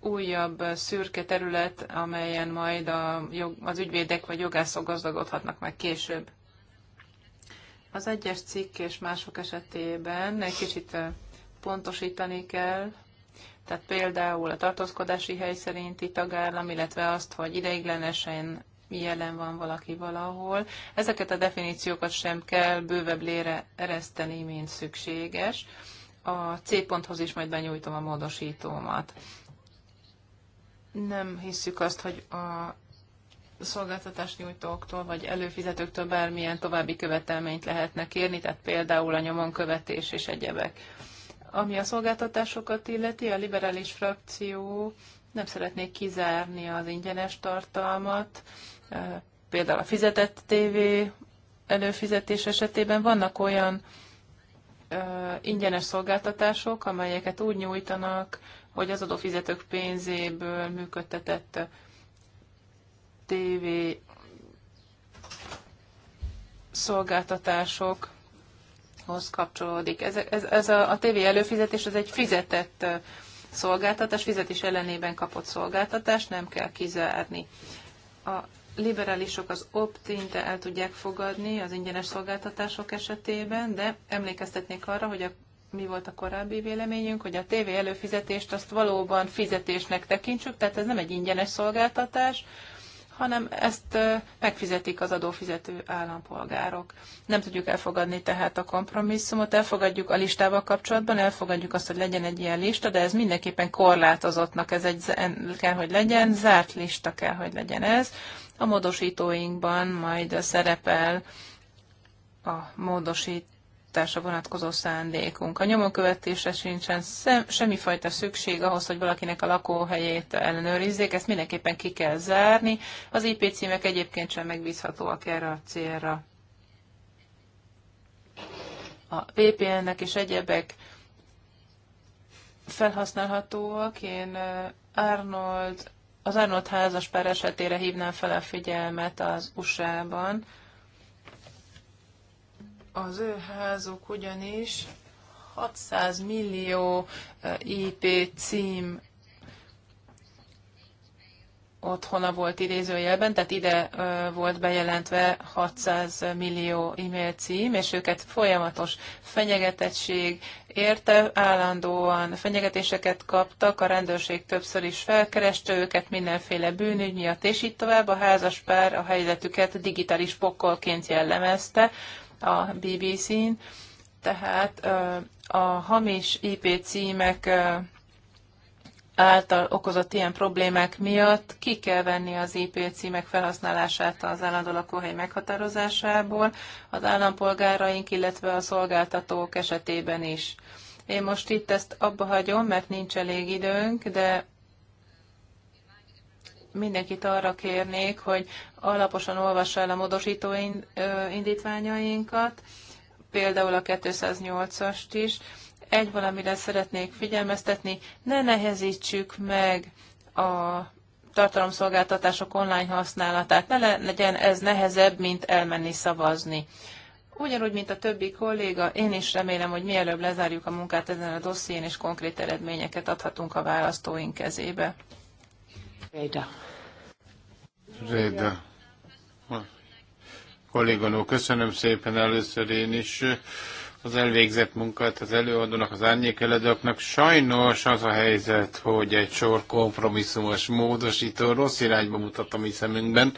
újabb szürke terület, amelyen majd a jog, az ügyvédek vagy jogászok gazdagodhatnak meg később. Az egyes cikk és mások esetében egy kicsit pontosítani kell, tehát például a tartózkodási hely szerinti tagállam, illetve azt, hogy ideiglenesen jelen van valaki valahol. Ezeket a definíciókat sem kell bővebb lére ereszteni, mint szükséges. A C ponthoz is majd benyújtom a módosítómat. Nem hisszük azt, hogy a nyújtóktól vagy előfizetőktől bármilyen további követelményt lehetne kérni, tehát például a nyomon követés és egyebek ami a szolgáltatásokat illeti, a liberális frakció nem szeretné kizárni az ingyenes tartalmat, például a fizetett tévé előfizetés esetében vannak olyan ingyenes szolgáltatások, amelyeket úgy nyújtanak, hogy az adófizetők pénzéből működtetett tévé szolgáltatások hoz kapcsolódik. Ez, ez, ez a, a TV előfizetés az egy fizetett szolgáltatás, fizetés ellenében kapott szolgáltatás, nem kell kizárni. A liberálisok az opt-int el tudják fogadni az ingyenes szolgáltatások esetében, de emlékeztetnék arra, hogy a, mi volt a korábbi véleményünk, hogy a TV előfizetést azt valóban fizetésnek tekintsük, tehát ez nem egy ingyenes szolgáltatás, hanem ezt megfizetik az adófizető állampolgárok. Nem tudjuk elfogadni tehát a kompromisszumot, elfogadjuk a listával kapcsolatban, elfogadjuk azt, hogy legyen egy ilyen lista, de ez mindenképpen korlátozottnak ez egy, kell, hogy legyen, zárt lista kell, hogy legyen ez. A módosítóinkban majd szerepel a módosító alakításra vonatkozó szándékunk. A nyomonkövetésre sincsen szem, semmifajta szükség ahhoz, hogy valakinek a lakóhelyét ellenőrizzék, ezt mindenképpen ki kell zárni. Az IP címek egyébként sem megbízhatóak erre a célra. A VPN-nek és egyebek felhasználhatóak. Én Arnold, az Arnold házas pár esetére hívnám fel a figyelmet az USA-ban, az ő házuk ugyanis 600 millió eh, IP cím otthona volt idézőjelben, tehát ide eh, volt bejelentve 600 millió e-mail cím, és őket folyamatos fenyegetettség érte, állandóan fenyegetéseket kaptak, a rendőrség többször is felkereste őket mindenféle bűnügy miatt, és így tovább a házaspár a helyzetüket digitális pokkolként jellemezte, a BBC-n, tehát a hamis IP címek által okozott ilyen problémák miatt ki kell venni az IP címek felhasználását az állandó lakóhely meghatározásából az állampolgáraink, illetve a szolgáltatók esetében is. Én most itt ezt abba hagyom, mert nincs elég időnk, de mindenkit arra kérnék, hogy alaposan olvassa el a módosító indítványainkat, például a 208-ast is. Egy valamire szeretnék figyelmeztetni, ne nehezítsük meg a tartalomszolgáltatások online használatát. Ne legyen ez nehezebb, mint elmenni szavazni. Ugyanúgy, mint a többi kolléga, én is remélem, hogy mielőbb lezárjuk a munkát ezen a dosszién, és konkrét eredményeket adhatunk a választóink kezébe. Réda. Réda. Kolléganó, köszönöm szépen először én is eh, az elvégzett munkát az előadónak, az árnyékeladóknak. Sajnos az a helyzet, hogy egy sor kompromisszumos módosító rossz irányba mutat a mi szemünkben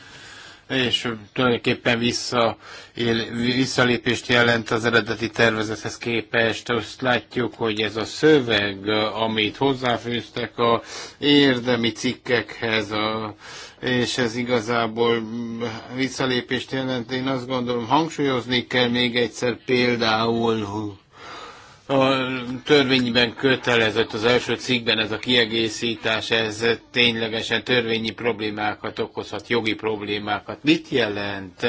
és tulajdonképpen vissza, él, visszalépést jelent az eredeti tervezethez képest. Azt látjuk, hogy ez a szöveg, amit hozzáfűztek a érdemi cikkekhez, a, és ez igazából visszalépést jelent. Én azt gondolom, hangsúlyozni kell még egyszer például, a törvényben kötelezett az első cikkben ez a kiegészítás, ez ténylegesen törvényi problémákat okozhat, jogi problémákat. Mit jelent?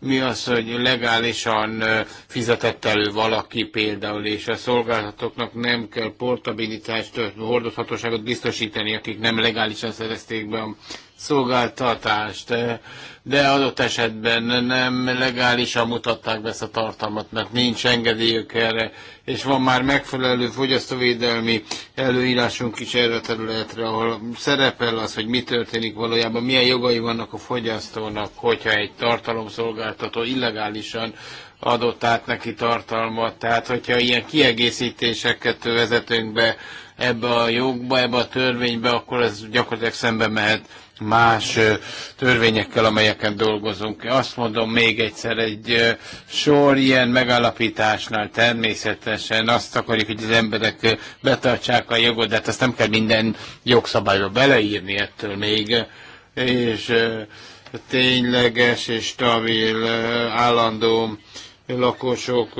Mi az, hogy legálisan fizetett elő valaki például, és a szolgáltatóknak nem kell portabilitást, hordozhatóságot biztosítani, akik nem legálisan szerezték be a szolgáltatást, de adott esetben nem legálisan mutatták be ezt a tartalmat, mert nincs engedélyük erre, és van már megfelelő fogyasztóvédelmi előírásunk is erre a területre, ahol szerepel az, hogy mi történik valójában, milyen jogai vannak a fogyasztónak, hogyha egy tartalomszolgáltató illegálisan adott át neki tartalmat. Tehát, hogyha ilyen kiegészítéseket vezetünk be ebbe a jogba, ebbe a törvénybe, akkor ez gyakorlatilag szembe mehet más törvényekkel, amelyeken dolgozunk. Azt mondom még egyszer, egy sor ilyen megállapításnál természetesen azt akarjuk, hogy az emberek betartsák a jogot, de hát azt nem kell minden jogszabályba beleírni ettől még, és tényleges és stabil, állandó lakosok,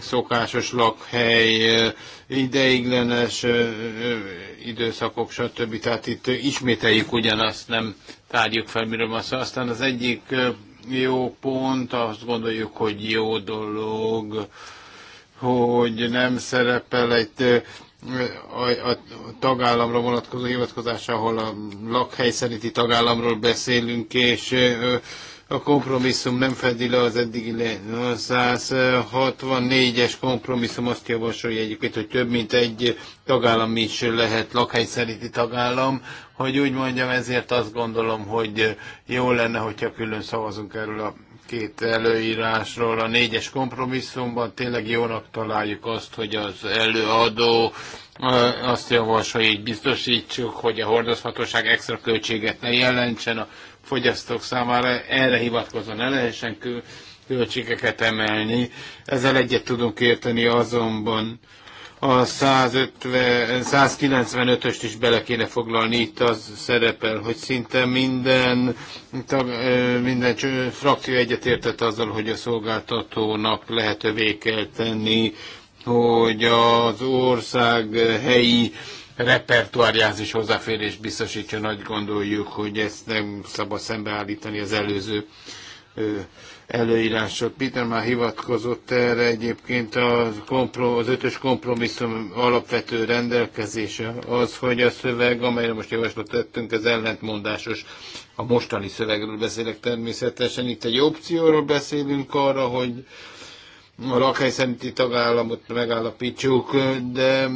szokásos lakhely, ideiglenes időszakok, stb. Tehát itt ismételjük ugyanazt, nem tárgyuk fel, miről van szó. Aztán az egyik jó pont, azt gondoljuk, hogy jó dolog, hogy nem szerepel egy a, a tagállamra vonatkozó hivatkozás, ahol a lakhely szerinti tagállamról beszélünk, és a kompromisszum nem fedi le az eddigi le. A 164-es kompromisszum azt javasolja egyébként, hogy több mint egy tagállam is lehet lakhely szerinti tagállam. Hogy úgy mondjam, ezért azt gondolom, hogy jó lenne, hogyha külön szavazunk erről a két előírásról. A négyes kompromisszumban tényleg jónak találjuk azt, hogy az előadó azt javasolja, hogy biztosítsuk, hogy a hordozhatóság extra költséget ne jelentsen a fogyasztók számára erre hivatkozva ne lehessen költségeket emelni. Ezzel egyet tudunk érteni azonban a 195-öst is bele kéne foglalni, itt az szerepel, hogy szinte minden, tag, minden frakció egyetértett azzal, hogy a szolgáltatónak lehetővé kell tenni, hogy az ország helyi repertoáriázis hozzáférés hozzáférést nagy gondoljuk, hogy ezt nem szabad szembeállítani az előző előírások. Peter már hivatkozott erre egyébként a komprom, az ötös kompromisszum alapvető rendelkezése az, hogy a szöveg, amelyre most javaslatot tettünk, az ellentmondásos. A mostani szövegről beszélek természetesen. Itt egy opcióról beszélünk arra, hogy a lakhely szerinti tagállamot megállapítsuk, de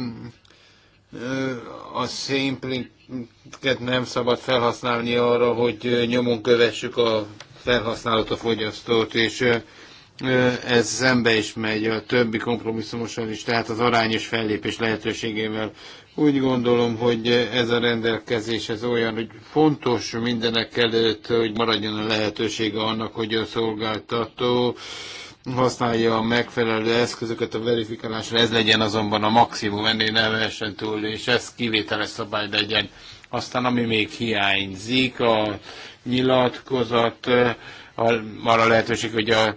a szénplinket nem szabad felhasználni arra, hogy nyomon kövessük a felhasználót, a fogyasztót, és ez szembe is megy a többi kompromisszumosan is, tehát az arányos fellépés lehetőségével. Úgy gondolom, hogy ez a rendelkezés ez olyan, hogy fontos mindenek előtt, hogy maradjon a lehetősége annak, hogy a szolgáltató használja a megfelelő eszközöket a verifikálásra, ez legyen azonban a maximum, ennél ne lehessen túl, és ez kivételes szabály legyen. Aztán ami még hiányzik, a nyilatkozat, arra lehetőség, hogy a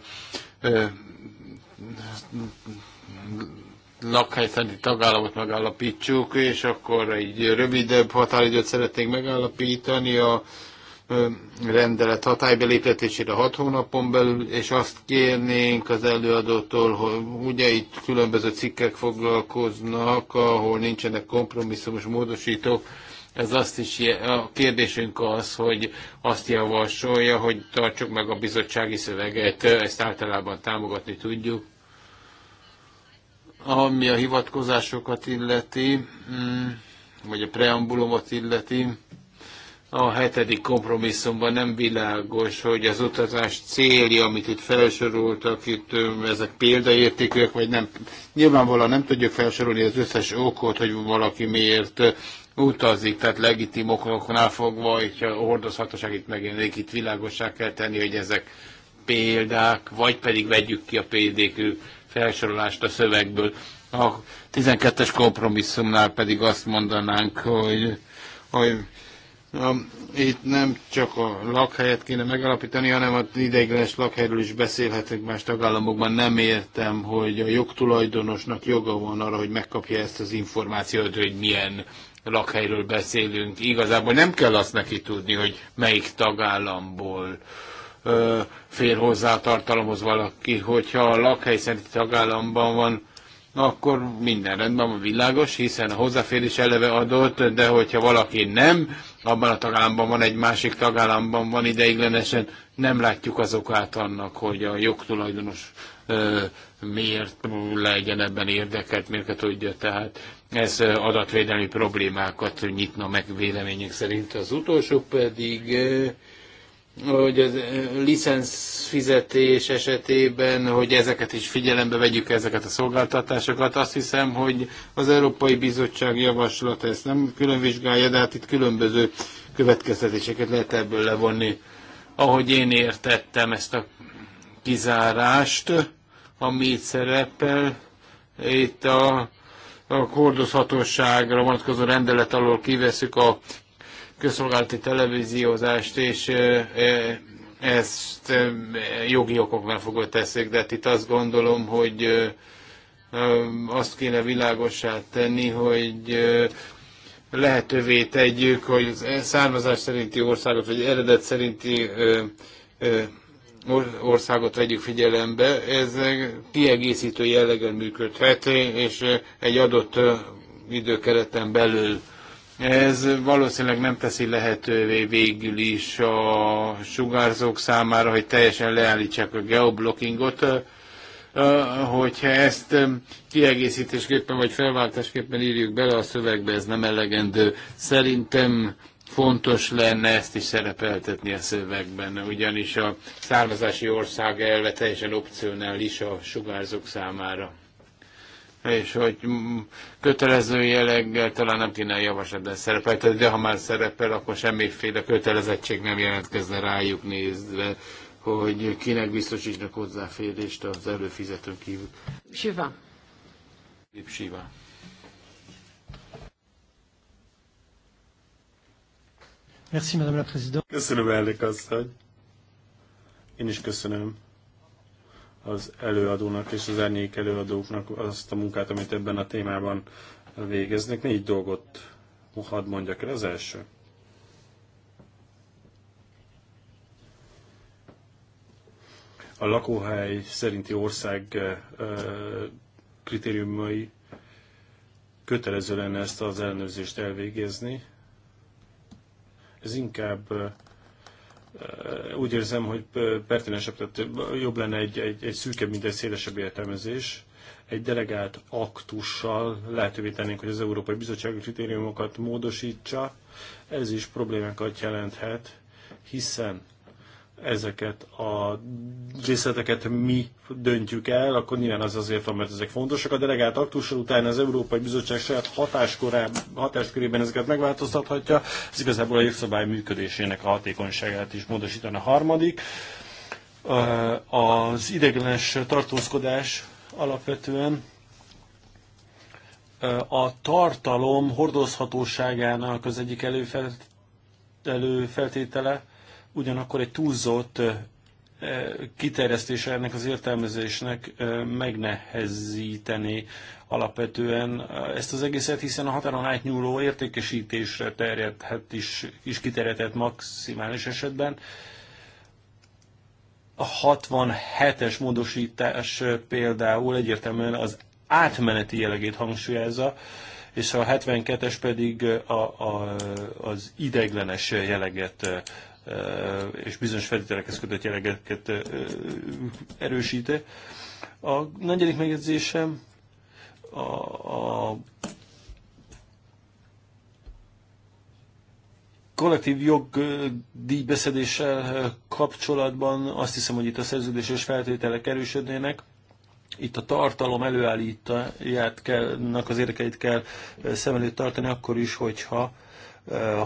lakhelyszerinti tagállamot megállapítsuk, és akkor egy rövidebb határidőt szeretnénk megállapítani a rendelet hatályba léptetésére 6 hónapon belül, és azt kérnénk az előadótól, hogy ugye itt különböző cikkek foglalkoznak, ahol nincsenek kompromisszumos módosítók, ez azt is, a kérdésünk az, hogy azt javasolja, hogy tartsuk meg a bizottsági szöveget, ezt általában támogatni tudjuk. Ami a hivatkozásokat illeti, mm, vagy a preambulumot illeti, a hetedik kompromisszumban nem világos, hogy az utazás célja, amit itt felsoroltak, itt ezek példaértékűek, vagy nem. Nyilvánvalóan nem tudjuk felsorolni az összes okot, hogy valaki miért utazik, tehát legitim okoknál fogva, hogyha a hordozhatóság itt megjelenik, itt világossá kell tenni, hogy ezek példák, vagy pedig vegyük ki a példékű felsorolást a szövegből. A 12-es kompromisszumnál pedig azt mondanánk, hogy, hogy itt nem csak a lakhelyet kéne megalapítani, hanem az ideiglenes lakhelyről is beszélhetünk más tagállamokban. Nem értem, hogy a jogtulajdonosnak joga van arra, hogy megkapja ezt az információt, hogy milyen lakhelyről beszélünk. Igazából nem kell azt neki tudni, hogy melyik tagállamból fér hozzá a tartalomhoz valaki, hogyha a lakhely szerinti tagállamban van, akkor minden rendben van, világos, hiszen a hozzáférés eleve adott, de hogyha valaki nem, abban a tagállamban van, egy másik tagállamban van ideiglenesen, nem látjuk az okát annak, hogy a jogtulajdonos ö, miért legyen ebben érdekelt, miért tudja. Tehát ez adatvédelmi problémákat nyitna meg vélemények szerint. Az utolsó pedig hogy a eh, licensz fizetés esetében, hogy ezeket is figyelembe vegyük, ezeket a szolgáltatásokat. Azt hiszem, hogy az Európai Bizottság javaslata ezt nem vizsgálja, de hát itt különböző következtetéseket lehet ebből levonni. Ahogy én értettem ezt a kizárást, ami itt szerepel, itt a a kordozhatóságra vonatkozó rendelet alól kiveszük a közszolgálati televíziózást, és ezt jogi okoknál fogva teszik, de hát itt azt gondolom, hogy azt kéne világossá tenni, hogy lehetővé tegyük, hogy e- származás szerinti országot, vagy eredet szerinti országot vegyük figyelembe, ez kiegészítő jellegen működhet, és egy adott időkereten belül ez valószínűleg nem teszi lehetővé végül is a sugárzók számára, hogy teljesen leállítsák a geoblockingot, hogyha ezt kiegészítésképpen vagy felváltásképpen írjuk bele a szövegbe, ez nem elegendő. Szerintem fontos lenne ezt is szerepeltetni a szövegben, ugyanis a származási ország elve teljesen opcionális a sugárzók számára és hogy kötelező jelleggel talán nem kéne a javaslatban szerepel, de ha már szerepel, akkor semmiféle kötelezettség nem jelentkezne rájuk nézve, hogy kinek biztosítnak hozzáférést az előfizetőn kívül. Siva. Siva. Köszönöm, elnök asszony. Én is köszönöm az előadónak és az árnyék előadóknak azt a munkát, amit ebben a témában végeznek. Négy dolgot hadd mondjak el. Az első. A lakóhely szerinti ország kritériumai kötelező lenne ezt az ellenőrzést elvégezni. Ez inkább úgy érzem, hogy pertinensebb, tehát jobb lenne egy, egy, egy szűkebb, mint egy szélesebb értelmezés. Egy delegált aktussal lehetővé tennénk, hogy az Európai Bizottsági kritériumokat módosítsa. Ez is problémákat jelenthet, hiszen ezeket a részleteket mi döntjük el, akkor nyilván az azért van, mert ezek fontosak. A delegált aktussal után az Európai Bizottság saját hatáskörében ezeket megváltoztathatja. Ez igazából a jogszabály működésének a hatékonyságát is módosítani. A harmadik, az ideiglenes tartózkodás alapvetően a tartalom hordozhatóságának az egyik előfelt, előfeltétele, ugyanakkor egy túlzott kiterjesztése ennek az értelmezésnek megnehezíteni alapvetően ezt az egészet, hiszen a határon átnyúló értékesítésre terjedhet is, is kiterjedhet maximális esetben. A 67-es módosítás például egyértelműen az átmeneti jellegét hangsúlyozza, és a 72-es pedig a, a, az ideiglenes jelleget Eh, és bizonyos feltételekhez kötött jelegeket eh, erősíte. A negyedik megjegyzésem a, a kollektív jogdíjbeszedéssel eh, kapcsolatban azt hiszem, hogy itt a szerződéses feltételek erősödnének. Itt a tartalom előállítóját kell, az érdekeit kell szem előtt tartani, akkor is, hogyha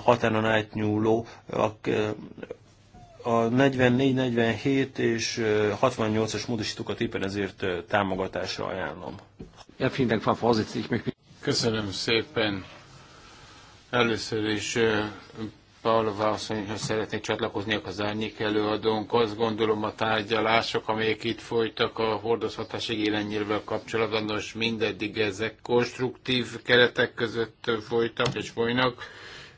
határon átnyúló a 44, 47 és 68-as módosítókat éppen ezért támogatásra ajánlom. Köszönöm szépen. Először is Paula Vászonyhoz szeretnék csatlakozni az árnyék előadónk. Azt gondolom a tárgyalások, amelyek itt folytak a hordozhatási igényelnyírvel kapcsolatban, most mindeddig ezek konstruktív keretek között folytak és folynak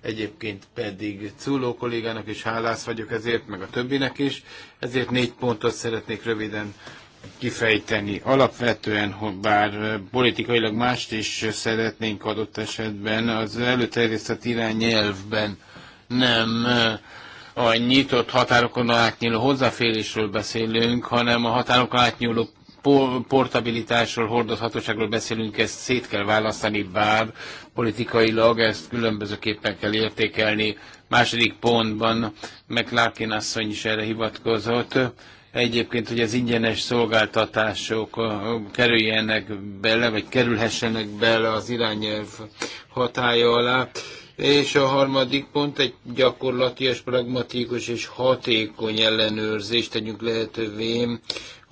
Egyébként pedig Cúló kollégának is hálás vagyok ezért, meg a többinek is. Ezért négy pontot szeretnék röviden kifejteni. Alapvetően, bár politikailag mást is szeretnénk adott esetben, az előterjesztett irányelvben nem a nyitott határokon átnyúló hozzáférésről beszélünk, hanem a határokon átnyúló portabilitásról, hordozhatóságról beszélünk, ezt szét kell választani, bár politikailag ezt különbözőképpen kell értékelni. Második pontban McLarkin asszony is erre hivatkozott. Egyébként, hogy az ingyenes szolgáltatások kerüljenek bele, vagy kerülhessenek bele az irányelv hatája alá. És a harmadik pont egy gyakorlatias, pragmatikus és hatékony ellenőrzést tegyünk lehetővé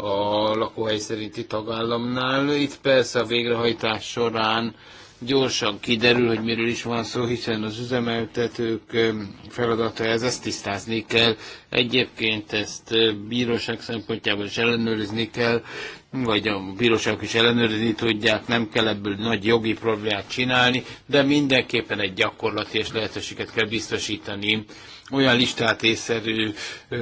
a lakóhely szerinti tagállamnál. Itt persze a végrehajtás során gyorsan kiderül, hogy miről is van szó, hiszen az üzemeltetők feladata ez, ezt tisztázni kell. Egyébként ezt bíróság szempontjából is ellenőrizni kell, vagy a bíróságok is ellenőrizni tudják, nem kell ebből nagy jogi problémát csinálni, de mindenképpen egy gyakorlati és lehetőséget kell biztosítani olyan listát észszerű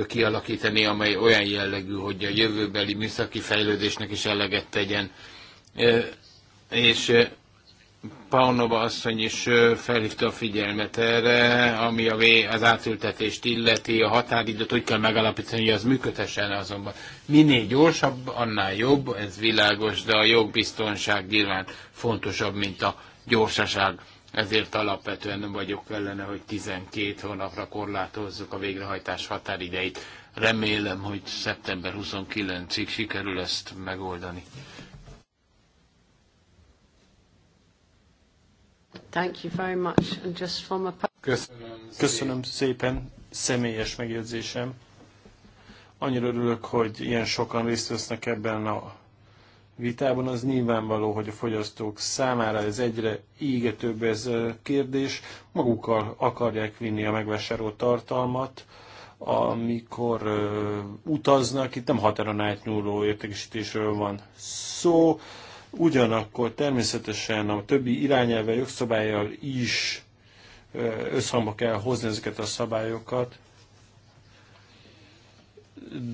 kialakítani, amely olyan jellegű, hogy a jövőbeli műszaki fejlődésnek is eleget tegyen. És Paunova asszony is felhívta a figyelmet erre, ami a az átültetést illeti, a határidőt úgy kell megalapítani, hogy az működhessen azonban. Minél gyorsabb, annál jobb, ez világos, de a jogbiztonság nyilván fontosabb, mint a gyorsaság ezért alapvetően nem vagyok ellene, hogy 12 hónapra korlátozzuk a végrehajtás határideit. Remélem, hogy szeptember 29-ig sikerül ezt megoldani. Köszönöm, Köszönöm szépen személyes megjegyzésem. Annyira örülök, hogy ilyen sokan részt vesznek ebben a vitában, az nyilvánvaló, hogy a fogyasztók számára ez egyre ígetőbb ez a kérdés, magukkal akarják vinni a megvásárolt tartalmat, amikor ö, utaznak, itt nem határon átnyúló értékesítésről van szó, ugyanakkor természetesen a többi irányelve jogszabályjal is összhangba kell hozni ezeket a szabályokat,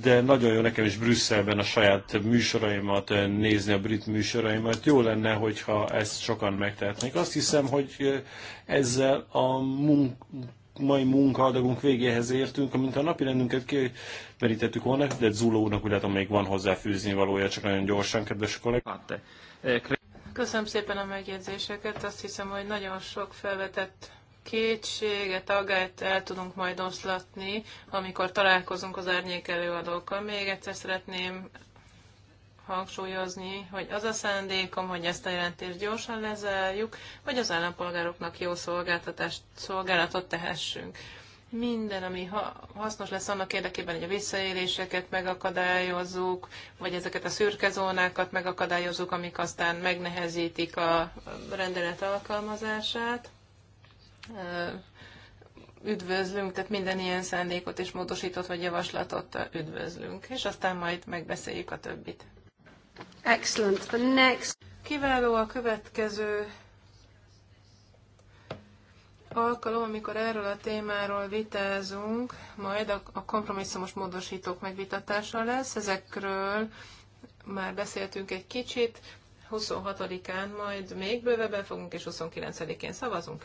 de nagyon jó nekem is Brüsszelben a saját műsoraimat eh, nézni, a brit műsoraimat. Jó lenne, hogyha ezt sokan megtehetnék. Azt hiszem, hogy eh, ezzel a munk mai munkaadagunk végéhez értünk, amint a napi rendünket kimerítettük volna, de zulo úrnak úgy látom még van hozzáfűzni valója, csak nagyon gyorsan, kedves kollégák. Eh, Köszönöm szépen a megjegyzéseket, azt hiszem, hogy nagyon sok felvetett kétséget, aggályt el tudunk majd oszlatni, amikor találkozunk az árnyék előadókkal. Még egyszer szeretném hangsúlyozni, hogy az a szándékom, hogy ezt a jelentést gyorsan lezárjuk, hogy az állampolgároknak jó szolgáltatást, szolgálatot tehessünk. Minden, ami ha, hasznos lesz annak érdekében, hogy a visszaéléseket megakadályozzuk, vagy ezeket a szürke zónákat megakadályozzuk, amik aztán megnehezítik a rendelet alkalmazását üdvözlünk, tehát minden ilyen szándékot és módosított vagy javaslatot üdvözlünk, és aztán majd megbeszéljük a többit. Excellent. The next. Kiváló a következő alkalom, amikor erről a témáról vitázunk, majd a, a kompromisszumos módosítók megvitatása lesz. Ezekről már beszéltünk egy kicsit. 26-án majd még bővebben fogunk, és 29-én szavazunk.